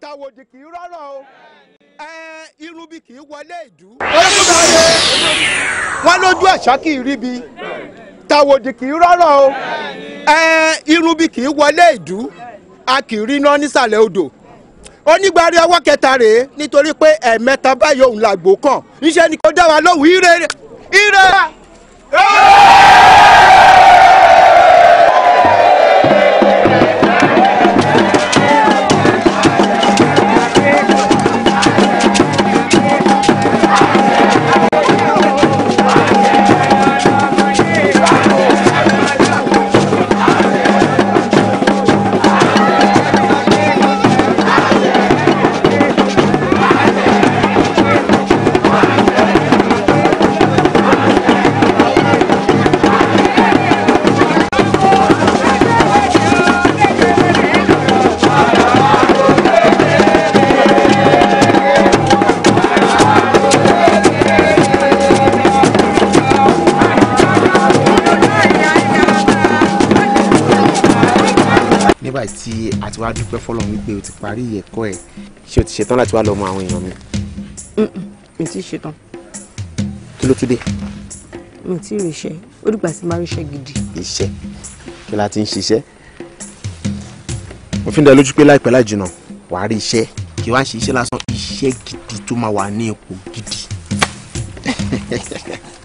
tàwòdì kì í rọ́rọ̀ o irun bí kì í wọlé ìdú. wọ́n lójú àṣà kì í ríbi tàwòdì kì í rọ́rọ̀ o irun bí kì í wọlé ìdú a kì í rí iná nísàlẹ̀ odò onígbàrí ọwọ́ kẹta rèé nítorí pé ẹ̀ẹ̀mẹta báyìí òun làgbò kàn níṣẹ́ ni kò dá wa lóhùn ire ire. báyìí tí a ti wá dúpẹ́ fọlọ́run wípé o ti parí ẹ̀kọ́ ẹ̀ ṣé o ti ṣetán láti wá lọ mọ àwọn èèyàn mi. mi ti ṣetán. kí ló tún dé. mi ti rí iṣẹ́ ó dìgbà tí máa rí iṣẹ́ gidi. iṣẹ́ kí la ti ń ṣiṣẹ́. mo fi ń dá lójú pé láìpẹ́ láì jìnnà wàá rí iṣẹ́ kí wàá ṣe iṣẹ́ lásán iṣẹ́ gidi tó máa wà ní ipò gidi.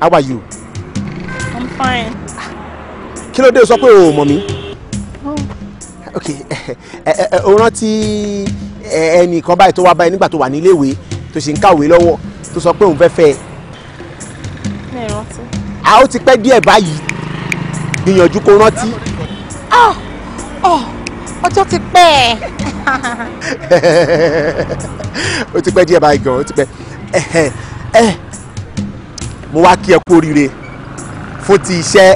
How are you? I'm fine. Kí ló dé sọ pé o mọ̀ mí? Ok, o rántí ẹnìkan báyìí tó wá báyìí nígbà tó wà níléèwé tó sì ń kàwé lọ́wọ́ tó sọ pé òun fẹ́ fẹ́ ẹ. rántí. A ó ti pẹ́ díẹ̀ báyìí. Gbìyànjú kó rántí. Ah! Oh! ọjọ́ ti pẹ́ ẹ̀. ó ti pẹ́ díẹ̀ báyìí gan-an ó ti pẹ́ ẹ mo wá kí ẹ kú oríire fún ti iṣẹ́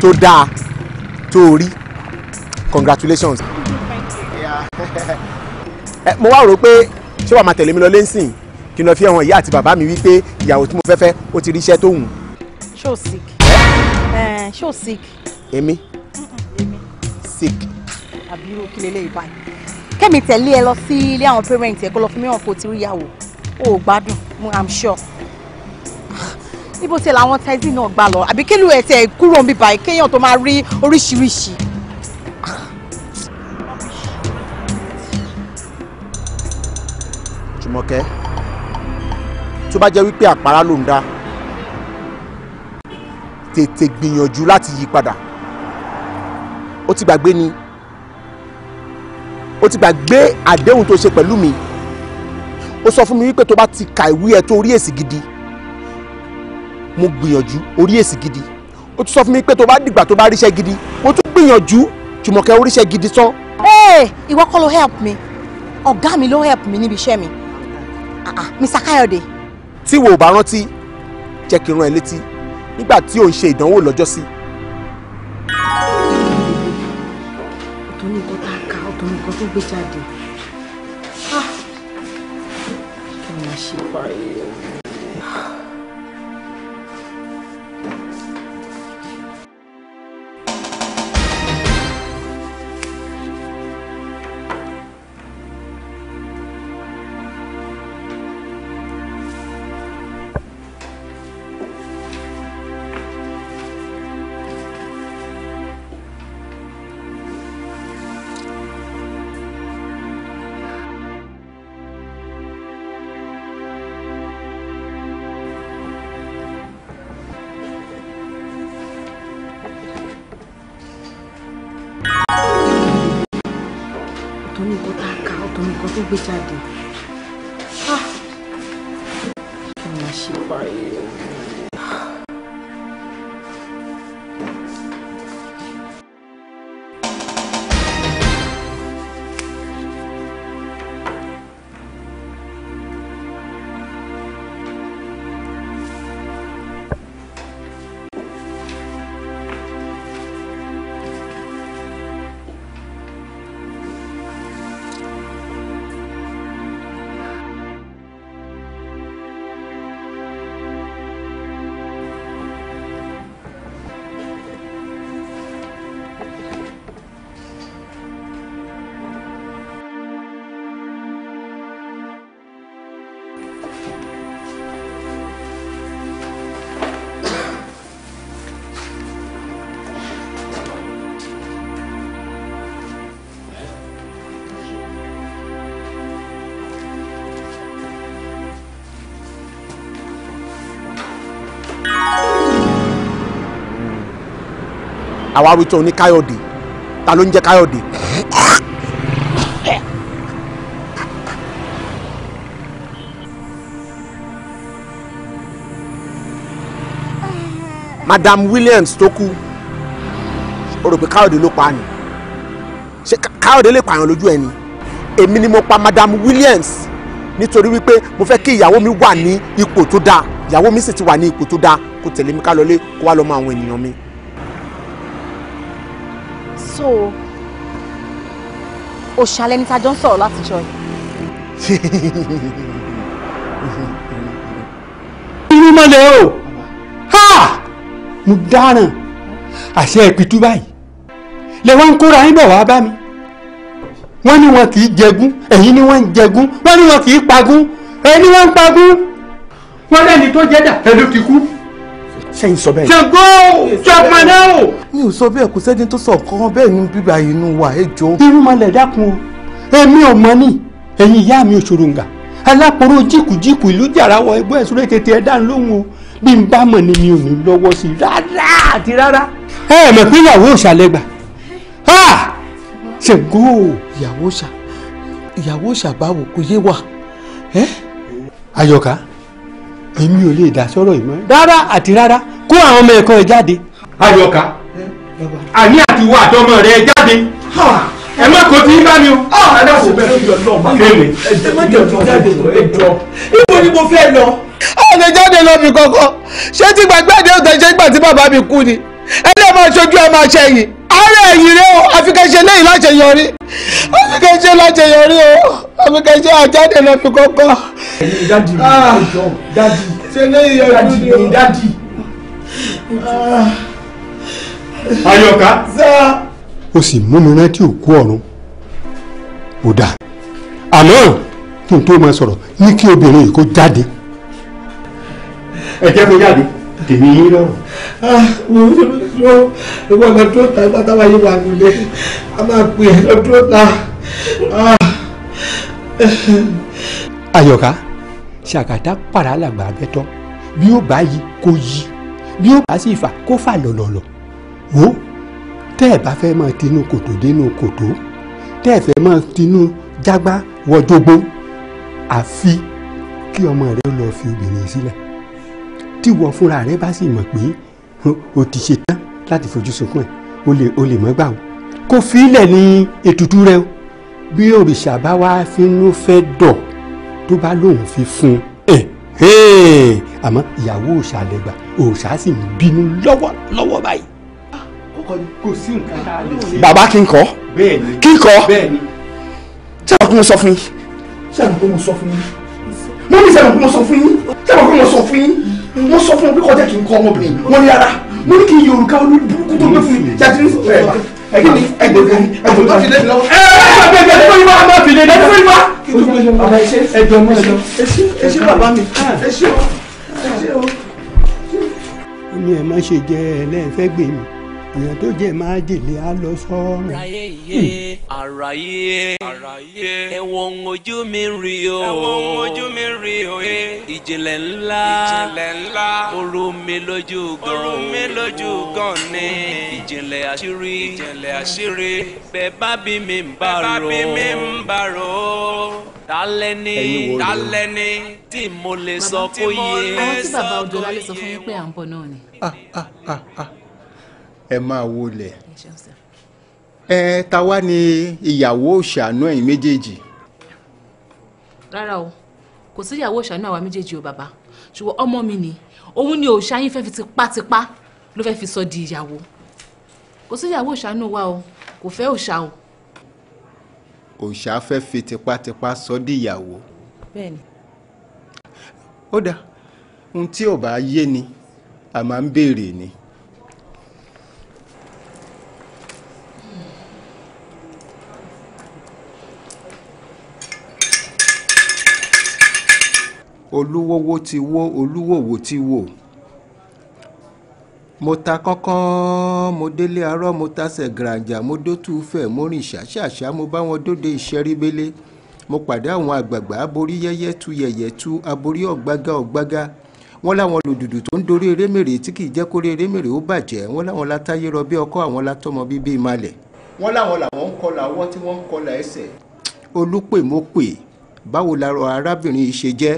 tó dáa tó rí congratulations. mo wá rò pé ṣé wàá máa tẹ̀lé mi lọ lẹ́sìn kí n lọ fi ẹ̀wọ̀n ìyá àti bàbá mi wípé ìyàwó tí mo fẹ́ fẹ́ ó ti rí iṣẹ́ tó wù. ṣó sick ṣó sick. èmi sick àbí irú kí lélẹ́yìí báyìí kẹ́mi tẹ̀lé ẹ lọ sí ilé àwọn parent ẹ kó lọ fún mi hàn kó ti rí ìyàwó o ò gbádùn i'm sure níbo tẹ làwọn tẹ́sí náà gbà lọ àbí kí ló ẹ tẹ kúrò ń bí báyìí kéèyàn tó máa rí oríṣiríṣi. Jùmọ̀kẹ́ tó bá jẹ́ wípé àpárá ló ń dá tètè gbìyànjú láti yí padà ó ti gbàgbé ni o ti gbàgbé àdéhùn tó ṣe pẹ̀lú mi o sọ fún mi wípé tó bá ti ka ìwé ẹ tó rí èsì gidi mo gbìyànjú orí èsì gidi o tún sọ fún mi pé tó bá dìgbà tó bá ríṣẹ́ gidi mo tún gbìyànjú jùmọ̀kẹ́ oríṣẹ́ gidi tán. ee ìwọ kọ́ ló help mi ọ̀gá mi ló help mi níbi iṣẹ́ mi ah, ah, Mr. Kayode. tí wo bá rántí jẹ́ kí n rán ẹ létí nígbà tí ò ń ṣe ìdánwò lọ́jọ́ sí. ọ̀tọ̀ ni nǹkan nǹkan tó gbé jáde. Ah! kí ni a ṣe parí àwa arúgbó ní káyọ̀dé ta ló ń jẹ́ káyọ̀dé. madam williams tó kú o rò pé káyọ̀dé ló pa ni ṣé káyọ̀dé lè pààyàn lójú ẹni èmi ni mo pa madam williams nítorí wípé mo fẹ́ kí ìyàwó mi wà ní ipò tó dáa ìyàwó mi sì ti wà ní ipò tó dáa kó tẹ̀lé mi ká lọlé kó wá lọ́mọ àwọn ènìyàn mi so òṣàlẹ̀ ni tajọ́ ń sọ̀rọ̀ láti jọ ẹ̀. irú mọ́lẹ̀ o mo dáràn àṣẹ ìpìtú báyìí lẹ́wọ́n ń kóra yín bọ̀ wá bá mi wọ́n ní wọn kì í jẹgún ẹ̀yin ni wọ́n ń jẹgún wọ́n ní wọn kì í pagún ẹ̀yin ni wọ́n ń pagún wọ́n lẹ́ni tó jẹ́dà ẹ̀dùn ti kú ṣé n sọ bẹ́ẹ̀. Ṣàngó jọpọ̀ náà o. mi ò sọ bẹ́ẹ̀ kò sẹ́ni tó sọ kọ́kọ́ bẹ́ẹ̀ ni bíbá inú wa ẹ jọ. irú malẹ̀ dákun o èmi ò mọ ní ẹ̀yin ìyá mi òṣòro ńgà alápòrò jìkùjìkù ìlú jàrá wọ ẹgbẹ́ ìṣúré tètè ẹ̀ lóhùn o bí n bá mọ̀ ni mi ò ní lọ́wọ́ sí i rárá àti rárá. ẹ ẹ mọ̀ pé ìyàwó òòṣà lẹ́gbà Ṣàngó ìyàwó òòṣà ìyàwó òòṣà báwo kò yé wa. Àyọ̀ká. Eh? èmi ò lè dá sọ́rọ̀ ìmọ̀ rárá àti rárá kó àwọn ọmọ ẹ̀kọ́ ẹ jáde. ayọ̀ká àní àti wà àtọmọ rẹ jáde ẹ má kó tí ń bá mi o. Ah, ẹ dá kò bẹ́ẹ̀ lójú ọ̀nà ọ̀ma kéwì. ẹ má jẹ́ ọ̀nà jáde lọ ẹ jọ. ibo ni mo fẹ́ lọ. ọ̀nà jáde lọ mi kọ̀ọ̀kan ṣé tí gbàgbé àdéhùn tó ṣe gbà tí bàbá mi kú ni ẹlẹ́ máa ṣojú ẹ máa ṣẹ̀yìn ara ẹ̀yìn rẹ o àfikẹ́ṣe lẹ́yìn láṣeyọrí àfikẹ́ṣe láṣeyọrí o àfikẹ́ṣe àjáde lọ fi kọ́kọ́. ẹ̀yin dadi ah. ah. Ayọ̀ká. o sì mú rántí òkú ọ̀run ò dà àmọ́ kí n tó máa sọ̀rọ̀ ní kí obìnrin yìí kó jáde. ẹ jẹ́ kó jáde tèmi yín lọ́rùn lọ́wọ́ ah, lọ dúró ta nígbà táwa yé wà nílé a máa pè é lọ dúró ta. Ah. Àyọ̀ká ṣàkàtà pàrà làgbà abẹ́tọ́ bí ó bá yí kó yí bí ó bá sì fà kó fà lọ̀lọ̀lọ̀ wò ó tẹ́ ẹ̀ bá fẹ́ máa tinú kòtò dénú kòtò tẹ́ ẹ̀ fẹ́ máa tinú jágbá wọjọgbó àfi kí ọmọ rẹ lọ fi obìnrin sílẹ̀ tí wọ́n fúnra rẹ bá sì mọ̀ pé o ti ṣe tán láti fojú sunkún ẹ̀ o lè o lè mọ́ gbà o kò fi ilẹ̀ ní ètùtù rẹ o bí òrìṣà bá wá fínú fẹ́ dọ̀ tó bá lóun fi fún un àmọ́ ìyàwó òòṣà lẹ́gbà òòṣà sì ń bínú lọ́wọ́lọ́wọ́ báyìí kò sí nǹkan tá a lè ṣe. bàbá kí n kọ́ kí n kọ́ sẹ́wọ̀n kí mo sọ fún yín sẹ́wọ̀n kí mo sọ fún yín mo ní sẹ́wọ̀n kí mo sọ fún yín sẹ́wọ̀n kí mo sọ fún yín wọ́n sọ fún mi pé kọjá kì í kọ́ ọmọbìnrin wọ́n ní rárá mo ní kí iye òrùka olú burúkú tó gbé fún mi jáde ní ẹ ẹ kí ni ẹgbẹgbẹ ẹgbẹgbẹ tó fi lé mi lọ. ẹ ẹ bẹ bẹ tó yín wá bá bìlẹ̀ náà tó yín wá. bàbá ẹ ṣe ẹ jọ mọ ẹ lọ ẹ ṣe bàbá mi ẹ èèyàn tó jẹ máa jèlé á lọ sọ́run. àráyé àráyé hmm. àráyé ẹ̀wọ̀n ojú mi rí o ẹ̀wọ̀n ojú mi rí o ìjìnlẹ̀ ńlá ìjìnlẹ̀ ńlá oru mi lójú gan oru mi lójú gan ni ìjìnlẹ̀ àṣírí ìjìnlẹ̀ àṣírí bẹ́ẹ̀ bá bí mi ń bá rò bẹ́ẹ̀ bá bí mi ń bá rò talẹ́ni talẹ́ni tí mo lè sọ kó yé. àwọn tí bàbá ọdọ wa lè sọ fún mi pé à ń bọ̀ náà ni. Ah, ah, ah, ẹ máa wọlé ẹ ta wá ní ìyàwó òṣàánú ẹ̀yin méjèèjì. rárá o kò sí ìyàwó òṣàánú àwa méjèèjì o bàbá ṣùgbọ́n ọmọ mi ni òun ni òòṣà yín fẹ́ fi tipátipá ló fẹ́ fi sọ di ìyàwó kò sí ìyàwó òṣàánú wa o kò fẹ́ òòṣà o. òòṣà fẹ́ fi tipátipá sọ di ìyàwó. bẹ́ẹ̀ni. ó dáa ohun tí ò bá yé ni a máa ń béèrè ni. olúwówó ti wó olúwòwò ti wò mo ta kánkán mo délé arọ́ mo tasẹ̀ gàràǹjà mo dótú fẹ̀ mo rìn ṣàṣàṣà mo bá wọn dóde ìṣẹ́ríbélé mo pàdé àwọn àgbààgbà aborí yẹ́yẹ́ tu yẹ̀yẹ́ tu aborí ọ̀gbágá ọ̀gbágá wọ́n láwọn lòdùdù tó ń dorí erémèrè tí kì í jẹ́ kórè erémèrè ó bàjẹ́ wọ́n láwọn látayé rọbí ọkọ àwọn látọmọ bíbí ìmalẹ̀ wọ́n láwọn làwọn ń kọlà ọwọ́ tí wọ́n ń kọlà ẹsẹ̀. olùpè mo pè báwo la rọ arábìnrin yìí ṣe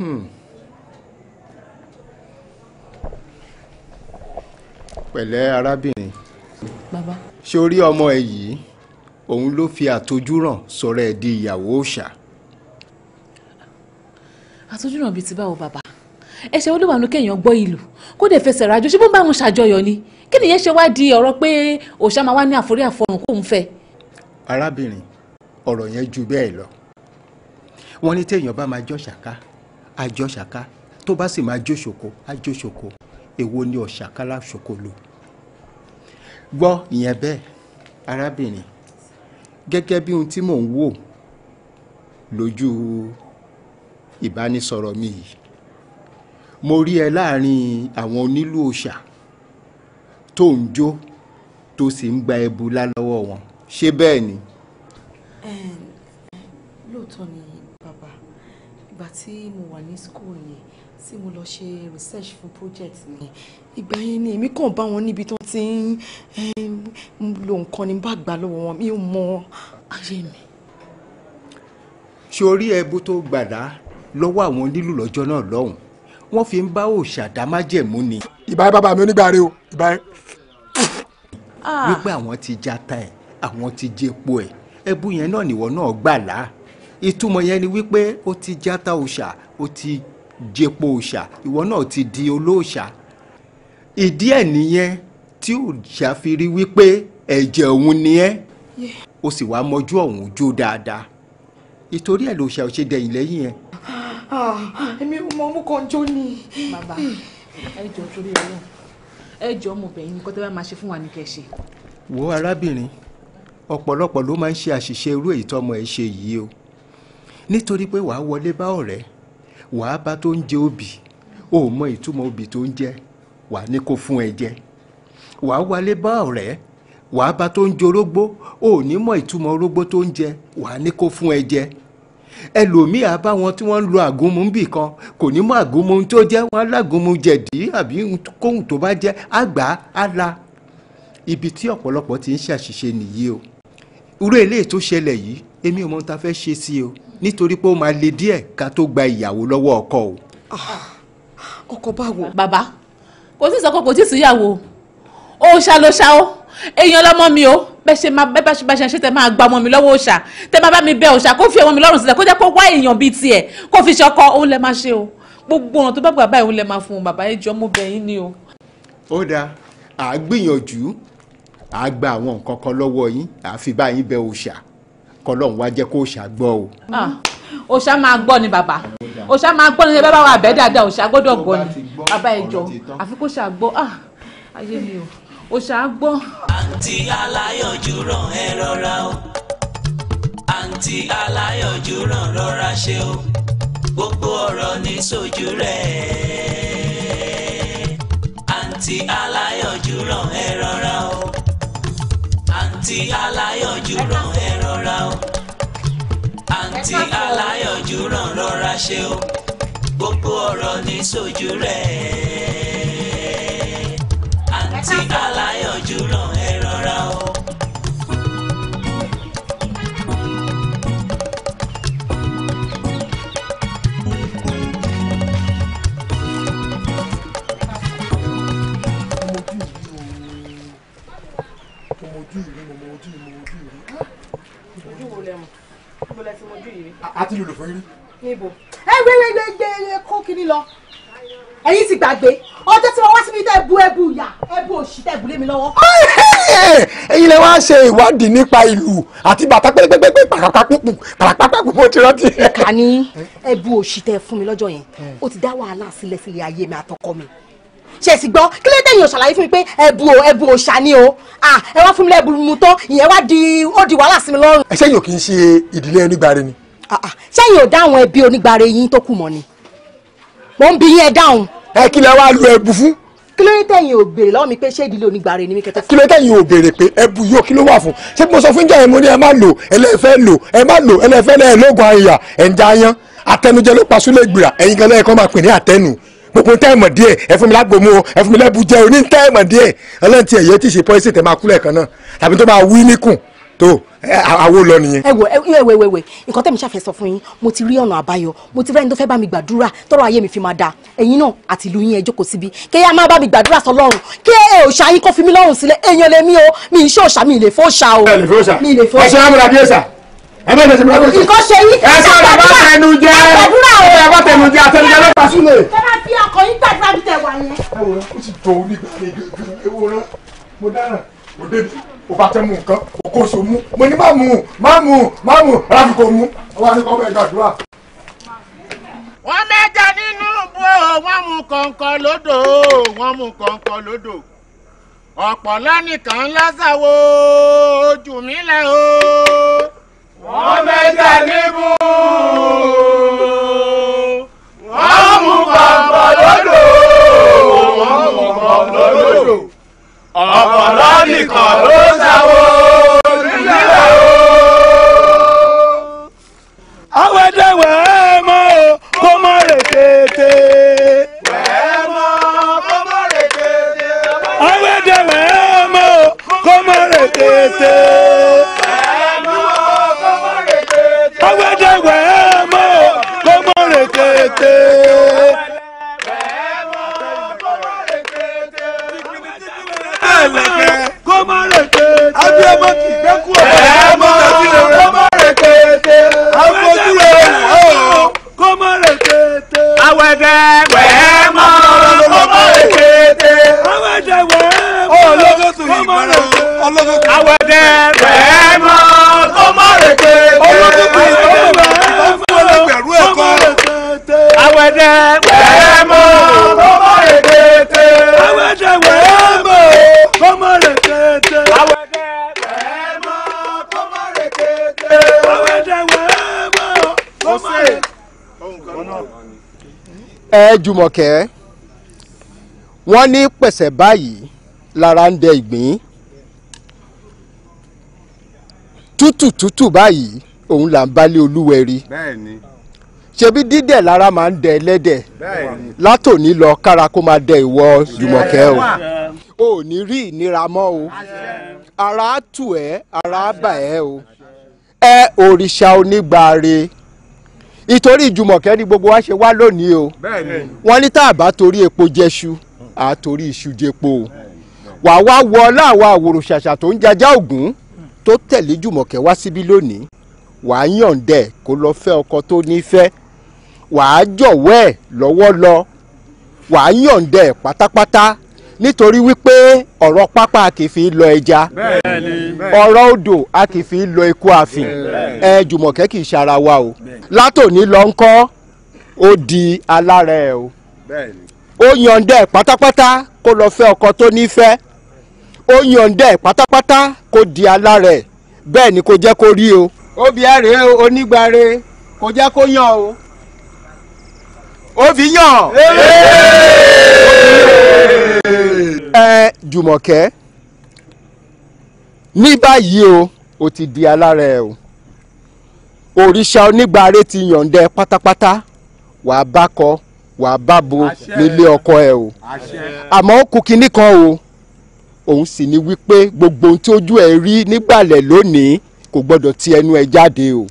Hmm. pẹ̀lẹ́ arábìnrin. bàbá. ṣé o rí ọmọ ẹ yìí òun ló fi àtojúràn sọ̀rọ̀ ẹ̀ di ìyàwó òòṣà. àtojúràn bíi ti báwo bàbá ẹsẹ̀ olúwa ló kéèyàn gbọ́ ìlú kó dẹ̀ fẹsẹ̀ rájò ṣé bó ń bá wọn ṣàjọyọ̀ ni kí nìyẹn ṣe wá di ọ̀rọ̀ pé òòṣà máa wá ní àforí àfọrùn kóun fẹ́. arábìnrin ọ̀rọ̀ yẹn ju bẹ́ẹ̀ lọ wọ́n ní téèyàn bá máa jọ́ ṣàká àjọ ṣàká tó bá sì máa jó ṣòkò àjọ ṣòkò èwo ni ọ̀ṣàká láṣòkò lò gbọ́ ìyẹn bẹ́ẹ̀ arábìnrin gẹ́gẹ́ bí ohun tí mò ń wò lójú ìbánisọ̀rọ̀ mi yìí mo rí ẹ láàrin àwọn onílù òòṣà tó ń jó tó sì ń gba ẹbu lálọ́wọ́ wọn ṣé bẹ́ẹ̀ ni. lóòótọ́ ni ìgbà tí mo wà ní school yẹn tí mo lọ ṣe research fún project mi ìgbà yẹn ni èmi kàn bá wọn níbi tó ti ń lo nǹkan ní bá gbà lọ́wọ́ wọn mi ò mọ ayé mi. sórí ẹbú tó gbàdá lọ́wọ́ àwọn onílù lọ́jọ́ náà lọ́hùn wọ́n fi ń bá òòṣà dámájẹ̀mú ni. ìbáyé bàbá mi onígbàre o ìbáyé. Ah. wípé àwọn ti jata ẹ̀ àwọn ti jẹ́ epo ẹ̀ ẹbú yẹn náà nìwọ náà gbà láà ìtumọ̀ yẹn ni wípé ó ti játa òòṣà ó ti jẹpo òòṣà ìwọ náà ti di olóòṣà ìdí ẹ̀ nìyẹn tí òòṣà fi rí wípé ẹ̀jẹ̀ òun ni ẹ́ ó sì wá mọjú ọ̀hún jó dáadáa ìtorí ẹ̀ lòòṣà ò ṣe dẹ̀yìn lẹ́yìn ẹ̀. Ah, èmi ò mọ ọmú kan jó ni. bàbá ẹ jọ torí ẹ náà ẹ jọ ọmọbìnrin nǹkan tó bá máa ṣe fún wa ní kẹ́ ṣe. wo arábìnrin ọ̀pọ̀lọpọ̀ ló máa ń ṣe àṣìṣe irú èyí tọ́mọ ẹ ṣe yìí o nítorí pé wàá wọlé bá ọ̀rẹ́ wàá bá tó ń jẹ obì ò mọ ìtumọ̀ obì tó ń jẹ wàá ní kó fún ẹ jẹ wàá wọlé bá ọ̀rẹ́ wàá bá tó ń jẹ orógbó ò ní mọ ìtumọ̀ orógbó tó ń jẹ wàá ní kó fún ẹ jẹ ẹlòmíì àbá tí wọ́n ń lo àgúnmu bì kan kò ní mọ àgúnmu tó jẹ́ wọn alágúnmu jẹ̀dí àbí kóhùn tó bá jẹ́ àgbà á la ibi tí ọ̀pọ̀lọpọ̀ ti ń ṣàṣìṣe nìyí o irú eléyìí tó ṣẹlẹ̀ yìí èmi ò mọ ohun tá a fẹ́ ṣe sí o nítorí pé ó máa le díẹ̀ ká tó gba ìyàwó lọ́wọ́ ọkọ o. ọkọ báwo. bàbá kò tí sọkọ kò tí ì síyàwó òòṣà ló ṣá o èèyàn lọmọ mi o bẹ ṣe máa bẹ bá ṣe ṣe tẹ máa gba ọmọ mi lọ́wọ́ òòṣà tẹ máa bá mi bẹ òòṣà kó fi ọmọ mi lọ́rùn sílẹ̀ kó jẹ́ kó wá èèyàn bíi tiẹ̀ kó fi ṣọkọ òun lẹ máa ṣe o gbogbo ọ̀nà tó bá gbà báyìí òun lẹ máa fún un bàbá ẹjọ́ mo bẹ̀ yín ni o. ó dáa àá gbìyànjú àá gba àwọn nǹkan kan lọ́wọ́ yín àá fi bá bẹ òòṣà kọlọ́run wá jẹ́ kó ṣá gbọ́ o. òṣà ah, máa gbọ́ ni bàbá òṣà máa gbọ́ ni ẹ bá bẹ́ẹ̀ dáadáa òṣà gbọ́dọ̀ gbọ́ ni bàbá ìjọ àfi kó ṣá gbọ́ ah, ayé mi o òṣà gbọ́. àǹtí aláyọ̀jú ràn ẹ́ rọra o àǹtí aláyọ̀jú ràn rọra ṣe o gbogbo ọ̀rọ̀ ní sójú rẹ̀ àǹtí aláyọ̀jú ràn ẹ́ rọra o àǹtí aláyọ̀jú ràn ẹ́ tí aláyọ̀jú ràn rọra ṣe o gbogbo ọ̀rọ̀ ní sójú rẹ̀ àǹtí aláyọ̀jú ràn ẹ́. rí. àti lòlò fún yín rí. níbo ẹ gbé gbé gbé gbé kó kinní lọ ẹ̀yin ti gbàgbé ọjọ́ tí wọ́n wá síbi tẹ́ ẹ bu ẹbu ìyà ẹbu òṣì tẹ́ ẹ bu lé mi lọ́wọ́. ẹ̀yin lẹ wá ṣe ìwádìí nípa ìlú àti bàtà pẹ́ẹ́pẹ́ẹ́pẹ́ pàràpàpùpù pàràpàpùpù mo ti rántí. ẹ̀ka ní ẹbu òṣì tẹ́ ẹ fún mi lọ́jọ́ yẹn ó ti dá wàhálà sílẹ̀ sílẹ̀ ayé mi àtọkọ mi ṣe sì gbọ́ kí ló dé yín ṣàlàyé fún mi pé ẹ̀bù o ẹ̀bù o ṣà ni o ẹ wá fún mi lẹ́bù mu tán ìyẹn wá di ó di wàhálà sí mi lọ́rùn. ẹ ṣẹ́yìn ò kì sẹ́yìn ah, ah. ò dáhùn ẹbí onígbàre yín tó kù mọ́ ni mò ń bi yín ẹ dáhùn. ẹ kí lẹ wá lu ẹbù fún. kí ló tẹ̀yìn ò béèrè lọ́wọ́ mi pé ṣé ìdílé onígbàre ni mi kẹta. kí ló tẹ̀yìn ò béèrè pé ẹbù yóò kí ló wà fún ṣé mo sọ fún jẹ́ ẹ̀mú ni ẹ má lò ẹlẹ́fẹ́ lò ẹ má lò ẹlẹ́fẹ́ lẹ́ẹ̀ lóògùn àyà ẹ̀ ń jayán atẹnujẹ ló pa súlẹ̀ gbìrà ẹ̀yin gan lẹ́yìn kan máa pè ní atẹnu gbogbo tẹ́ẹ̀mọ̀ díẹ̀ ẹ fún mi lágbomo ẹ fún mi lẹ́bùjẹ́ oní tẹ́ẹ̀mọ̀ díẹ̀ ọlọ́run ti ẹ̀yẹ́ tí ṣe pọ́ẹ́sì tẹ̀ máa kú lẹ́ẹ̀kan náà tàbí tó máa wí níkùn tó àwo lọ nìyẹn. ẹ wò ẹ wẹ wẹ wẹ nǹkan tẹ̀mí ṣàfẹ́ sọ fún yín mo ti rí ọ̀nà àbáyọ mo ti rẹ́ni tó fẹ́ bá mi gbàdúrà tọrọ ayé mi fi máa da ẹ̀yin náà àti ìlú yín ẹ jókòó síbi kí ẹ máa bá mi gbàdúrà sọ lọ́rùn kí ẹ òòṣà yín kó fi mí lọ́rùn sílẹ̀ èèyàn lè mí o mi ì òòṣà mi ì lè o. ẹ mi ì lè fọ́ òòṣà o bá fẹ́ mu nǹkan o kò so mu mo ní má mu má mu má mu rárá fi kò mu ọba ní kọ́ bẹ́ẹ̀ gbàdúrà. wọ́n mẹ́ja nínú bó wọ́n mu kọ̀ǹkọ̀ lódò wọ́n mu kọ̀ǹkọ̀ lódò ọ̀pọ̀ lánìkan lásàwọ̀ ojú mi lẹ́ o. wọ́n mẹ́ja níbù. nìkan ló ń sáwó nílẹ̀ o. awẹ́dẹ́wẹ́ ẹ mọ́ o kó mọ́ rẹ̀ tètè. wẹ́ẹ́ mọ́ kó mọ́ rẹ̀ awẹ́dẹ́wẹ́ mọ́ o kó mọ́ rẹ̀ abiyamọ kì í gbẹ kú ọ̀rọ̀ ẹ mọ ìlú rẹ mọ rẹ kété àfojú rẹ ọ kó mọ rẹ kété. awẹdẹ wẹ mọ kó mọ rẹ kété. awẹdẹ wẹ mọ kó mọ rẹ kété. awẹdẹ wẹ mọ kó mọ rẹ kété. olókùnkùn ìfọwọ́ ìfọwọ́ ìgbẹ̀rú ẹ̀kọ́. awẹdẹ wẹ mọ. ẹ Jùmọ̀kẹ́ wọ́n ní pẹ̀sẹ̀ báyìí lára ń dẹ ìgbín tútù tútù báyìí òun là ń bálé olúwẹ̀rí ṣebí dídẹ̀ lára máa ń dẹ ẹlẹ́dẹ̀ látòní lọ kára kó máa dẹ ìwọ Jùmọ̀kẹ́ o ò ní rí ìnira mọ́ o ara tù ẹ́ ara bà ẹ́ o ẹ òrìṣà onígbàre ìtorí ìjùmọ̀kẹ́ ni gbogbo wa ṣe wá lónìí o wọ́n ní tá a bá torí epo jẹ́ṣu a torí iṣu jẹpo o wà wá wọ láwa àwòrò ṣàṣà tó ń jajá ògún tó tẹ̀lé jùmọ̀kẹ́ wá síbí lónìí wà á yànjẹ́ kó lọ fẹ́ ọkọ tó nífẹ̀ẹ́ wà á jọ̀wọ́ ẹ̀ lọ́wọ́ lọ wà á yànjẹ́ pátápátá nítorí wípé ọ̀rọ̀ pápá a kì í fi lọ ẹja ọ̀rọ̀ odò a kì í fi lọ ikú àfin ẹ jùmọ̀kẹ́ kì í ṣara wa o látòní lọ ń kọ́ ó di alára ẹ o ó yànjẹ pátápátá kó lọ fẹ́ ọkọ tó nífẹ̀ẹ́ ó yànjẹ pátápátá kó di alára ẹ bẹ́ẹ̀ ni kò jẹ́ kó rí o. obìnrin onígbàre kò jẹ́ kó yàn o ó fi yàn ẹ jùmọ̀kẹ́ ní báyìí o o ti di alára ẹ o òrìṣà onígbàre ti yọ̀ǹdẹ pátápátá wàá bá kọ wàá bá bo nílé ọkọ ẹ o àmọ́ ó kù o òun sì ni wípé gbogbo ohun tí ojú ẹ rí nígbàlẹ̀ lónìí kò gbọ́dọ̀ ti ẹnu ẹ jáde o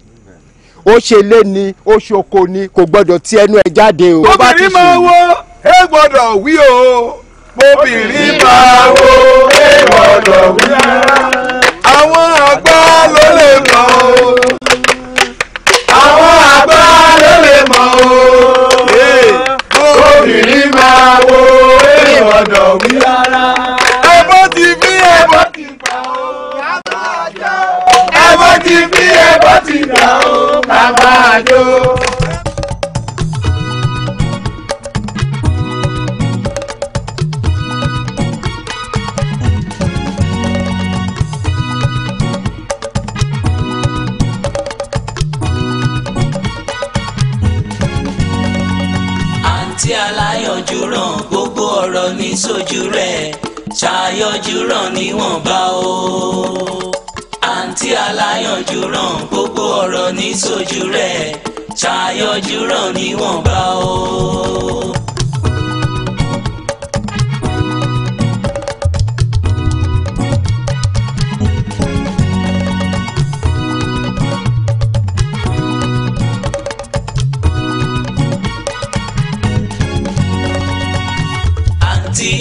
ó ṣe lé ni ó ṣe oko ni kò gbọ́dọ̀ ti ẹnu ẹ jáde o. obìnrin máa wo ẹ gbọ́dọ̀ wí o bóbìnrin bá wo èèwọ̀ lọ́wọ́ àwọn àgbà ló lè mọ̀ o. àwọn àgbà ló lè mọ̀ o. bóbìnrin bá wo èèwọ̀ lọ́wọ́. ẹbọ ti fi ẹbọ ti gbà o. ẹbọ ti fi ẹbọ ti gbà o. bàbá àjò. sójú rẹ̀ ṣàyọjú ràn níwọ̀nba o. àǹtí aláyànjú ràn gbogbo ọ̀rọ̀ ní sójú rẹ̀ ṣàyọjú ràn níwọ̀nba o.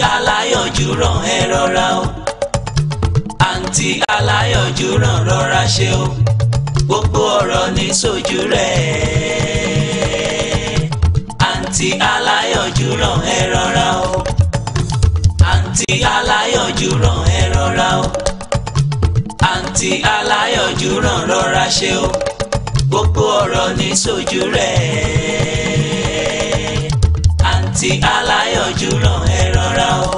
aláyọ̀jú ràn ẹ rọra o àǹtí aláyọ̀jú ràn rọra ṣe o gbogbo ọ̀rọ̀ ní sójú rẹ̀ àǹtí aláyọ̀jú ràn ẹ rọra o àǹtí aláyọ̀jú ràn ẹ rọra o àǹtí aláyọ̀jú ràn rọra ṣe o gbogbo ọ̀rọ̀ ní sójú rẹ̀ àǹtí aláyọ̀jú ràn ara o. ìwọ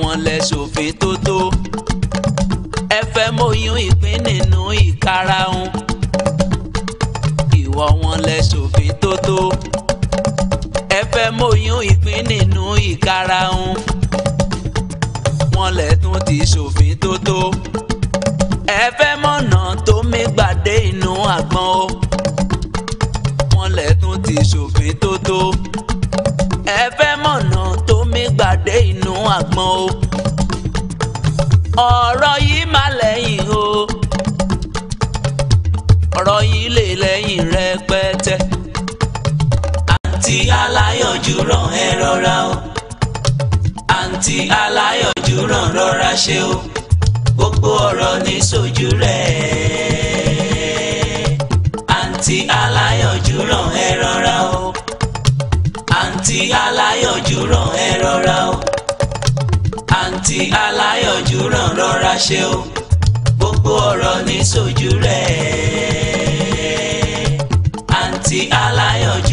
wọn lẹ ṣòfin tó tó ẹ fẹ́ mọyún ìpín nínú ìkarahun ìwọ wọn lẹ ṣòfin tó tó fẹ́ mọ̀yún ìpín nínú ìkarahun wọn lẹ̀ tún ti ṣòfin tó tó ẹ fẹ́ mọ̀nà tó mí gbàdé inú àgbọn o wọn lẹ̀ tún ti ṣòfin tó tó ẹ fẹ́ mọ̀nà tó mí gbàdé inú àgbọn o ọ̀rọ̀ yìí má lẹ́yìn o ọ̀rọ̀ yìí lè lẹ́yìn rẹpẹtẹ àǹtí aláyọ̀jú ràn ẹ́ rọra o àǹtí aláyọ̀jú ràn rọra ṣe o gbogbo ọ̀rọ̀ ní sójú rẹ̀ àǹtí aláyọ̀jú ràn ẹ́ rọra o àǹtí aláyọ̀jú ràn ẹ́ rọra o àǹtí aláyọ̀jú ràn rọra ṣe o gbogbo ọ̀rọ̀ ní sójú rẹ̀ àǹtí aláyọ̀jú.